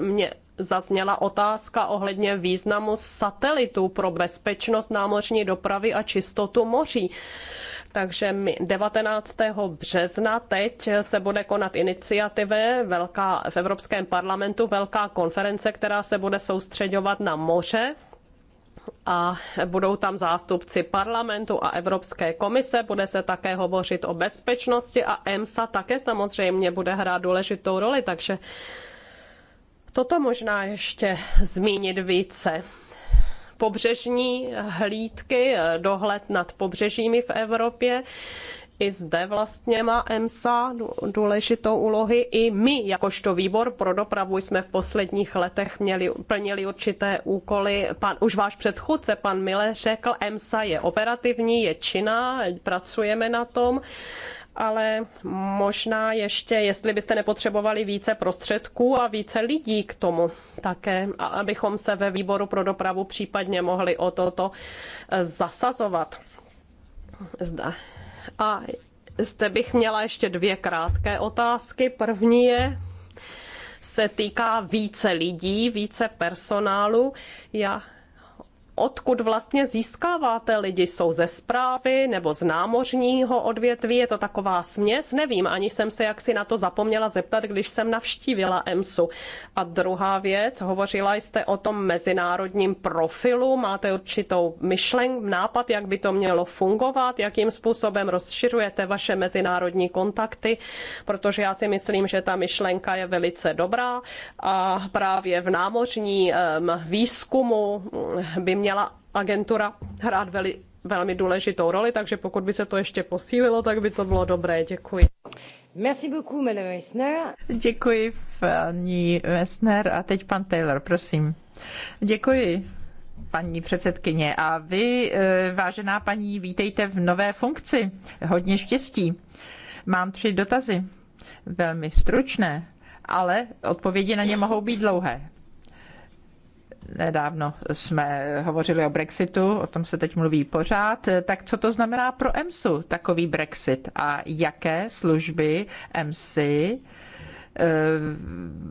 A: mě zazněla otázka ohledně významu satelitů pro bezpečnost námořní dopravy a čistotu moří. Takže 19. března teď se bude konat iniciativa velká, v Evropském parlamentu, velká konference, která se bude soustředovat na moře a budou tam zástupci parlamentu a Evropské komise. Bude se také hovořit o bezpečnosti a EMSA také samozřejmě bude hrát důležitou roli, takže Toto možná ještě zmínit více pobřežní hlídky, eh, dohled nad pobřežími v Evropě. I zde vlastně má EMSA důležitou úlohy. I my, jakožto výbor pro dopravu, jsme v posledních letech měli, plnili určité úkoly. Pan, už váš předchůdce, pan Miller, řekl, EMSA je operativní, je činná, pracujeme na tom ale možná ještě, jestli byste nepotřebovali více prostředků a více lidí k tomu také, abychom se ve výboru pro dopravu případně mohli o toto eh, zasazovat. Zda. A zde bych měla ještě dvě krátké otázky. První je, se týká více lidí, více personálu. Já odkud vlastně získáváte lidi? Jsou ze zprávy nebo z námořního odvětví? Je to taková směs? Nevím, ani jsem se jaksi na to zapomněla zeptat, když jsem navštívila EMSu. A druhá věc, hovořila jste o tom mezinárodním profilu, máte určitou myšlenk, nápad, jak by to mělo fungovat, jakým způsobem rozšiřujete vaše mezinárodní kontakty, protože já si myslím, že ta myšlenka je velice dobrá a právě v námořním ehm, výzkumu by měla měla agentura hrát veli, velmi důležitou roli, takže pokud by se to ještě posílilo, tak by to bylo dobré. Děkuji.
B: Merci beaucoup, Madame Messner. Děkuji, paní Messner. A teď pan Taylor, prosím. Děkuji paní předsedkyně. A vy, eh, vážená paní, vítejte v nové funkci. Hodně štěstí. Mám tři dotazy. Velmi stručné, ale odpovědi na ně mohou být dlouhé nedávno jsme hovořili o Brexitu, o tom se teď mluví pořád, tak co to znamená pro EMSu takový Brexit a jaké služby EMSy eh,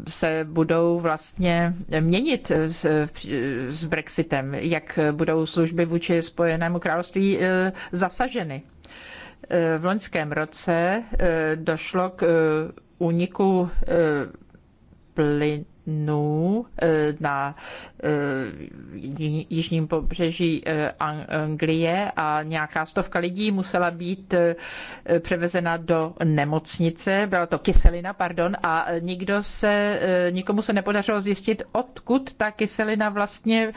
B: se budou vlastně měnit s, s Brexitem, jak budou služby vůči Spojenému království eh, zasaženy. Eh, v loňském roce došlo k úniku plynu dnů eh, na eh, jižním pobřeží eh, Anglie a nějaká stovka lidí musela být převezena do nemocnice, byla to kyselina, pardon, a nikdo se, nikomu se nepodařilo zjistit, odkud ta kyselina vlastně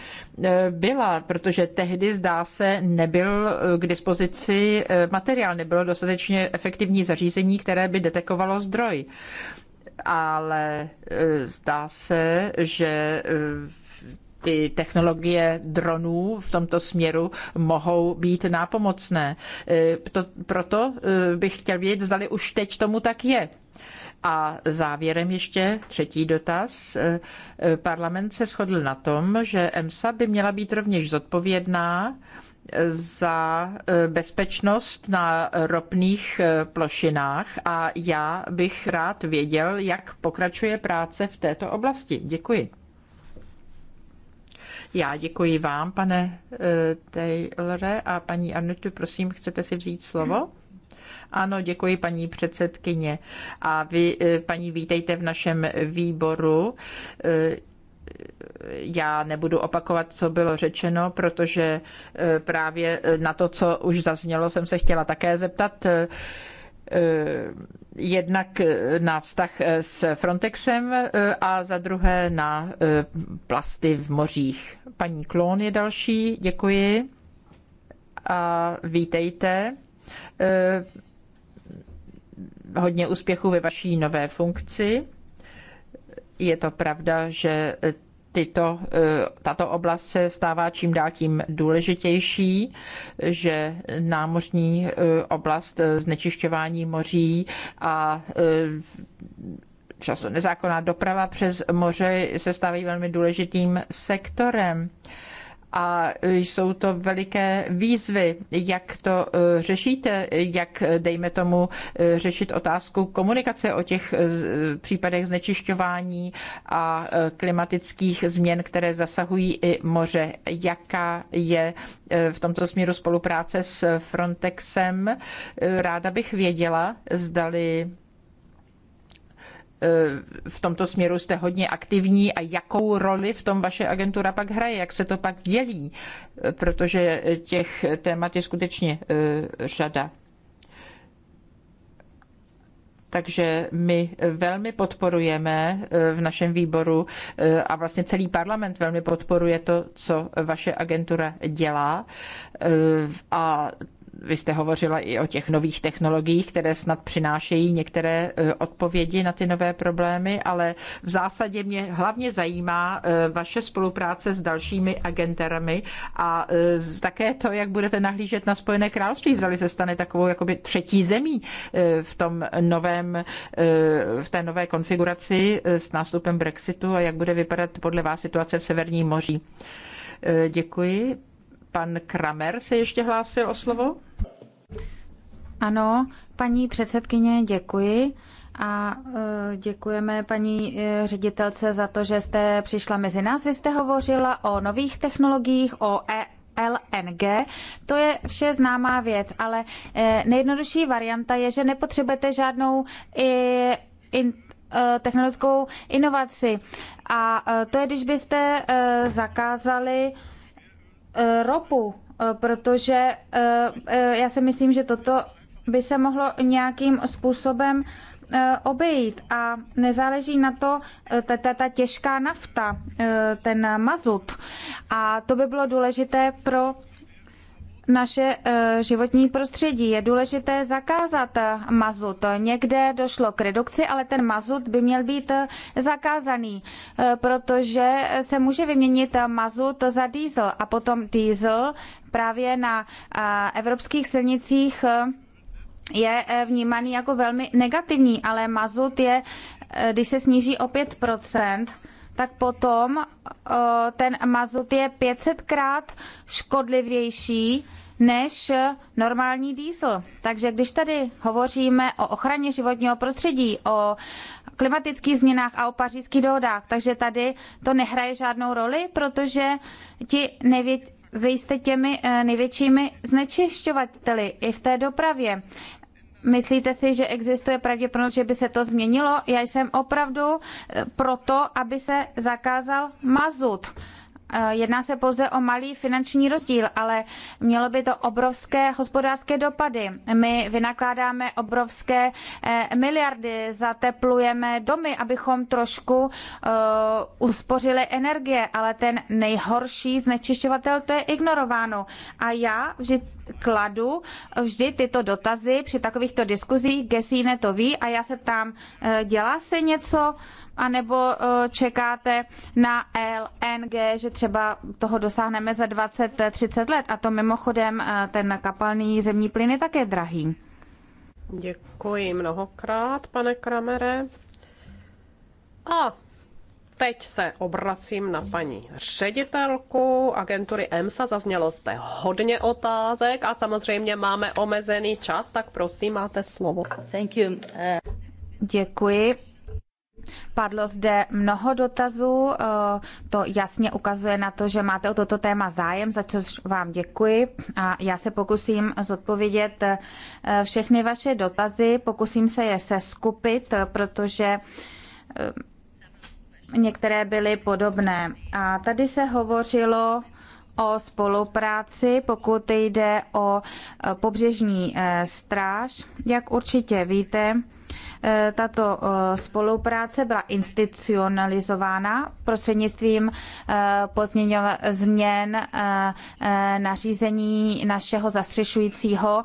B: byla, protože tehdy zdá se nebyl k dispozici materiál, nebylo dostatečně efektivní zařízení, které by detekovalo zdroj ale e, zdá se, že e, ty technologie dronů v tomto směru mohou být nápomocné. E, proto bych chtěl vědět, zdali už teď tomu tak je. A závěrem ještě třetí dotaz. Parlament se shodl na tom, že EMSA by měla být rovněž zodpovědná za e, bezpečnost na ropných e, plošinách a já bych rád věděl, jak pokračuje práce v této oblasti. Děkuji. Já děkuji vám, pane e, Taylore a paní Arnutu, prosím, chcete si vzít slovo? Ano, děkuji paní předsedkyně. A vy, paní, vítejte v našem výboru já nebudu opakovat, co bylo řečeno, protože e, právě e, na to, co už zaznělo, jsem se chtěla také zeptat e, jednak na vztah s Frontexem a za druhé na plasty v mořích. Paní Klon je další, děkuji a vítejte. Hodně úspěchů ve vaší nové funkci. Je to pravda, že e, tyto, e, tato oblast se stává čím dál tím důležitější, že námořní e, oblast znečišťování moří a často nezákonná doprava přes moře se stávají velmi důležitým sektorem a jsou to veliké výzvy, jak to eh, řešíte, jak, eh, dejme tomu, eh, řešit otázku komunikace o těch případech znečišťování a klimatických změn, které zasahují i moře. Jaká je v tomto směru spolupráce s Frontexem? Ráda bych věděla, zdali v tomto směru jste hodně aktivní a jakou roli v tom vaše agentura pak hraje, jak se to pak dělí, protože těch témat je skutečně e, řada. Takže my velmi podporujeme e, v našem výboru e, a vlastně celý parlament velmi podporuje to, co vaše agentura dělá. A vy jste hovořila i o těch nových technologiích, které snad přinášejí některé e, odpovědi na ty nové problémy, ale v zásadě mě hlavně zajímá e, vaše spolupráce s dalšími agenturami a e, také to, jak budete nahlížet na Spojené království, zdali se stane takovou jakoby třetí zemí v tom novém, v té nové konfiguraci s nástupem Brexitu a jak bude vypadat podle vás situace v Severním moří. Děkuji. Pan Kramer se ještě hlásil o slovo?
C: Ano, paní předsedkyně, děkuji. A e, děkujeme paní e, ředitelce za to, že jste přišla mezi nás. Vy jste hovořila o nových technologiích, o e LNG. To je vše známá věc, ale e, nejjednodušší varianta je, že nepotřebujete žádnou i, in, technologickou inovaci. A to je, když byste zakázali Eh, ropu, eh, protože eh, já si myslím, že toto by se mohlo nějakým způsobem obejít a nezáleží na to ta, ta, ta těžká nafta, ten mazut. A to by bylo důležité pro naše eh, životní prostředí. Je důležité zakázat eh, mazut. Někde došlo k redukci, ale ten mazut by měl být eh, zakázaný, protože se může vyměnit mazut za diesel a potom diesel právě na evropských silnicích je vnímaný jako velmi negativní, ale mazut je, když se sníží o 5 tak potom eh, ten mazut je 500krát škodlivější než normální diesel. Takže když tady hovoříme o ochraně životního prostředí, o klimatických změnách a o pařížských dohodách, takže tady to nehraje žádnou roli, protože ti nevědí, vy jste těmi eh, největšími znečišťovateli i v té dopravě. Myslíte si, že existuje pravděpodobnost, že by se to změnilo? Já jsem opravdu eh, proto, aby se zakázal mazut Eh, jedná se pouze o malý finanční rozdíl, ale mělo by to obrovské hospodářské dopady. My vynakládáme obrovské eh, miliardy, zateplujeme domy, abychom trošku eh, uspořili energie, ale ten nejhorší znečišťovatel to je ignorováno. A já vždy kladu vždy tyto dotazy při takovýchto diskuzích, Gesíne to ví a já se ptám, dělá se něco, anebo eh, čekáte na LNG, že třeba toho dosáhneme za 20-30 eh, let. A to mimochodem eh, ten kapalný zemní plyn je také drahý.
A: Děkuji mnohokrát, pane Kramere. A teď se obracím na paní ředitelku agentury EMSA. Zaznělo zde hodně otázek a samozřejmě máme omezený čas, tak prosím, máte slovo. Thank you.
C: Děkuji. Padlo zde mnoho dotazů, eh, to jasně ukazuje na to, že máte o toto téma zájem, za což vám děkuji. A já se pokusím zodpovědět eh, všechny vaše dotazy, pokusím se je seskupit, eh, protože některé byly podobné. A tady se hovořilo o spolupráci, pokud jde o pobřežní stráž. Jak určitě víte, Eh, tato eh, spolupráce byla institucionalizována prostřednictvím eh, změn nařízení našeho zastřešujícího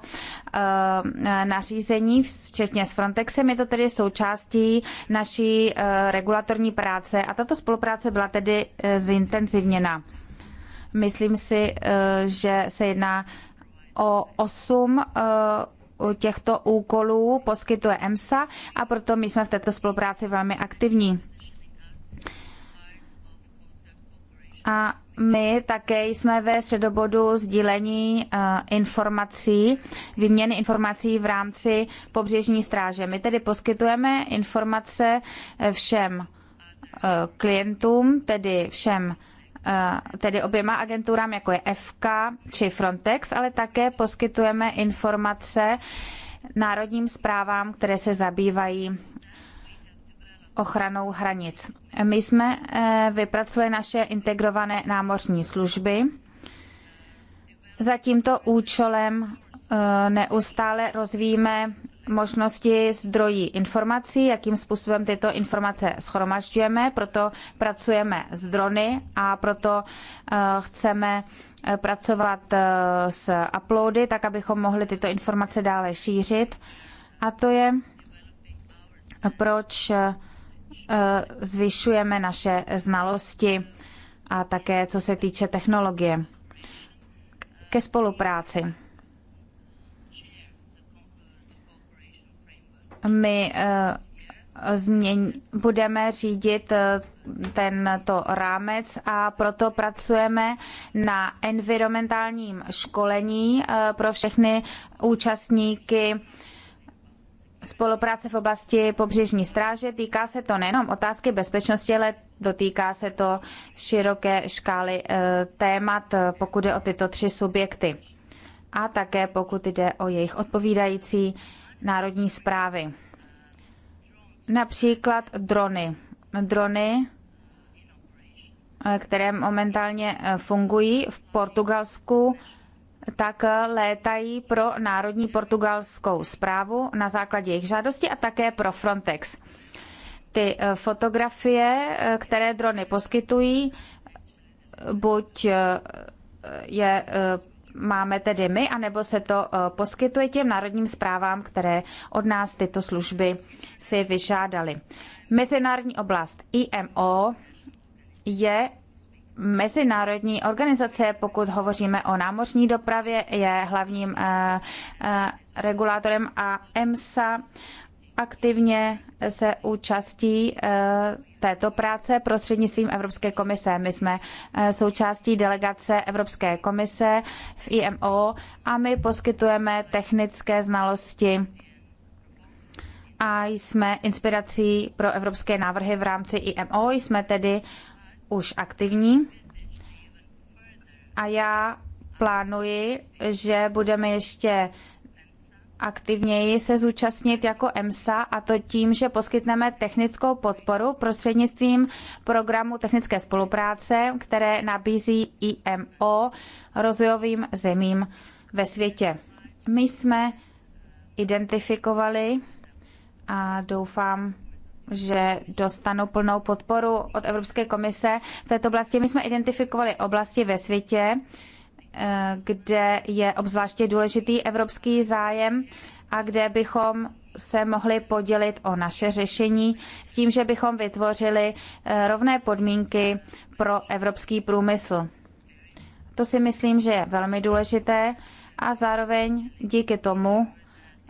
C: nařízení, včetně s Frontexem. Je to tedy součástí naší regulatorní práce a tato spolupráce byla tedy zintenzivněna. Myslím si, že se jedná o osm těchto úkolů poskytuje EMSA a proto my jsme v této spolupráci velmi aktivní. A my také jsme ve středobodu sdílení eh, informací, výměny informací v rámci pobřežní stráže. My tedy poskytujeme informace eh, všem eh, klientům, tedy všem Eh, tedy oběma agenturám, jako je FK či Frontex, ale také poskytujeme informace národním zprávám, které se zabývají ochranou hranic. My jsme eh, vypracovali naše integrované námořní služby. Za tímto účelem eh, neustále rozvíjíme možnosti zdrojí informací, jakým způsobem tyto informace schromažďujeme, proto pracujeme s drony a proto eh, chceme eh, pracovat eh, s uploady, tak abychom mohli tyto informace dále šířit. A to je, proč zvyšujeme naše znalosti a také co se týče technologie ke spolupráci. my eh, změň, budeme řídit eh, tento rámec a proto pracujeme na environmentálním školení eh, pro všechny účastníky spolupráce v oblasti pobřežní stráže. Týká se to nejenom otázky bezpečnosti, ale dotýká se to široké škály témat, pokud jde o tyto tři subjekty. A také pokud jde o jejich odpovídající národní zprávy. Například drony. Drony, eh, které momentálně eh, fungují v Portugalsku, tak eh, létají pro Národní portugalskou zprávu na základě jejich žádosti a také pro Frontex. Ty fotografie, které drony poskytují, buď je máme tedy my, anebo se to eh, poskytuje těm národním zprávám, které od nás tyto služby si vyžádaly. Mezinárodní oblast IMO je mezinárodní organizace, pokud hovoříme o námořní dopravě, je hlavním eh, eh, regulátorem a EMSA aktivně se účastí eh, této práce prostřednictvím Evropské komise. My jsme eh, součástí delegace Evropské komise v IMO a my poskytujeme technické znalosti a jsme inspirací pro evropské návrhy v rámci IMO. Jsme tedy už aktivní a já plánuji, že budeme ještě aktivněji se zúčastnit jako EMSA a to tím, že poskytneme technickou podporu prostřednictvím programu technické spolupráce, které nabízí IMO rozvojovým zemím ve světě. My jsme identifikovali a doufám, že dostanou plnou podporu od Evropské komise v této oblasti. My jsme identifikovali oblasti ve světě, kde je obzvláště důležitý evropský zájem a kde bychom se mohli podělit o naše řešení s tím, že bychom vytvořili eh, rovné podmínky pro evropský průmysl. To si myslím, že je velmi důležité a zároveň díky tomu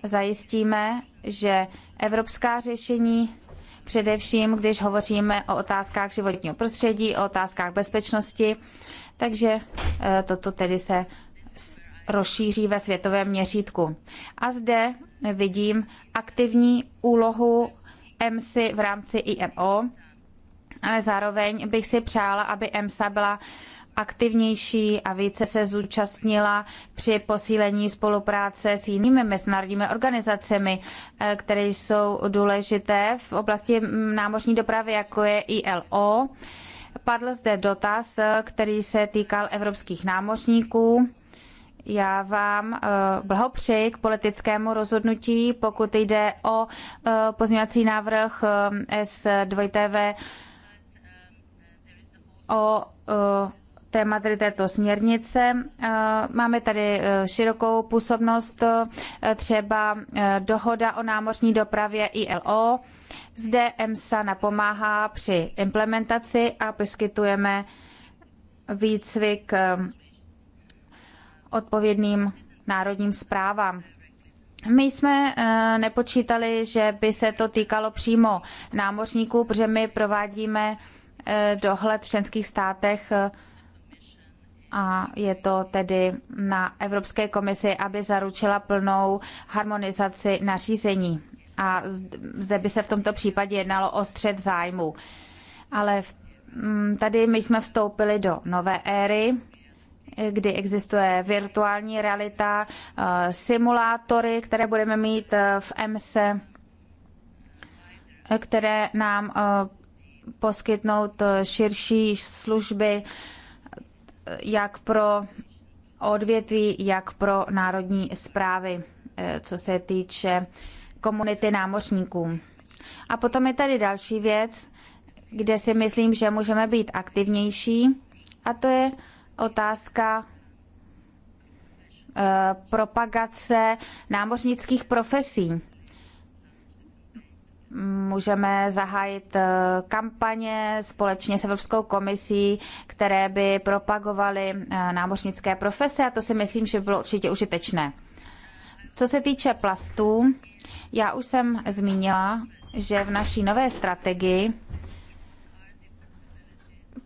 C: zajistíme, že evropská řešení především když hovoříme o otázkách životního prostředí, o otázkách bezpečnosti, takže eh, toto tedy se rozšíří ve světovém měřítku. A zde vidím aktivní úlohu EMSI v rámci IMO, ale zároveň bych si přála, aby EMSA byla aktivnější a více se zúčastnila při posílení spolupráce s jinými mezinárodními organizacemi, eh, které jsou důležité v oblasti námořní dopravy, jako je ILO Padl zde dotaz, eh, který se týkal evropských námořníků. Já vám eh, blahopřeji k politickému rozhodnutí, pokud jde o eh, pozměňovací návrh S2TV o téma tedy této směrnice. Máme tady širokou působnost, třeba dohoda o námořní dopravě ILO zde EMSA napomáhá při implementaci a poskytujeme výcvik um, odpovědným národním zprávám. My jsme uh, nepočítali, že by se to týkalo přímo námořníků, protože my provádíme uh, dohled v členských státech uh, a je to tedy na Evropské komisi, aby zaručila plnou harmonizaci nařízení a zde by se v tomto případě jednalo o střed zájmu. Ale v, mm, tady my jsme vstoupili do nové éry, kdy existuje virtuální realita, eh, simulátory, které budeme mít eh, v MS, eh, které nám poskytnout širší služby jak pro odvětví, jak pro národní zprávy, co se týče komunity námořníků. A potom je tady další věc, kde si myslím, že můžeme být aktivnější, a to je otázka eh, propagace námořnických profesí. Můžeme zahájit eh, kampaně společně s Evropskou komisí, které by propagovaly eh, námořnické profese a to si myslím, že by bylo určitě užitečné. Co se týče plastů, já už jsem zmínila, že v naší nové strategii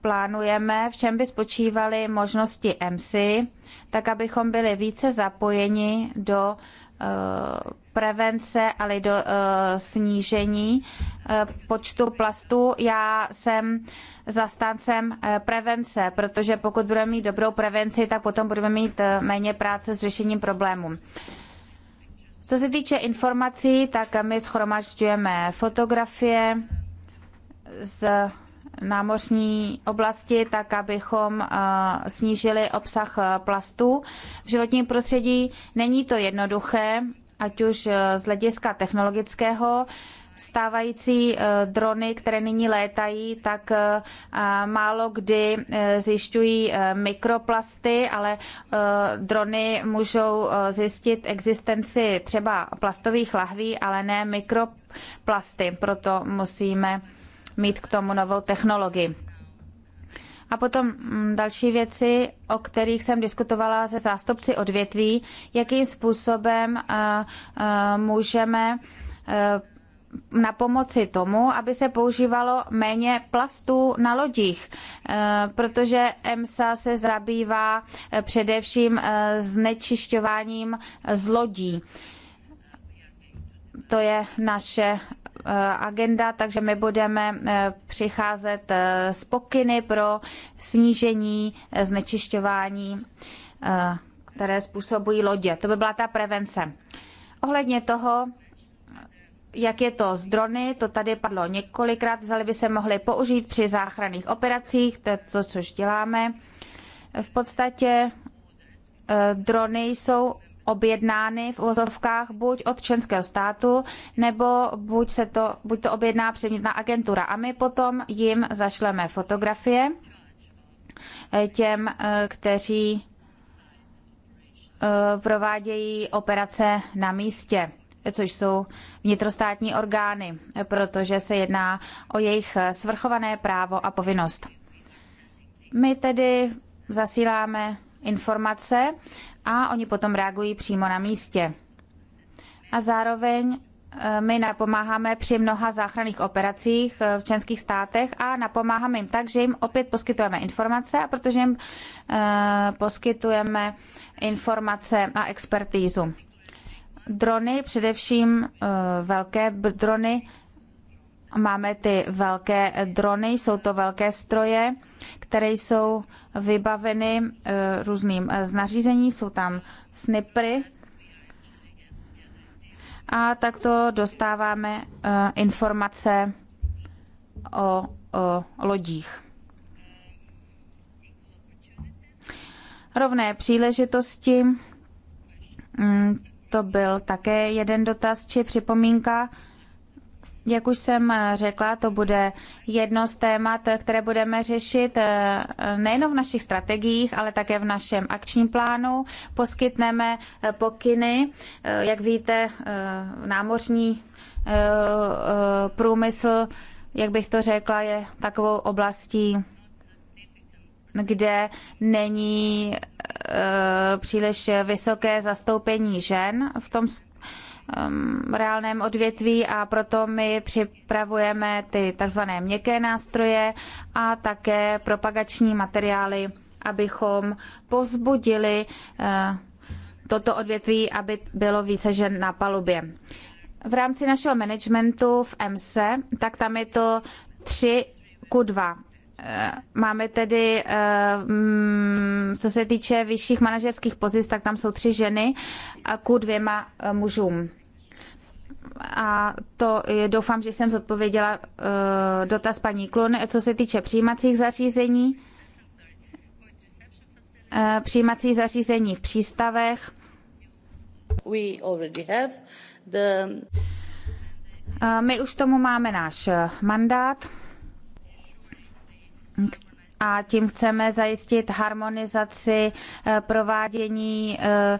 C: plánujeme, v čem by spočívaly možnosti EMSI, tak abychom byli více zapojeni do eh, prevence, ale do eh, snížení eh, počtu plastů. Já jsem zastáncem prevence, protože pokud budeme mít dobrou prevenci, tak potom budeme mít méně práce s řešením problémů. Co se týče informací, tak my schromažďujeme fotografie z námořní oblasti, tak abychom eh, snížili obsah eh, plastů v životním prostředí. Není to jednoduché, ať už eh, z hlediska technologického, stávající eh, drony, které nyní létají, tak eh, málo kdy eh, zjišťují mikroplasty, ale drony můžou zjistit existenci třeba plastových lahví, ale ne mikroplasty. Proto musíme mít k tomu novou technologii. A potom mm, další věci, o kterých jsem diskutovala se zástupci odvětví, jakým způsobem můžeme na pomoci tomu, aby se používalo méně plastů na lodích, eh, protože EMSA se zabývá eh, především eh, znečišťováním z lodí. To je naše agenda, takže my budeme přicházet s pokyny pro snížení znečišťování, které způsobují lodě. To by byla ta prevence. Ohledně toho, jak je to s drony, to tady padlo několikrát, zali by se mohly použít při záchranných operacích, to je to, což děláme. V podstatě e, drony jsou objednány v uvozovkách buď od členského státu, nebo buď, se to, buď to objedná předmětná agentura. A my potom jim zašleme fotografie e, těm, e, kteří provádějí operace na místě což jsou vnitrostátní orgány, protože se jedná o jejich svrchované právo a povinnost. My tedy zasíláme informace a oni potom reagují přímo na místě. A zároveň eh, my napomáháme při mnoha záchranných operacích eh, v členských státech a napomáháme jim tak, že jim opět poskytujeme informace a protože jim eh, poskytujeme informace a expertízu drony, především eh, velké drony, máme ty velké drony, jsou to velké stroje, které jsou vybaveny eh, různým eh, znařízením, jsou tam snipry a takto dostáváme informace o, o lodích. Rovné příležitosti mm, to byl také jeden dotaz či připomínka. Jak už jsem eh, řekla, to bude jedno z témat, které budeme řešit eh, nejen v našich strategiích, ale také v našem akčním plánu. Poskytneme eh, pokyny, jak víte, námořní průmysl, jak bych to řekla, je takovou oblastí kde není eh, příliš vysoké zastoupení žen v tom reálném odvětví a proto my připravujeme ty takzvané měkké nástroje a také propagační materiály, abychom pozbudili eh, toto odvětví, aby bylo více žen na palubě. V rámci našeho managementu v EMSE, tak tam je to 3 ku 2. Máme tedy, eh, mm, co se týče vyšších manažerských pozic, tak tam jsou tři ženy a ku dvěma eh, mužům. A to je, doufám, že jsem zodpověděla eh, dotaz paní Klun. Co se týče přijímacích zařízení, přijímací zařízení v přístavech. We already have the... My už tomu máme náš mandát a tím chceme zajistit harmonizaci eh, provádění eh,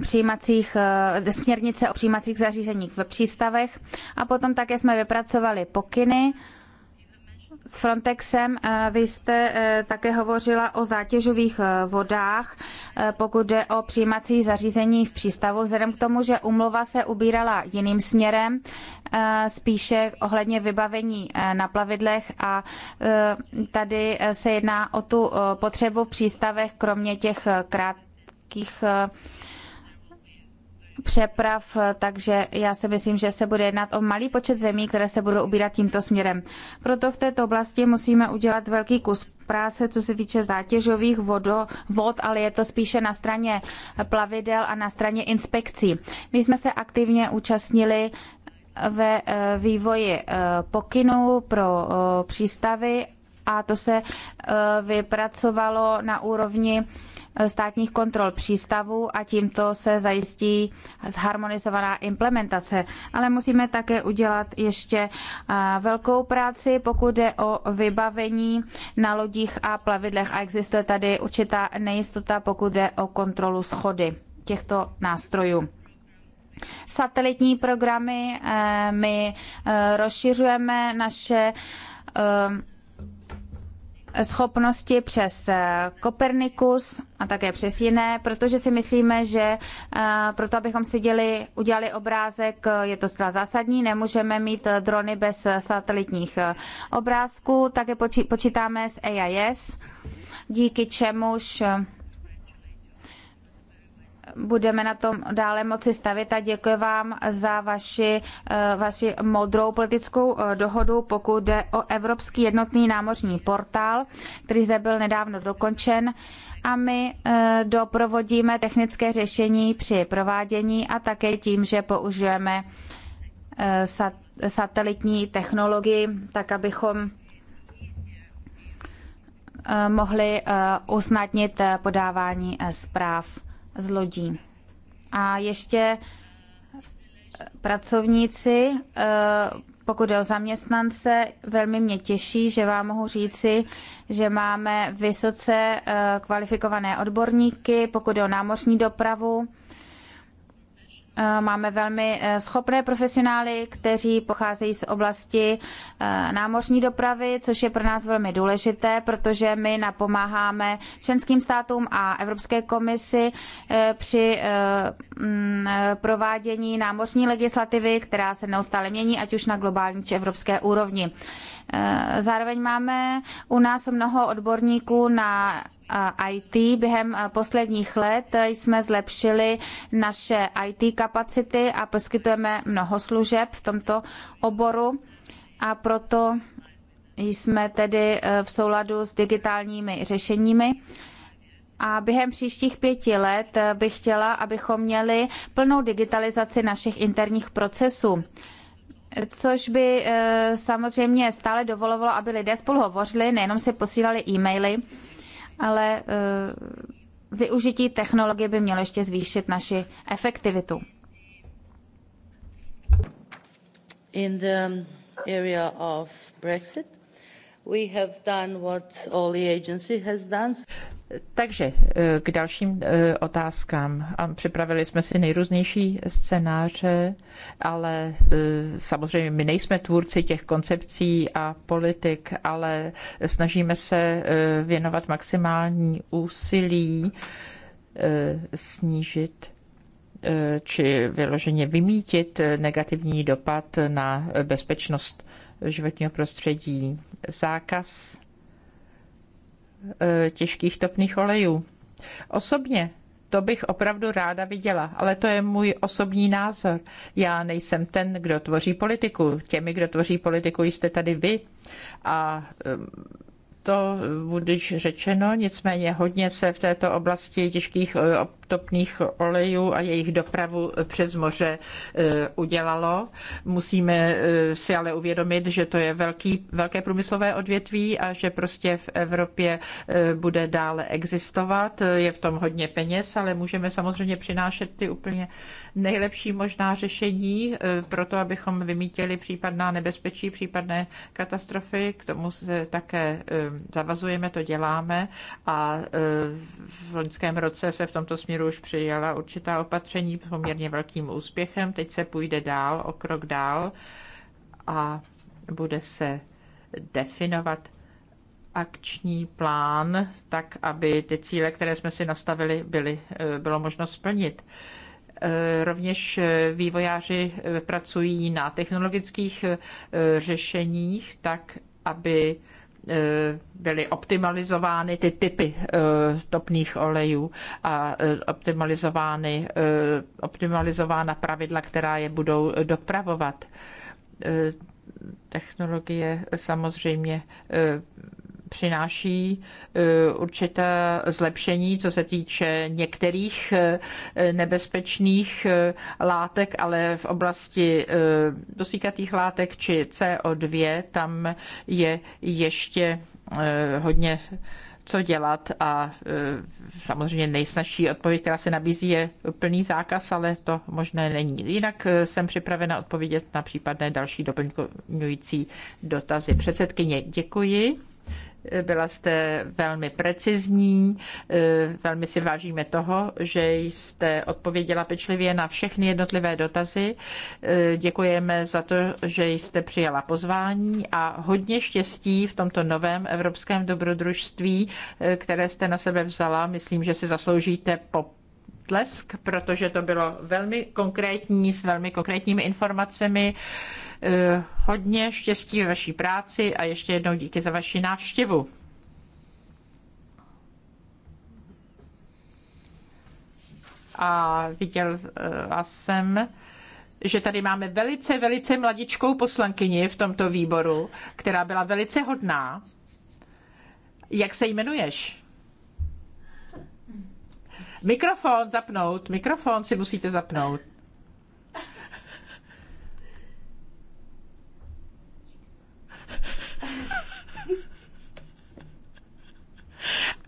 C: přijímacích, eh, směrnice o přijímacích zařízeních ve přístavech a potom také jsme vypracovali pokyny s Frontexem eh, vy jste eh, také hovořila o zátěžových eh, vodách, pokud jde o přijímací zařízení v přístavu, vzhledem k tomu, že umluva se ubírala jiným směrem, spíše ohledně vybavení na plavidlech a tady se jedná o tu potřebu v přístavech, kromě těch krátkých přeprav, takže já si myslím, že se bude jednat o malý počet zemí, které se budou ubírat tímto směrem. Proto v této oblasti musíme udělat velký kus práce, co se týče zátěžových vodo, vod, ale je to spíše na straně plavidel a na straně inspekcí. My jsme se aktivně účastnili ve eh, vývoji eh, pokynů pro eh, přístavy a to se vypracovalo na úrovni Eh, státních kontrol přístavů a tímto se zajistí zharmonizovaná implementace. Ale musíme také udělat ještě eh, velkou práci, pokud jde o vybavení na lodích a plavidlech a existuje tady určitá nejistota, pokud jde o kontrolu schody těchto nástrojů. Satelitní programy eh, my rozšiřujeme naše schopnosti přes eh, Kopernikus a také přes jiné, protože si myslíme, že eh, proto, abychom si děli, udělali obrázek, eh, je to zcela zásadní. Nemůžeme mít drony bez satelitních obrázků. Také počítáme s AIS, díky čemuž budeme na tom dále moci stavit a děkuji vám za vaši, eh, vaši modrou politickou eh, dohodu, pokud jde o Evropský jednotný námořní portál, který zde byl nedávno dokončen a my eh, doprovodíme technické řešení při provádění a také tím, že použijeme satelitní technologii, tak abychom mohli usnadnit podávání zpráv z lodí. A ještě pracovníci, eh, pokud jde o zaměstnance, velmi mě těší, že vám mohu říci, že máme vysoce eh, kvalifikované odborníky, pokud jde o námořní dopravu. Eh, máme velmi eh, schopné profesionály, kteří pocházejí z oblasti eh, námořní dopravy, což je pro nás velmi důležité, protože my napomáháme členským státům a Evropské komisi při mm, provádění námořní legislativy, která se neustále mění, ať už na globální či evropské úrovni. Zároveň máme u nás mnoho odborníků na IT. Během eh, posledních let eh, jsme zlepšili naše IT kapacity a poskytujeme mnoho služeb v tomto oboru a proto jsme tedy eh, v souladu s digitálními řešeními. A během příštích pěti let bych chtěla, abychom měli plnou digitalizaci našich interních procesů což by samozřejmě stále dovolovalo, aby lidé spolu hovořili, nejenom si posílali e-maily ale eh, využití technologie by mělo ještě zvýšit naši efektivitu.
B: In the area of Brexit, we have done what all the agency has done. Takže eh, k dalším eh, otázkám. Připravili jsme si nejrůznější scénáře, ale eh, samozřejmě my nejsme tvůrci těch koncepcí a politik, ale snažíme se věnovat maximální úsilí snížit či vyloženě vymítit negativní dopad na bezpečnost životního prostředí. Zákaz E, těžkých topných olejů. Osobně to bych opravdu ráda viděla, ale to je můj osobní názor. Já nejsem ten, kdo tvoří politiku. Těmi, kdo tvoří politiku, jste tady vy. A e, to budiž řečeno, nicméně hodně se v této oblasti těžkých e, topných olejů a jejich dopravu přes moře eh, udělalo. Musíme eh, si ale uvědomit, že to je velký, velké průmyslové odvětví a že prostě v Evropě eh, bude dále existovat. Je v tom hodně peněz, ale můžeme samozřejmě přinášet ty úplně nejlepší možná řešení pro to, abychom vymítili případná nebezpečí, případné katastrofy. K tomu se také zavazujeme, to děláme a v loňském roce se v tomto směru směru už přijala určitá opatření poměrně velkým úspěchem. Teď se půjde dál, o krok dál a bude se definovat akční plán, tak aby ty cíle, které jsme si nastavili, byly, eh, bylo možno splnit. Eh, rovněž eh, vývojáři pracují na technologických řešeních, tak aby Eh, byly optimalizovány ty typy eh, topných olejů a eh, optimalizovány, optimalizována pravidla, která je budou dopravovat technologie samozřejmě přináší eh, určité zlepšení, co se týče některých eh, nebezpečných eh, látek, ale v oblasti dosíkatých látek či CO2 tam je ještě hodně co dělat a samozřejmě nejsnažší odpověď, která se nabízí, je plný zákaz, ale to možné není. Jinak jsem připravena odpovědět na případné další doplňující dotazy. Předsedkyně, děkuji. Byla jste velmi precizní, eh, velmi si vážíme toho, že jste odpověděla pečlivě na všechny jednotlivé dotazy. Eh, děkujeme za to, že jste přijala pozvání a hodně štěstí v tomto novém evropském dobrodružství, eh, které jste na sebe vzala. Myslím, že si zasloužíte po tlesk, protože to bylo velmi konkrétní, s velmi konkrétními informacemi. Eh, hodně štěstí ve vaší práci a ještě jednou díky za vaši návštěvu. A viděl eh, jsem, že tady máme velice, velice mladičkou poslankyni v tomto výboru, která byla velice hodná. Jak se jmenuješ? Mikrofon zapnout, mikrofon si musíte zapnout.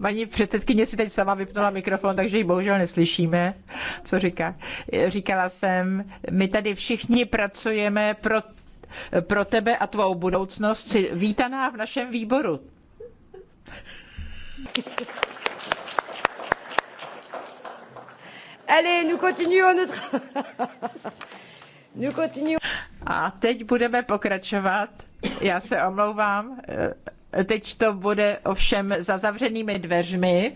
B: Paní předsedkyně si teď sama vypnula mikrofon, takže ji bohužel neslyšíme, co říká. Říkala jsem, my tady všichni pracujeme pro, pro tebe a tvou budoucnost. Jsi vítaná v našem výboru.
D: Allez, nous continuons notre...
B: nous continuons. A teď budeme pokračovat. Já se omlouvám. Teď to bude ovšem za zavřenými dveřmi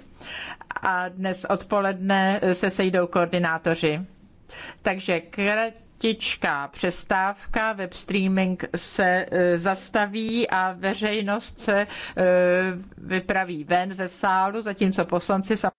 B: a dnes odpoledne se sejdou koordinátoři. Takže kratičká přestávka, web streaming se e, zastaví a veřejnost se e, vypraví ven ze sálu, zatímco poslanci